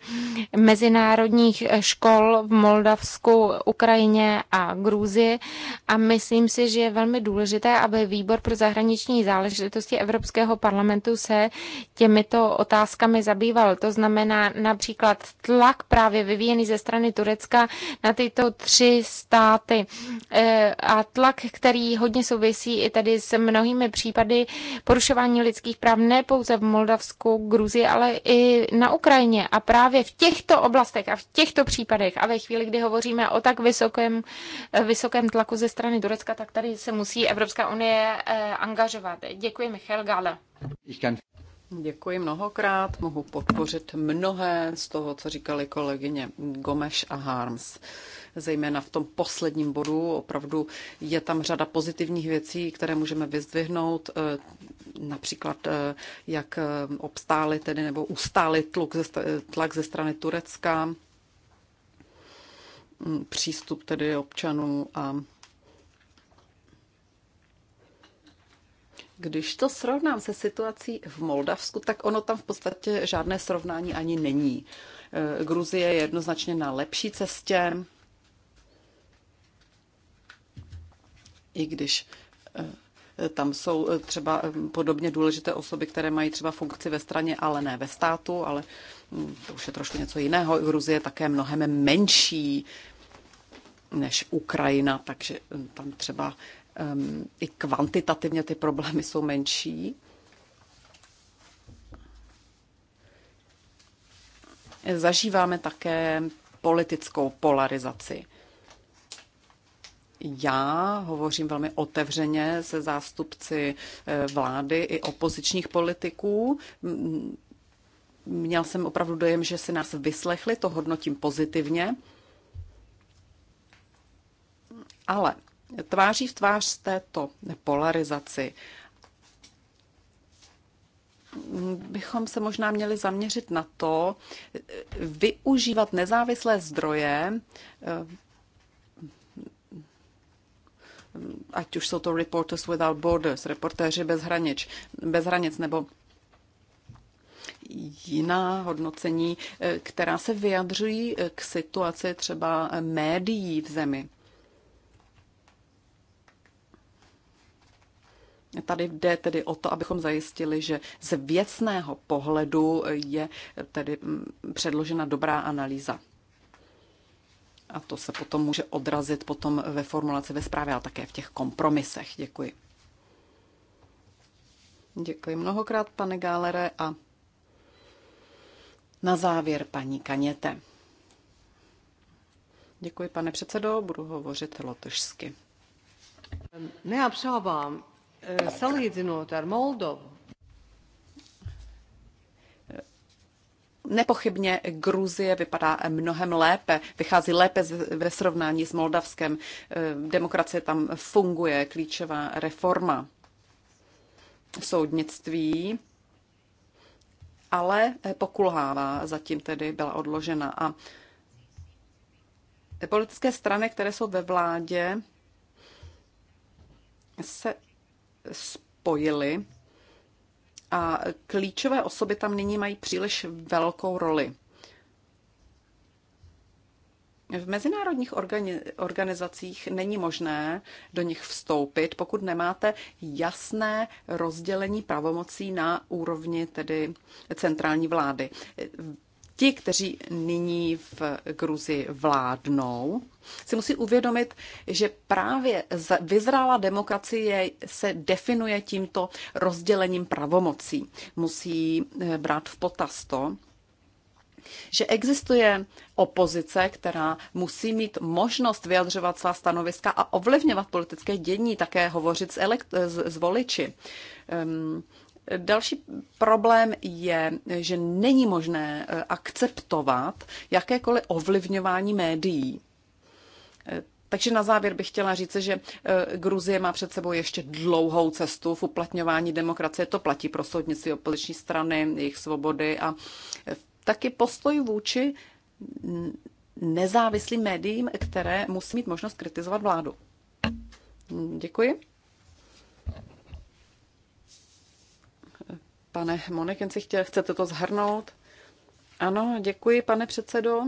mezinárodních škol v Moldavsku, Ukrajině a Gruzii a myslím si, že je velmi důležité, aby výbor pro zahraniční záležitosti Evropského parlamentu parlamentu se těmito otázkami zabýval. To znamená například tlak právě vyvíjený ze strany Turecka na tyto tři státy e, a tlak, který hodně souvisí i tady s mnohými případy porušování lidských práv ne pouze v Moldavsku, Gruzii, ale i na Ukrajině. A právě v těchto oblastech a v těchto případech a ve chvíli, kdy hovoříme o tak vysokém, vysokém tlaku ze strany Turecka, tak tady se musí Evropská unie e, angažovat. Děkuji, Michal Gala. Děkuji mnohokrát, mohu podpořit mnohé z toho, co říkali kolegyně Gomeš a Harms. Zejména v tom posledním bodu opravdu je tam řada pozitivních věcí, které můžeme vyzdvihnout, eh, například eh, jak eh, obstáli tedy nebo ustálit tlak ze strany Turecka, mm, přístup tedy občanů a Když to srovnám se situací v Moldavsku, tak ono tam v podstatě žádné srovnání ani není. E, Gruzie je jednoznačně na lepší cestě, i když e, tam jsou e, třeba podobně důležité osoby, které mají třeba funkci ve straně, ale ne ve státu, ale mm, to už je trošku něco jiného. Gruzie je také mnohem menší než Ukrajina, takže tam třeba um, i kvantitativně ty problémy jsou menší. Zažíváme také politickou polarizaci. Já hovořím velmi otevřeně se zástupci eh, vlády i opozičních politiků. Měl jsem opravdu dojem, že si nás vyslechli, to hodnotím pozitivně. Ale tváří v tvář z této polarizaci bychom se možná měli zaměřit na to, využívat nezávislé zdroje, eh, ať už jsou to Reporters Without Borders, reportéři bez hranic, bez hranic nebo jiná hodnocení, eh, která se vyjadřují eh, k situaci třeba médií v zemi. Tady jde tedy o to, abychom zajistili, že z věcného pohledu je tedy mm, předložena dobrá analýza. A to se potom může odrazit potom ve formulaci ve zprávě a také v těch kompromisech. Děkuji. Děkuji mnohokrát, pane Gálere, a na závěr paní Kaněte. Děkuji, pane předsedo, budu hovořit lotyšsky. Neabsorbám Eh, Nepochybně Gruzie vypadá mnohem lépe, vychází lépe ve srovnání s Moldavskem. Eh, demokracie tam funguje, klíčová reforma soudnictví, ale eh, pokulhává, zatím tedy byla odložena. A politické strany, které jsou ve vládě, se Spojili a klíčové osoby tam nyní mají příliš velkou roli. V mezinárodních organizacích není možné do nich vstoupit, pokud nemáte jasné rozdělení pravomocí na úrovni tedy centrální vlády ti, kteří nyní v Gruzi vládnou, si musí uvědomit, že právě vyzrála demokracie se definuje tímto rozdělením pravomocí. Musí eh, brát v potaz to, že existuje opozice, která musí mít možnost vyjadřovat svá stanoviska a ovlivňovat politické dění, také hovořit s, elekt- s voliči. Um, Další problém je, že není možné eh, akceptovat jakékoliv ovlivňování médií. Eh, takže na závěr bych chtěla říct, že eh, Gruzie má před sebou ještě dlouhou cestu v uplatňování demokracie. To platí pro soudnici opoziční strany, jejich svobody a taky postoj vůči nezávislým médiím, které musí mít možnost kritizovat vládu. Děkuji. Pane jen si chtěl, chcete to zhrnout? Ano, děkuji, pane předsedo.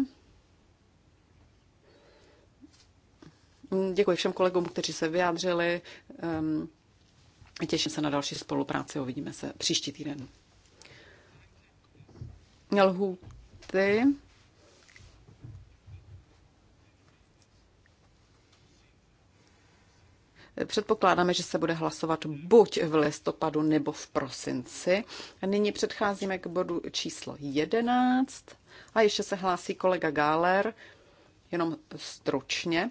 Děkuji všem kolegům, kteří se vyjádřili. Ehm, těším se na další spolupráci. Uvidíme se příští týden. Lhůty Předpokládáme, že se bude hlasovat buď v listopadu nebo v prosinci. Nyní předcházíme k bodu číslo 11 a ještě se hlásí kolega Gáler, jenom stručně.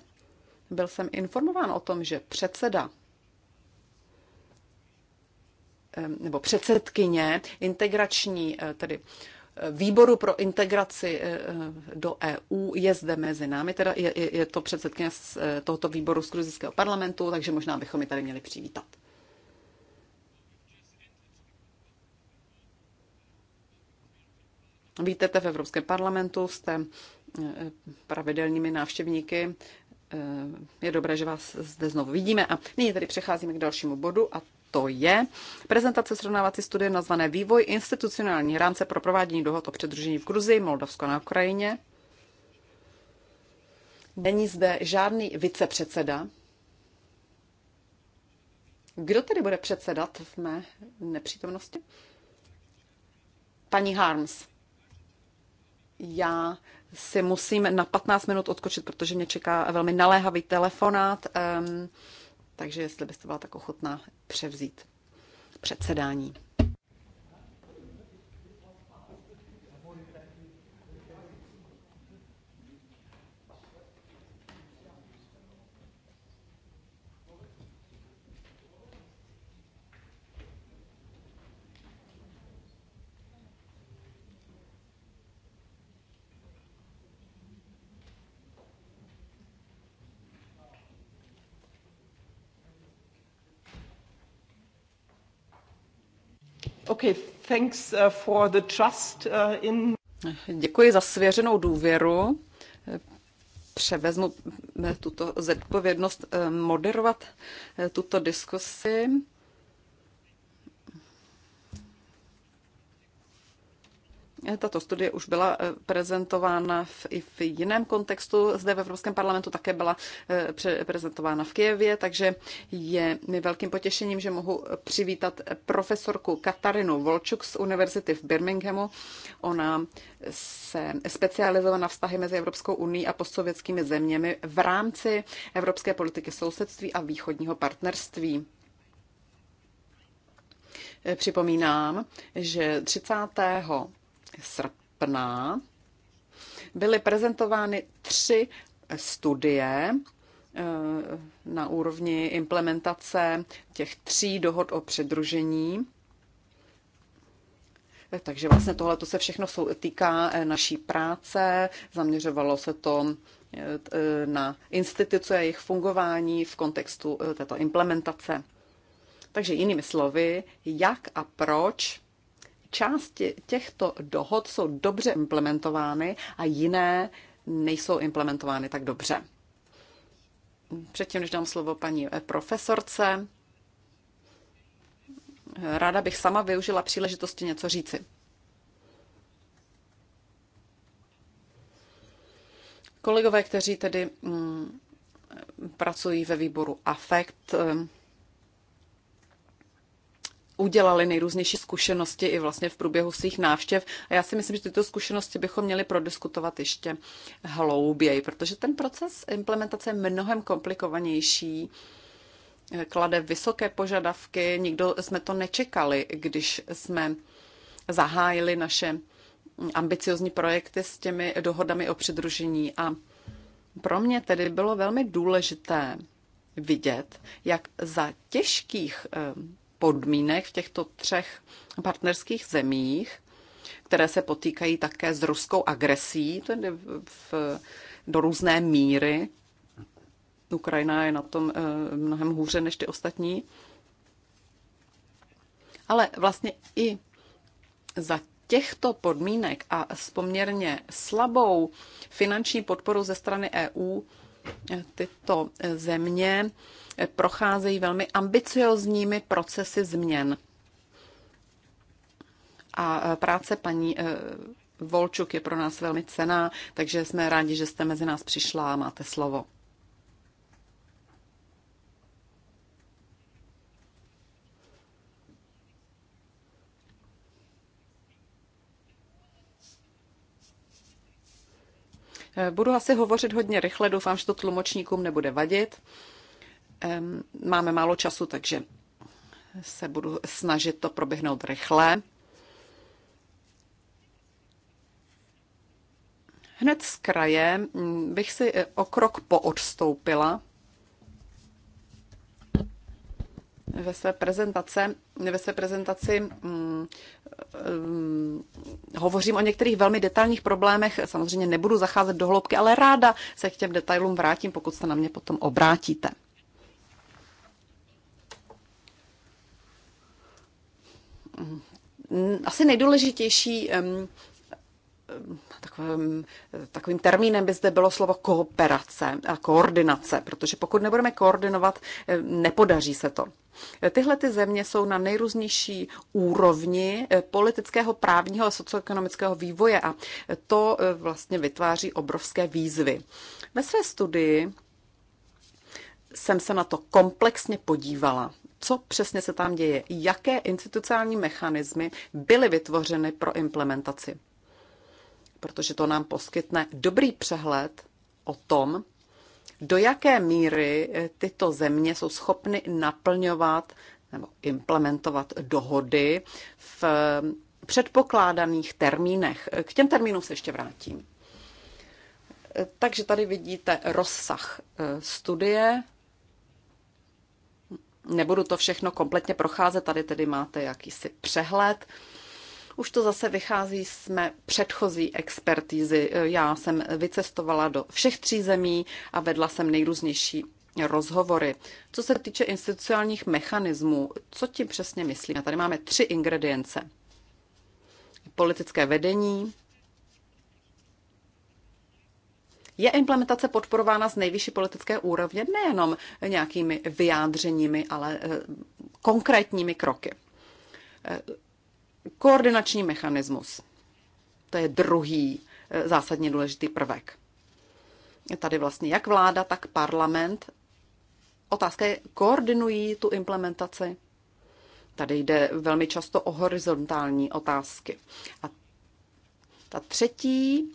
Byl jsem informován o tom, že předseda nebo předsedkyně integrační eh, tedy výboru pro integraci eh, eh, do EU je zde mezi námi, teda je, je to předsedkyně z eh, tohoto výboru z gruzijského parlamentu, takže možná bychom ji tady měli přivítat. Vítejte v Evropském parlamentu, jste pravidelnými návštěvníky. Je dobré, že vás zde znovu vidíme. A nyní tedy přecházíme k dalšímu bodu a to je prezentace srovnávací studie nazvané Vývoj institucionální rámce pro provádění dohod o předružení v Gruzii, Moldavsko na Ukrajině. Není zde žádný vicepředseda. Kdo tedy bude předsedat v mé nepřítomnosti? Paní Harms. Já si musím na 15 minut odkočit, protože mě čeká velmi naléhavý telefonát. Um, takže jestli byste byla tak ochotná převzít předsedání. Okay, thanks uh, for the trust uh, in... Děkuji za svěřenou důvěru. Převezmu eh, tuto zodpovědnost eh, moderovat eh, tuto diskusi. Tato studie už byla eh, prezentována v, i v jiném kontextu. Zde v Evropském parlamentu také byla eh, prezentována v Kijevě, takže je mi velkým potěšením, že mohu přivítat profesorku Katarinu Volčuk z Univerzity v Birminghamu. Ona se specializuje na vztahy mezi Evropskou uní a postsovětskými zeměmi v rámci evropské politiky sousedství a východního partnerství. Eh, připomínám, že 30 srpna byly prezentovány tři studie eh, na úrovni implementace těch tří dohod o předružení. Takže vlastně tohle to se všechno týká eh, naší práce, zaměřovalo se to eh, na instituce a jejich fungování v kontextu této implementace. Takže jinými slovy, jak a proč části těchto dohod jsou dobře implementovány a jiné nejsou implementovány tak dobře. Předtím, než dám slovo paní eh, profesorce, ráda bych sama využila příležitosti něco říci. Kolegové, kteří tedy mm, pracují ve výboru AFECT, eh, udělali nejrůznější zkušenosti i vlastně v průběhu svých návštěv. A já si myslím, že tyto zkušenosti bychom měli prodiskutovat ještě hlouběji, protože ten proces implementace je mnohem komplikovanější, eh, klade vysoké požadavky, nikdo jsme to nečekali, když jsme zahájili naše ambiciozní projekty s těmi dohodami o přidružení a pro mě tedy bylo velmi důležité vidět, jak za těžkých eh, podmínek v těchto třech partnerských zemích, které se potýkají také s ruskou agresí, tedy v, do různé míry. Ukrajina je na tom eh, mnohem hůře než ty ostatní. Ale vlastně i za těchto podmínek a s poměrně slabou finanční podporu ze strany EU tyto země procházejí velmi ambiciozními procesy změn. A e, práce paní e, Volčuk je pro nás velmi cená, takže jsme rádi, že jste mezi nás přišla a máte slovo. Eh, budu asi hovořit hodně rychle, doufám, že to tlumočníkům nebude vadit. Máme málo času, takže se budu snažit to proběhnout rychle. Hned z kraje mm, bych si eh, o krok poodstoupila ve své prezentace, ve své prezentaci mm, mm, hovořím o některých velmi detailních problémech. Samozřejmě nebudu zacházet do hloubky, ale ráda se k těm detailům vrátím, pokud se na mě potom obrátíte. Mm, asi nejdůležitější mm, takovým, ehm, takovým termínem by zde bylo slovo kooperace a koordinace, protože pokud nebudeme koordinovat, eh, nepodaří se to. Eh, tyhle ty země jsou na nejrůznější úrovni eh, politického, právního a socioekonomického vývoje a to vlastně vytváří obrovské výzvy. Ve své studii jsem se na to komplexně podívala co přesně se tam děje, jaké institucionální mechanismy byly vytvořeny pro implementaci protože to nám poskytne dobrý přehled o tom, do jaké míry eh, tyto země jsou schopny naplňovat nebo implementovat dohody v eh, předpokládaných termínech. Eh, k těm termínům se ještě vrátím. Takže tady vidíte rozsah studie. Nebudu to všechno kompletně procházet, tady tedy máte jakýsi přehled. Už to zase vychází z mé předchozí expertízy. Já jsem vycestovala do všech tří zemí a vedla jsem nejrůznější rozhovory. Co se týče institucionálních mechanismů, co tím přesně myslíme? Tady máme tři ingredience. Politické vedení, je implementace podporována z nejvyšší politické úrovně nejenom nějakými vyjádřeními, ale eh, konkrétními kroky. Eh, Koordinační mechanismus. To je druhý eh, zásadně důležitý prvek. Tady vlastně jak vláda, tak parlament. Otázka je, koordinují tu implementaci? Tady jde velmi často o horizontální otázky. A ta třetí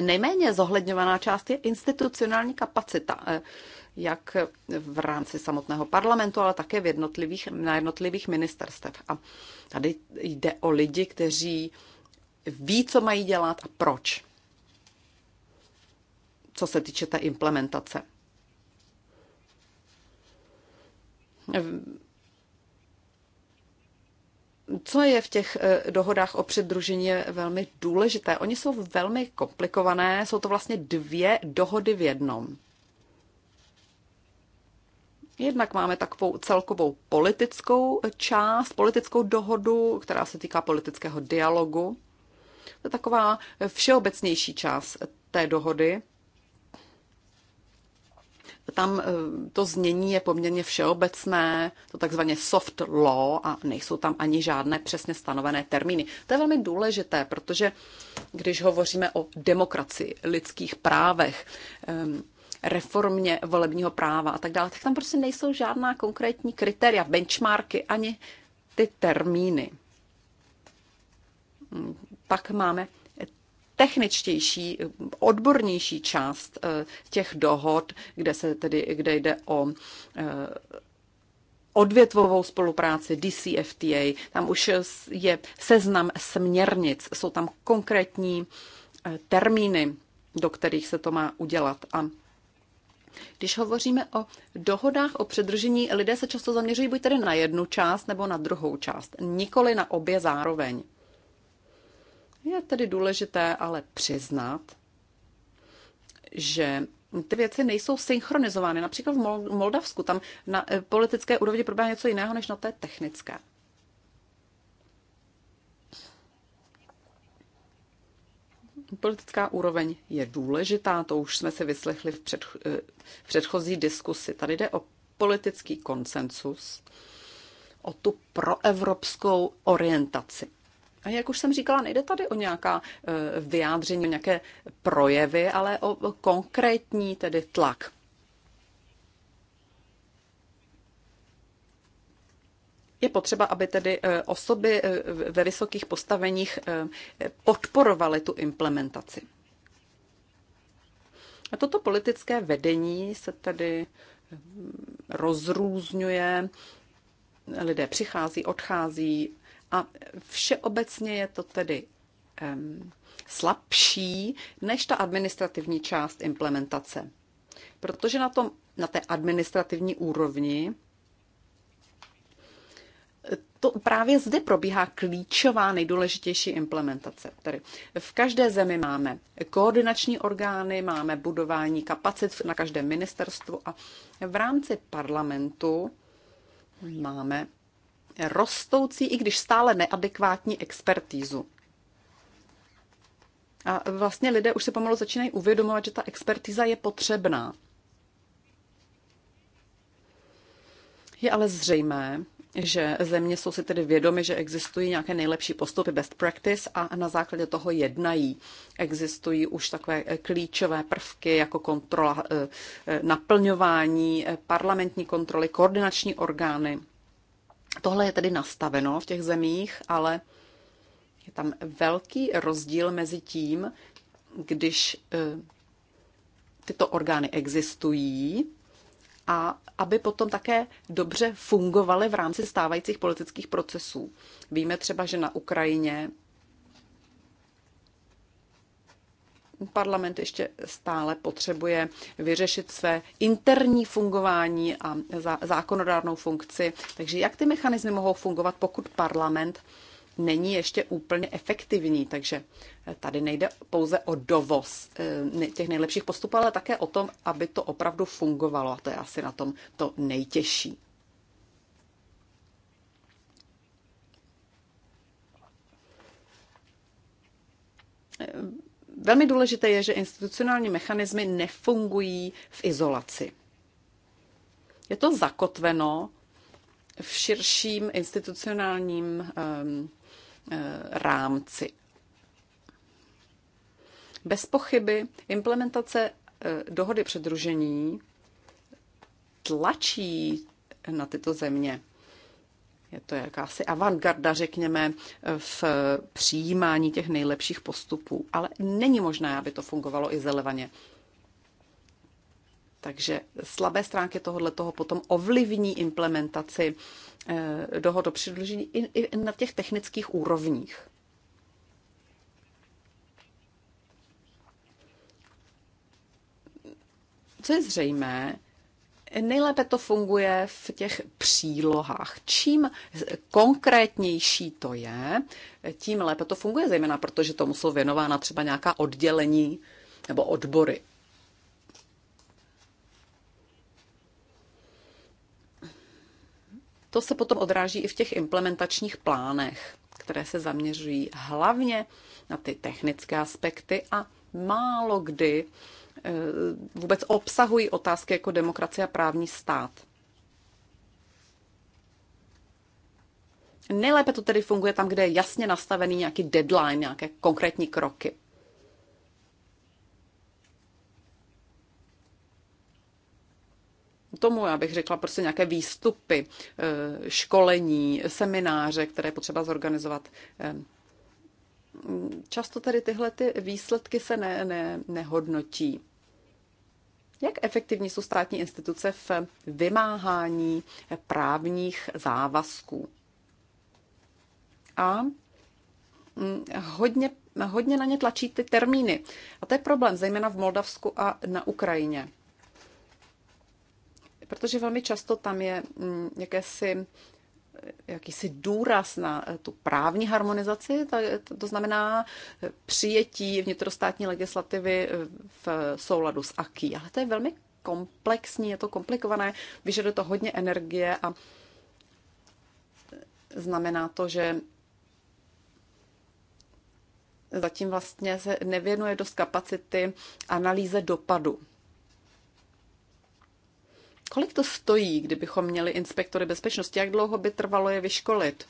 nejméně zohledňovaná část je institucionální kapacita. Eh, jak v rámci samotného parlamentu, ale také v jednotlivých, na jednotlivých ministerstev. A tady jde o lidi, kteří ví, co mají dělat a proč, co se týče té implementace. Co je v těch eh, dohodách o předružení je velmi důležité. Oni jsou velmi komplikované, jsou to vlastně dvě dohody v jednom. Jednak máme takovou celkovou politickou část, politickou dohodu, která se týká politického dialogu. To je taková všeobecnější část té dohody. Tam eh, to znění je poměrně všeobecné, to takzvané soft law a nejsou tam ani žádné přesně stanovené termíny. To je velmi důležité, protože když hovoříme o demokracii, lidských právech, ehm, reformě volebního práva a tak dále, tak tam prostě nejsou žádná konkrétní kritéria, benchmarky, ani ty termíny. Hmm, pak máme techničtější, odbornější část eh, těch dohod, kde, se tedy, kde jde o eh, odvětvovou spolupráci DCFTA. Tam už je seznam směrnic, jsou tam konkrétní eh, termíny, do kterých se to má udělat. A když hovoříme o dohodách o předržení, lidé se často zaměřují buď tedy na jednu část nebo na druhou část, nikoli na obě zároveň. Je tedy důležité ale přiznat, že ty věci nejsou synchronizovány. Například v Moldavsku tam na eh, politické úrovni probíhá něco jiného než na té technické. politická úroveň je důležitá, to už jsme si vyslechli v, předch, eh, v předchozí diskusi. Tady jde o politický konsensus, o tu proevropskou orientaci. A jak už jsem říkala, nejde tady o nějaká eh, vyjádření, o nějaké projevy, ale o konkrétní tedy tlak. je potřeba, aby tedy eh, osoby eh, ve vysokých postaveních eh, podporovaly tu implementaci. A toto politické vedení se tedy rozrůzňuje, lidé přichází, odchází a všeobecně je to tedy slabší než ta administrativní část implementace. Protože na, tom, na té administrativní úrovni to právě zde probíhá klíčová nejdůležitější implementace. Tedy v každé zemi máme koordinační orgány, máme budování kapacit na každém ministerstvu a v rámci parlamentu máme rostoucí, i když stále neadekvátní expertízu. A vlastně lidé už se pomalu začínají uvědomovat, že ta expertíza je potřebná. Je ale zřejmé, že země jsou si tedy vědomy, že existují nějaké nejlepší postupy, best practice a na základě toho jednají. Existují už takové eh, klíčové prvky jako kontrola eh, eh, naplňování, parlamentní kontroly, koordinační orgány. Tohle je tedy nastaveno v těch zemích, ale je tam velký rozdíl mezi tím, když tyto orgány existují, a aby potom také dobře fungovaly v rámci stávajících politických procesů. Víme třeba, že na Ukrajině parlament ještě stále potřebuje vyřešit své interní fungování a zákonodárnou funkci. Takže jak ty mechanismy mohou fungovat, pokud parlament není ještě úplně efektivní, takže eh, tady nejde pouze o dovoz eh, těch nejlepších postupů, ale také o tom, aby to opravdu fungovalo a to je asi na tom to nejtěžší. Eh, velmi důležité je, že institucionální mechanismy nefungují v izolaci. Je to zakotveno v širším institucionálním um, Eh, rámci. Bez pochyby implementace eh, dohody předružení tlačí na tyto země. Je to jakási avantgarda, řekněme, v přijímání těch nejlepších postupů, ale není možné, aby to fungovalo izolovaně. Takže slabé stránky tohohle toho potom ovlivní implementaci eh, dohod o přidružení i na těch technických úrovních. Co je zřejmé, Nejlépe to funguje v těch přílohách. Čím konkrétnější to je, tím lépe to funguje, zejména protože tomu jsou věnována třeba nějaká oddělení nebo odbory. To se potom odráží i v těch implementačních plánech, které se zaměřují hlavně na ty technické aspekty a málo kdy e, vůbec obsahují otázky jako demokracie a právní stát. Nejlépe to tedy funguje tam, kde je jasně nastavený nějaký deadline, nějaké konkrétní kroky. tomu, já bych řekla, prostě nějaké výstupy, eh, školení, semináře, které je potřeba zorganizovat. Často tady tyhle ty výsledky se ne, ne, nehodnotí. Jak efektivní jsou státní instituce v vymáhání právních závazků? A mm, hodně, hodně na ně tlačí ty termíny. A to je problém, zejména v Moldavsku a na Ukrajině protože velmi často tam je mm, jakési jakýsi důraz na eh, tu právní harmonizaci, to znamená eh, přijetí vnitrostátní legislativy eh, v souladu s AKI. Ale to je velmi komplexní, je to komplikované, vyžaduje to hodně energie a znamená to, že zatím vlastně se nevěnuje dost kapacity analýze dopadu. Kolik to stojí, kdybychom měli inspektory bezpečnosti? Jak dlouho by trvalo je vyškolit?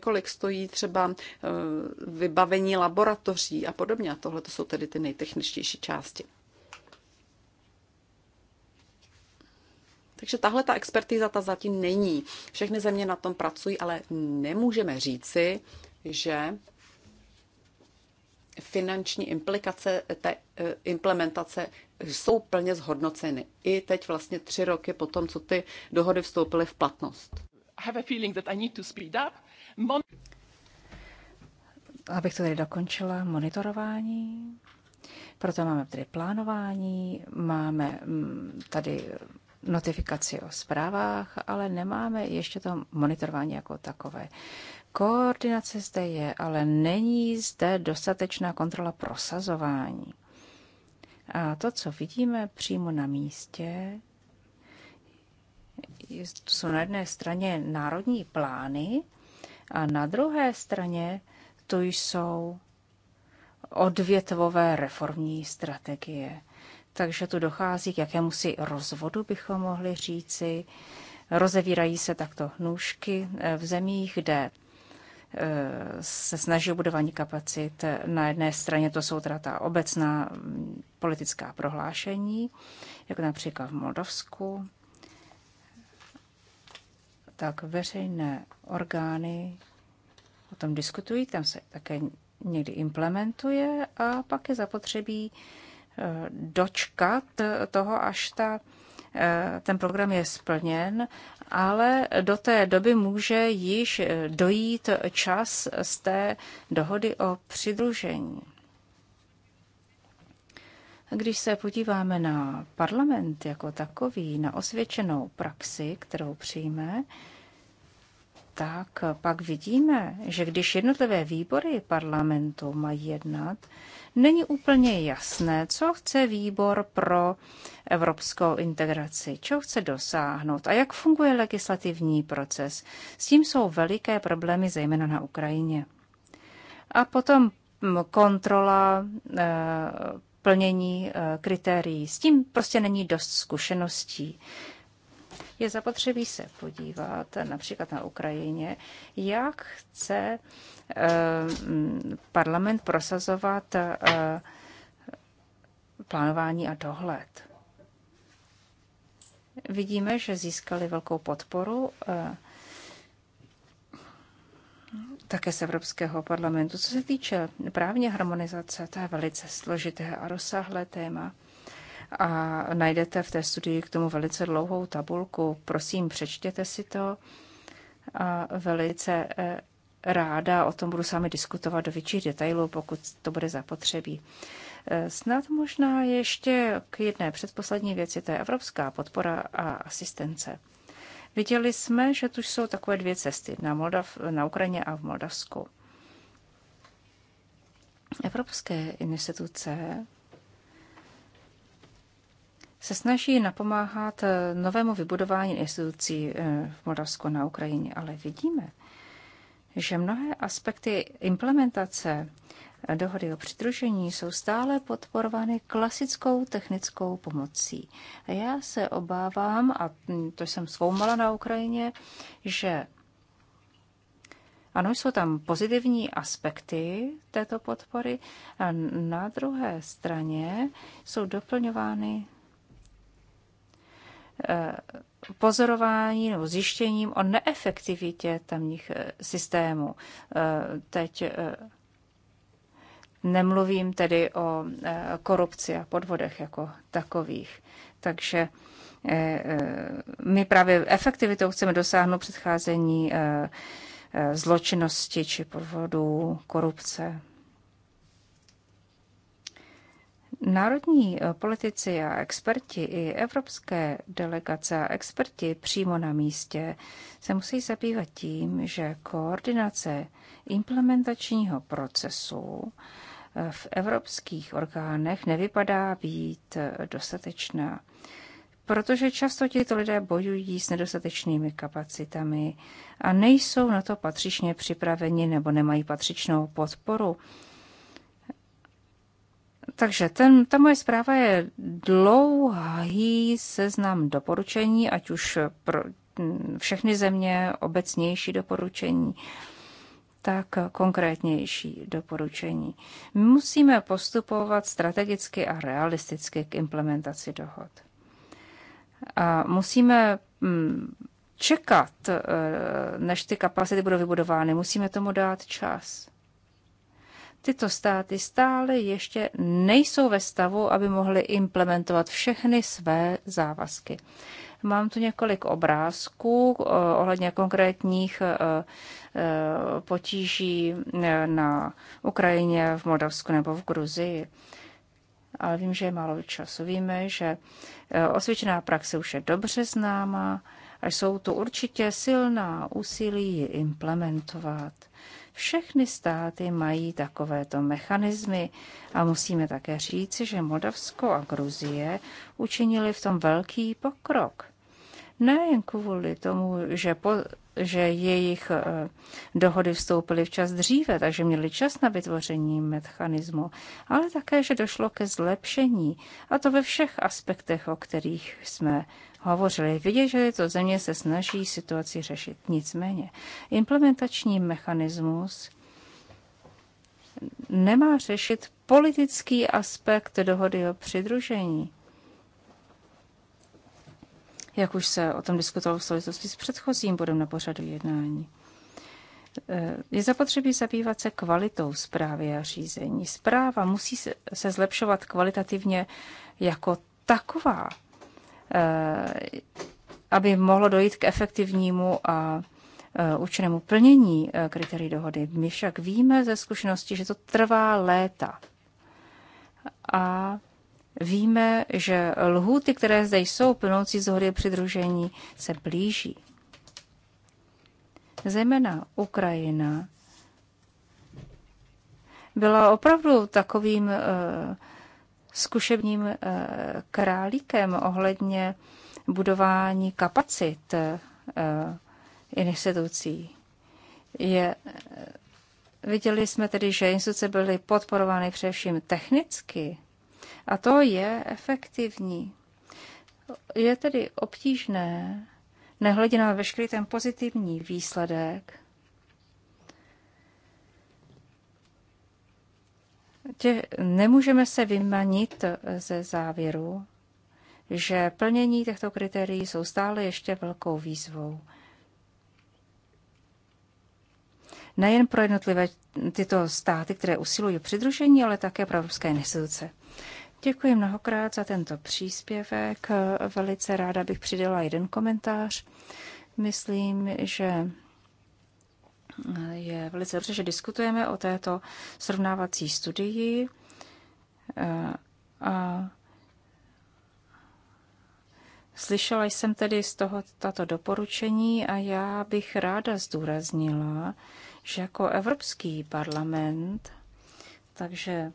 Kolik stojí třeba e, vybavení laboratoří a podobně. A tohle to jsou tedy ty nejtechničtější části. Takže tahle ta expertíza ta zatím není. Všechny země na tom pracují, ale nemůžeme říci, že finanční implikace té e, implementace jsou plně zhodnoceny. I teď vlastně tři roky po tom, co ty dohody vstoupily v platnost. Abych to tady dokončila, monitorování. Proto máme tady plánování, máme mm, tady notifikaci o zprávách, ale nemáme ještě to monitorování jako takové. Koordinace zde je, ale není zde dostatečná kontrola prosazování. A to, co vidíme přímo na místě, jsou na jedné straně národní plány a na druhé straně tu jsou odvětvové reformní strategie. Takže tu dochází k jakémusi rozvodu, bychom mohli říci. Rozevírají se takto nůžky eh, v zemích, kde se snaží o budování kapacit. Na jedné straně to jsou teda ta obecná mm, politická prohlášení, jako například v Moldavsku, tak veřejné orgány o tom diskutují, tam se také někdy implementuje a pak je zapotřebí eh, dočkat toho, až ta, eh, ten program je splněn ale do té doby může již eh, dojít čas z té dohody o přidružení. Když se podíváme na parlament jako takový, na osvědčenou praxi, kterou přijme, tak pak vidíme, že když jednotlivé výbory parlamentu mají jednat, není úplně jasné, co chce výbor pro evropskou integraci, co chce dosáhnout a jak funguje legislativní proces. S tím jsou veliké problémy, zejména na Ukrajině. A potom mm, kontrola eh, plnění eh, kritérií. S tím prostě není dost zkušeností je zapotřebí se podívat například na Ukrajině, jak chce eh, parlament prosazovat eh, plánování a dohled. Vidíme, že získali velkou podporu eh, také z Evropského parlamentu. Co se týče právní harmonizace, to je velice složité a rozsáhlé téma a najdete v té studii k tomu velice dlouhou tabulku. Prosím, přečtěte si to. A velice e, ráda o tom budu s vámi diskutovat do větších detailů, pokud to bude zapotřebí. E, snad možná ještě k jedné předposlední věci, to je evropská podpora a asistence. Viděli jsme, že tu jsou takové dvě cesty na, Moldav, na Ukrajině a v Moldavsku. Evropské instituce se snaží napomáhat eh, novému vybudování institucí eh, v Moldavsku na Ukrajině, ale vidíme, že mnohé aspekty implementace eh, dohody o přidružení jsou stále podporovány klasickou technickou pomocí. A já se obávám, a to jsem zkoumala na Ukrajině, že ano, jsou tam pozitivní aspekty této podpory, a na druhé straně jsou doplňovány Eh, pozorování nebo zjištěním o neefektivitě tamních eh, systémů. Eh, teď nemluvím tedy o korupci a podvodech jako takových. Takže my právě efektivitou chceme dosáhnout předcházení zločinnosti či podvodů, korupce. Národní eh, politici a experti i evropské delegace a experti přímo na místě se musí zabývat tím, že koordinace implementačního procesu eh, v evropských orgánech nevypadá být eh, dostatečná, protože často tito lidé bojují s nedostatečnými kapacitami a nejsou na to patřičně připraveni nebo nemají patřičnou podporu takže ten, ta moje zpráva je dlouhý seznam doporučení, ať už pro mm, všechny země obecnější doporučení, tak konkrétnější doporučení. My musíme postupovat strategicky a realisticky k implementaci dohod. A musíme mm, čekat, eh, než ty kapacity budou vybudovány. Musíme tomu dát čas. Tyto státy stále ještě nejsou ve stavu, aby mohly implementovat všechny své závazky. Mám tu několik obrázků eh, ohledně konkrétních eh, eh, potíží na Ukrajině, v Moldavsku nebo v Gruzii. Ale vím, že je málo času. Víme, že osvědčená praxe už je dobře známá a jsou tu určitě silná úsilí implementovat. Všechny státy mají takovéto mechanismy a musíme také říci, že Moldavsko a Gruzie učinili v tom velký pokrok. Nejen kvůli tomu, že, po, že jejich eh, dohody vstoupily včas dříve, takže měli čas na vytvoření mechanismu, ale také, že došlo ke zlepšení, a to ve všech aspektech, o kterých jsme hovořili. Vidět, že to země se snaží situaci řešit. Nicméně implementační mechanismus nemá řešit politický aspekt dohody o přidružení. Jak už se o tom diskutovalo v souvislosti s předchozím bodem na pořadu jednání. Eh, je zapotřebí zabývat se kvalitou zprávy a řízení. Zpráva musí se zlepšovat kvalitativně jako taková. Eh, aby mohlo dojít k efektivnímu a eh, účinnému plnění eh, kritérií dohody. My však víme ze zkušenosti, že to trvá léta. A víme, že lhůty, které zde jsou plnoucí z hody přidružení, se blíží. Zejména Ukrajina byla opravdu takovým uh, zkušebním eh, králíkem ohledně budování kapacit eh, institucí. Je, eh, viděli jsme tedy, že instituce byly podporovány především technicky a to je efektivní. Je tedy obtížné, nehledě na veškerý ten pozitivní výsledek, tě, nemůžeme se vymanit ze závěru, že plnění těchto kritérií jsou stále ještě velkou výzvou. Nejen pro jednotlivé tyto státy, které usilují o přidružení, ale také pro evropské instituce. Děkuji mnohokrát za tento příspěvek. Velice ráda bych přidala jeden komentář. Myslím, že je velice dobře, že diskutujeme o této srovnávací studii. Eh, a slyšela jsem tedy z toho tato doporučení a já bych ráda zdůraznila, že jako Evropský parlament, takže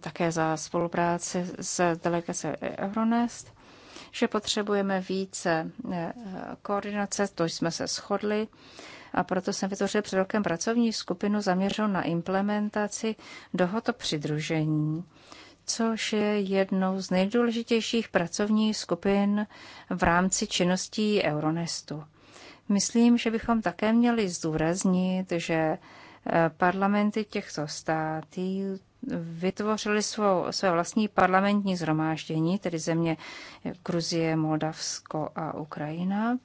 také za spolupráci s delegace Euronest, že potřebujeme více eh, koordinace, to jsme se shodli a proto jsem vytvořil před rokem pracovní skupinu zaměřenou na implementaci dohoto přidružení, což je jednou z nejdůležitějších pracovních skupin v rámci činností Euronestu. Myslím, že bychom také měli zdůraznit, že eh, parlamenty těchto států vytvořili svou, své vlastní parlamentní zhromáždění, tedy země Gruzie, Moldavsko a Ukrajina.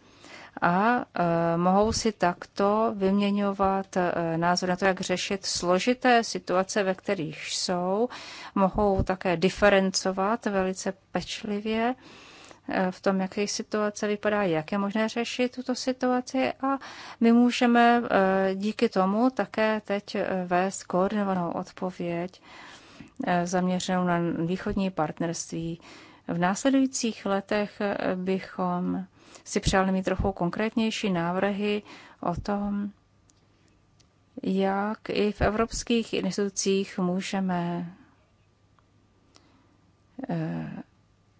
A e, mohou si takto vyměňovat e, názor na to, jak řešit složité situace, ve kterých jsou. Mohou také diferencovat velice pečlivě. E, Eh, v tom, jaké situace vypadá, jak je možné řešit tuto situaci a my můžeme eh, díky tomu také teď eh, vést koordinovanou odpověď zaměřenou na východní partnerství. V následujících letech bychom si přáli mít trochu konkrétnější návrhy o tom, jak i v evropských institucích můžeme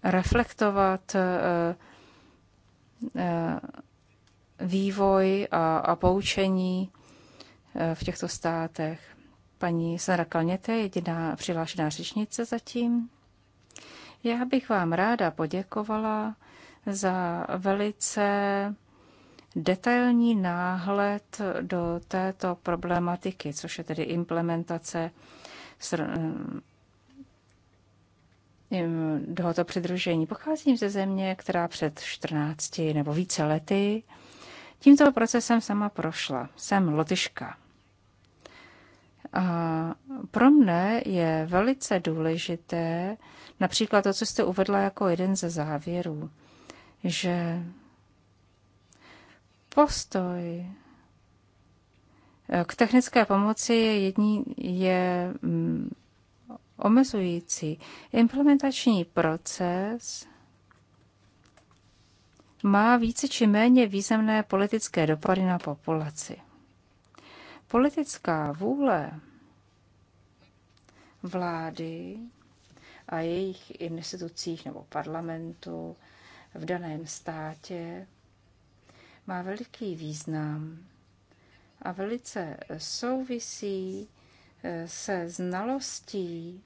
reflektovat eh, eh, vývoj a, a poučení eh, v těchto státech. Paní Sara Kalněte jediná přihlášená řečnice zatím. Já bych vám ráda poděkovala za velice detailní náhled do této problematiky, což je tedy implementace tohoto přidružení. Pocházím ze země, která před 14 nebo více lety tímto procesem sama prošla. Jsem lotyška. A pro mne je velice důležité například to, co jste uvedla jako jeden ze závěrů, že postoj eh, k technické pomoci je, jední, je mm, omezující. Implementační proces má více či méně významné politické dopady na populaci. Politická vůle vlády a jejich institucích nebo parlamentu v daném státě má veliký význam a velice souvisí se znalostí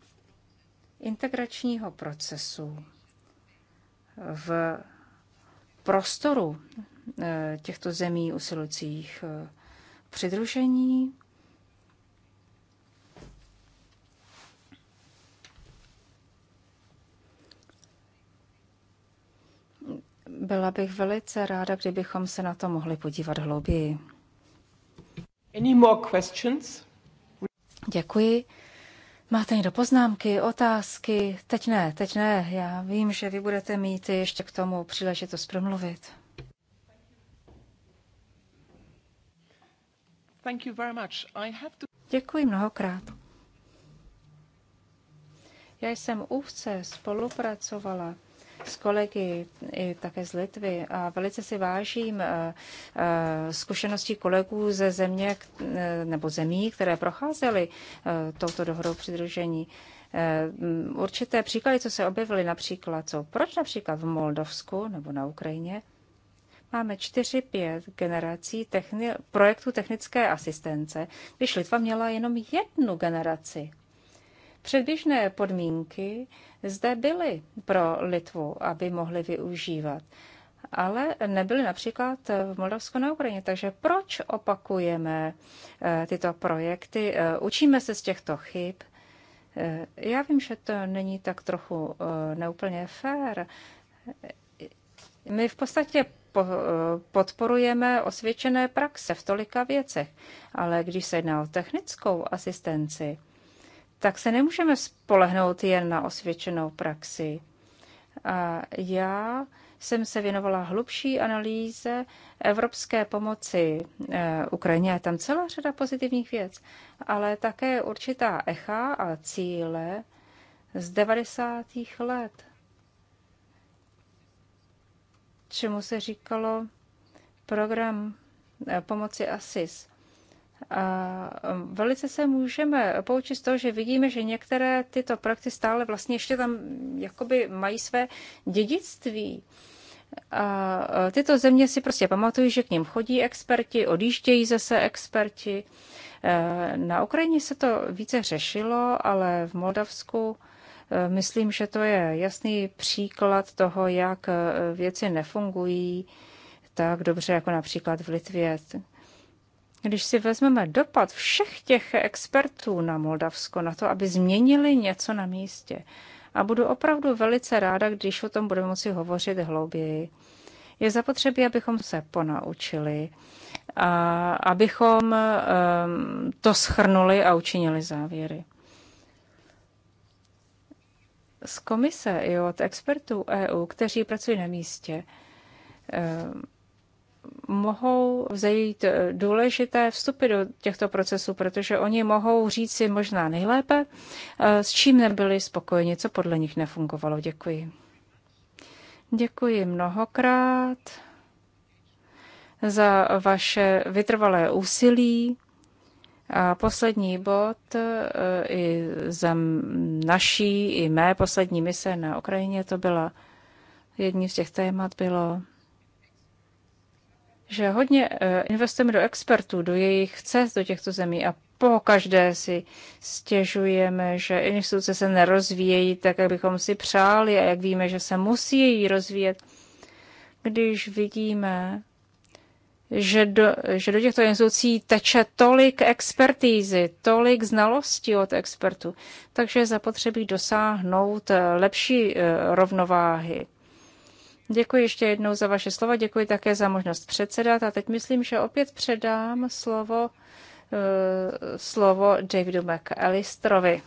integračního procesu v prostoru eh, těchto zemí usilujících eh, přidružení Byla bych velice ráda, kdybychom se na to mohli podívat hlouběji. Any more questions? Děkuji. Máte někdo poznámky, otázky? Teď ne, teď ne. Já vím, že vy budete mít ještě k tomu příležitost promluvit. Thank you very much. I have to... Děkuji mnohokrát. Já jsem úzce spolupracovala s kolegy i také z Litvy a velice si vážím eh, eh, zkušeností kolegů ze země eh, nebo zemí, které procházely touto dohodou přidružení. Mm, určité příklady, co se objevily například, co proč například v Moldovsku nebo na Ukrajině, máme 4-5 generací techni- projektů technické asistence, když Litva měla jenom jednu generaci Předběžné podmínky zde byly pro Litvu, aby mohli využívat, ale nebyly například v Moldavsku na Ukrajině. Takže proč opakujeme eh, tyto projekty? Eh, učíme se z těchto chyb. Eh, já vím, že to není tak trochu neúplně fér. My v podstatě podporujeme osvědčené praxe v tolika věcech, ale když se jedná o technickou asistenci, tak se nemůžeme spolehnout jen na osvědčenou praxi. A já jsem se věnovala hlubší analýze evropské pomoci eh, Ukrajině. Je tam celá řada pozitivních věc, ale také určitá echa a cíle z 90. let, čemu se říkalo program eh, pomoci ASIS. A um, velice se můžeme poučit z toho, že vidíme, že některé tyto projekty stále vlastně ještě tam jakoby mají své dědictví. A tyto země si prostě pamatují, že k ním chodí experti, odjíždějí zase experti. Na Ukrajině se to více řešilo, ale v Moldavsku myslím, že to je jasný příklad toho, jak věci nefungují tak dobře jako například v Litvě. Když si vezmeme dopad všech těch expertů na Moldavsko, na to, aby změnili něco na místě, a budu opravdu velice ráda, když o tom budeme moci hovořit hlouběji, je zapotřebí, abychom se ponaučili, a abychom ehm, to schrnuli a učinili závěry. Z komise i od expertů EU, kteří pracují na místě, ehm, mohou vzejít eh, důležité vstupy do těchto procesů, protože oni mohou říct si možná nejlépe, eh, s čím nebyli spokojeni, co podle nich nefungovalo. Děkuji. Děkuji mnohokrát za vaše vytrvalé úsilí. A poslední bod eh, i za naší, i mé poslední mise na Ukrajině to byla jedním z těch témat bylo že hodně eh, investujeme do expertů, do jejich cest do těchto zemí a po každé si stěžujeme, že instituce se nerozvíjejí tak, jak bychom si přáli a jak víme, že se musí rozvíjet. Když vidíme, že do, že do těchto institucí teče tolik expertízy, tolik znalostí od expertů, takže zapotřebí dosáhnout eh, lepší eh, rovnováhy Děkuji ještě jednou za vaše slova, děkuji také za možnost předsedat a teď myslím, že opět předám slovo, eh, slovo Davidu McAllisterovi.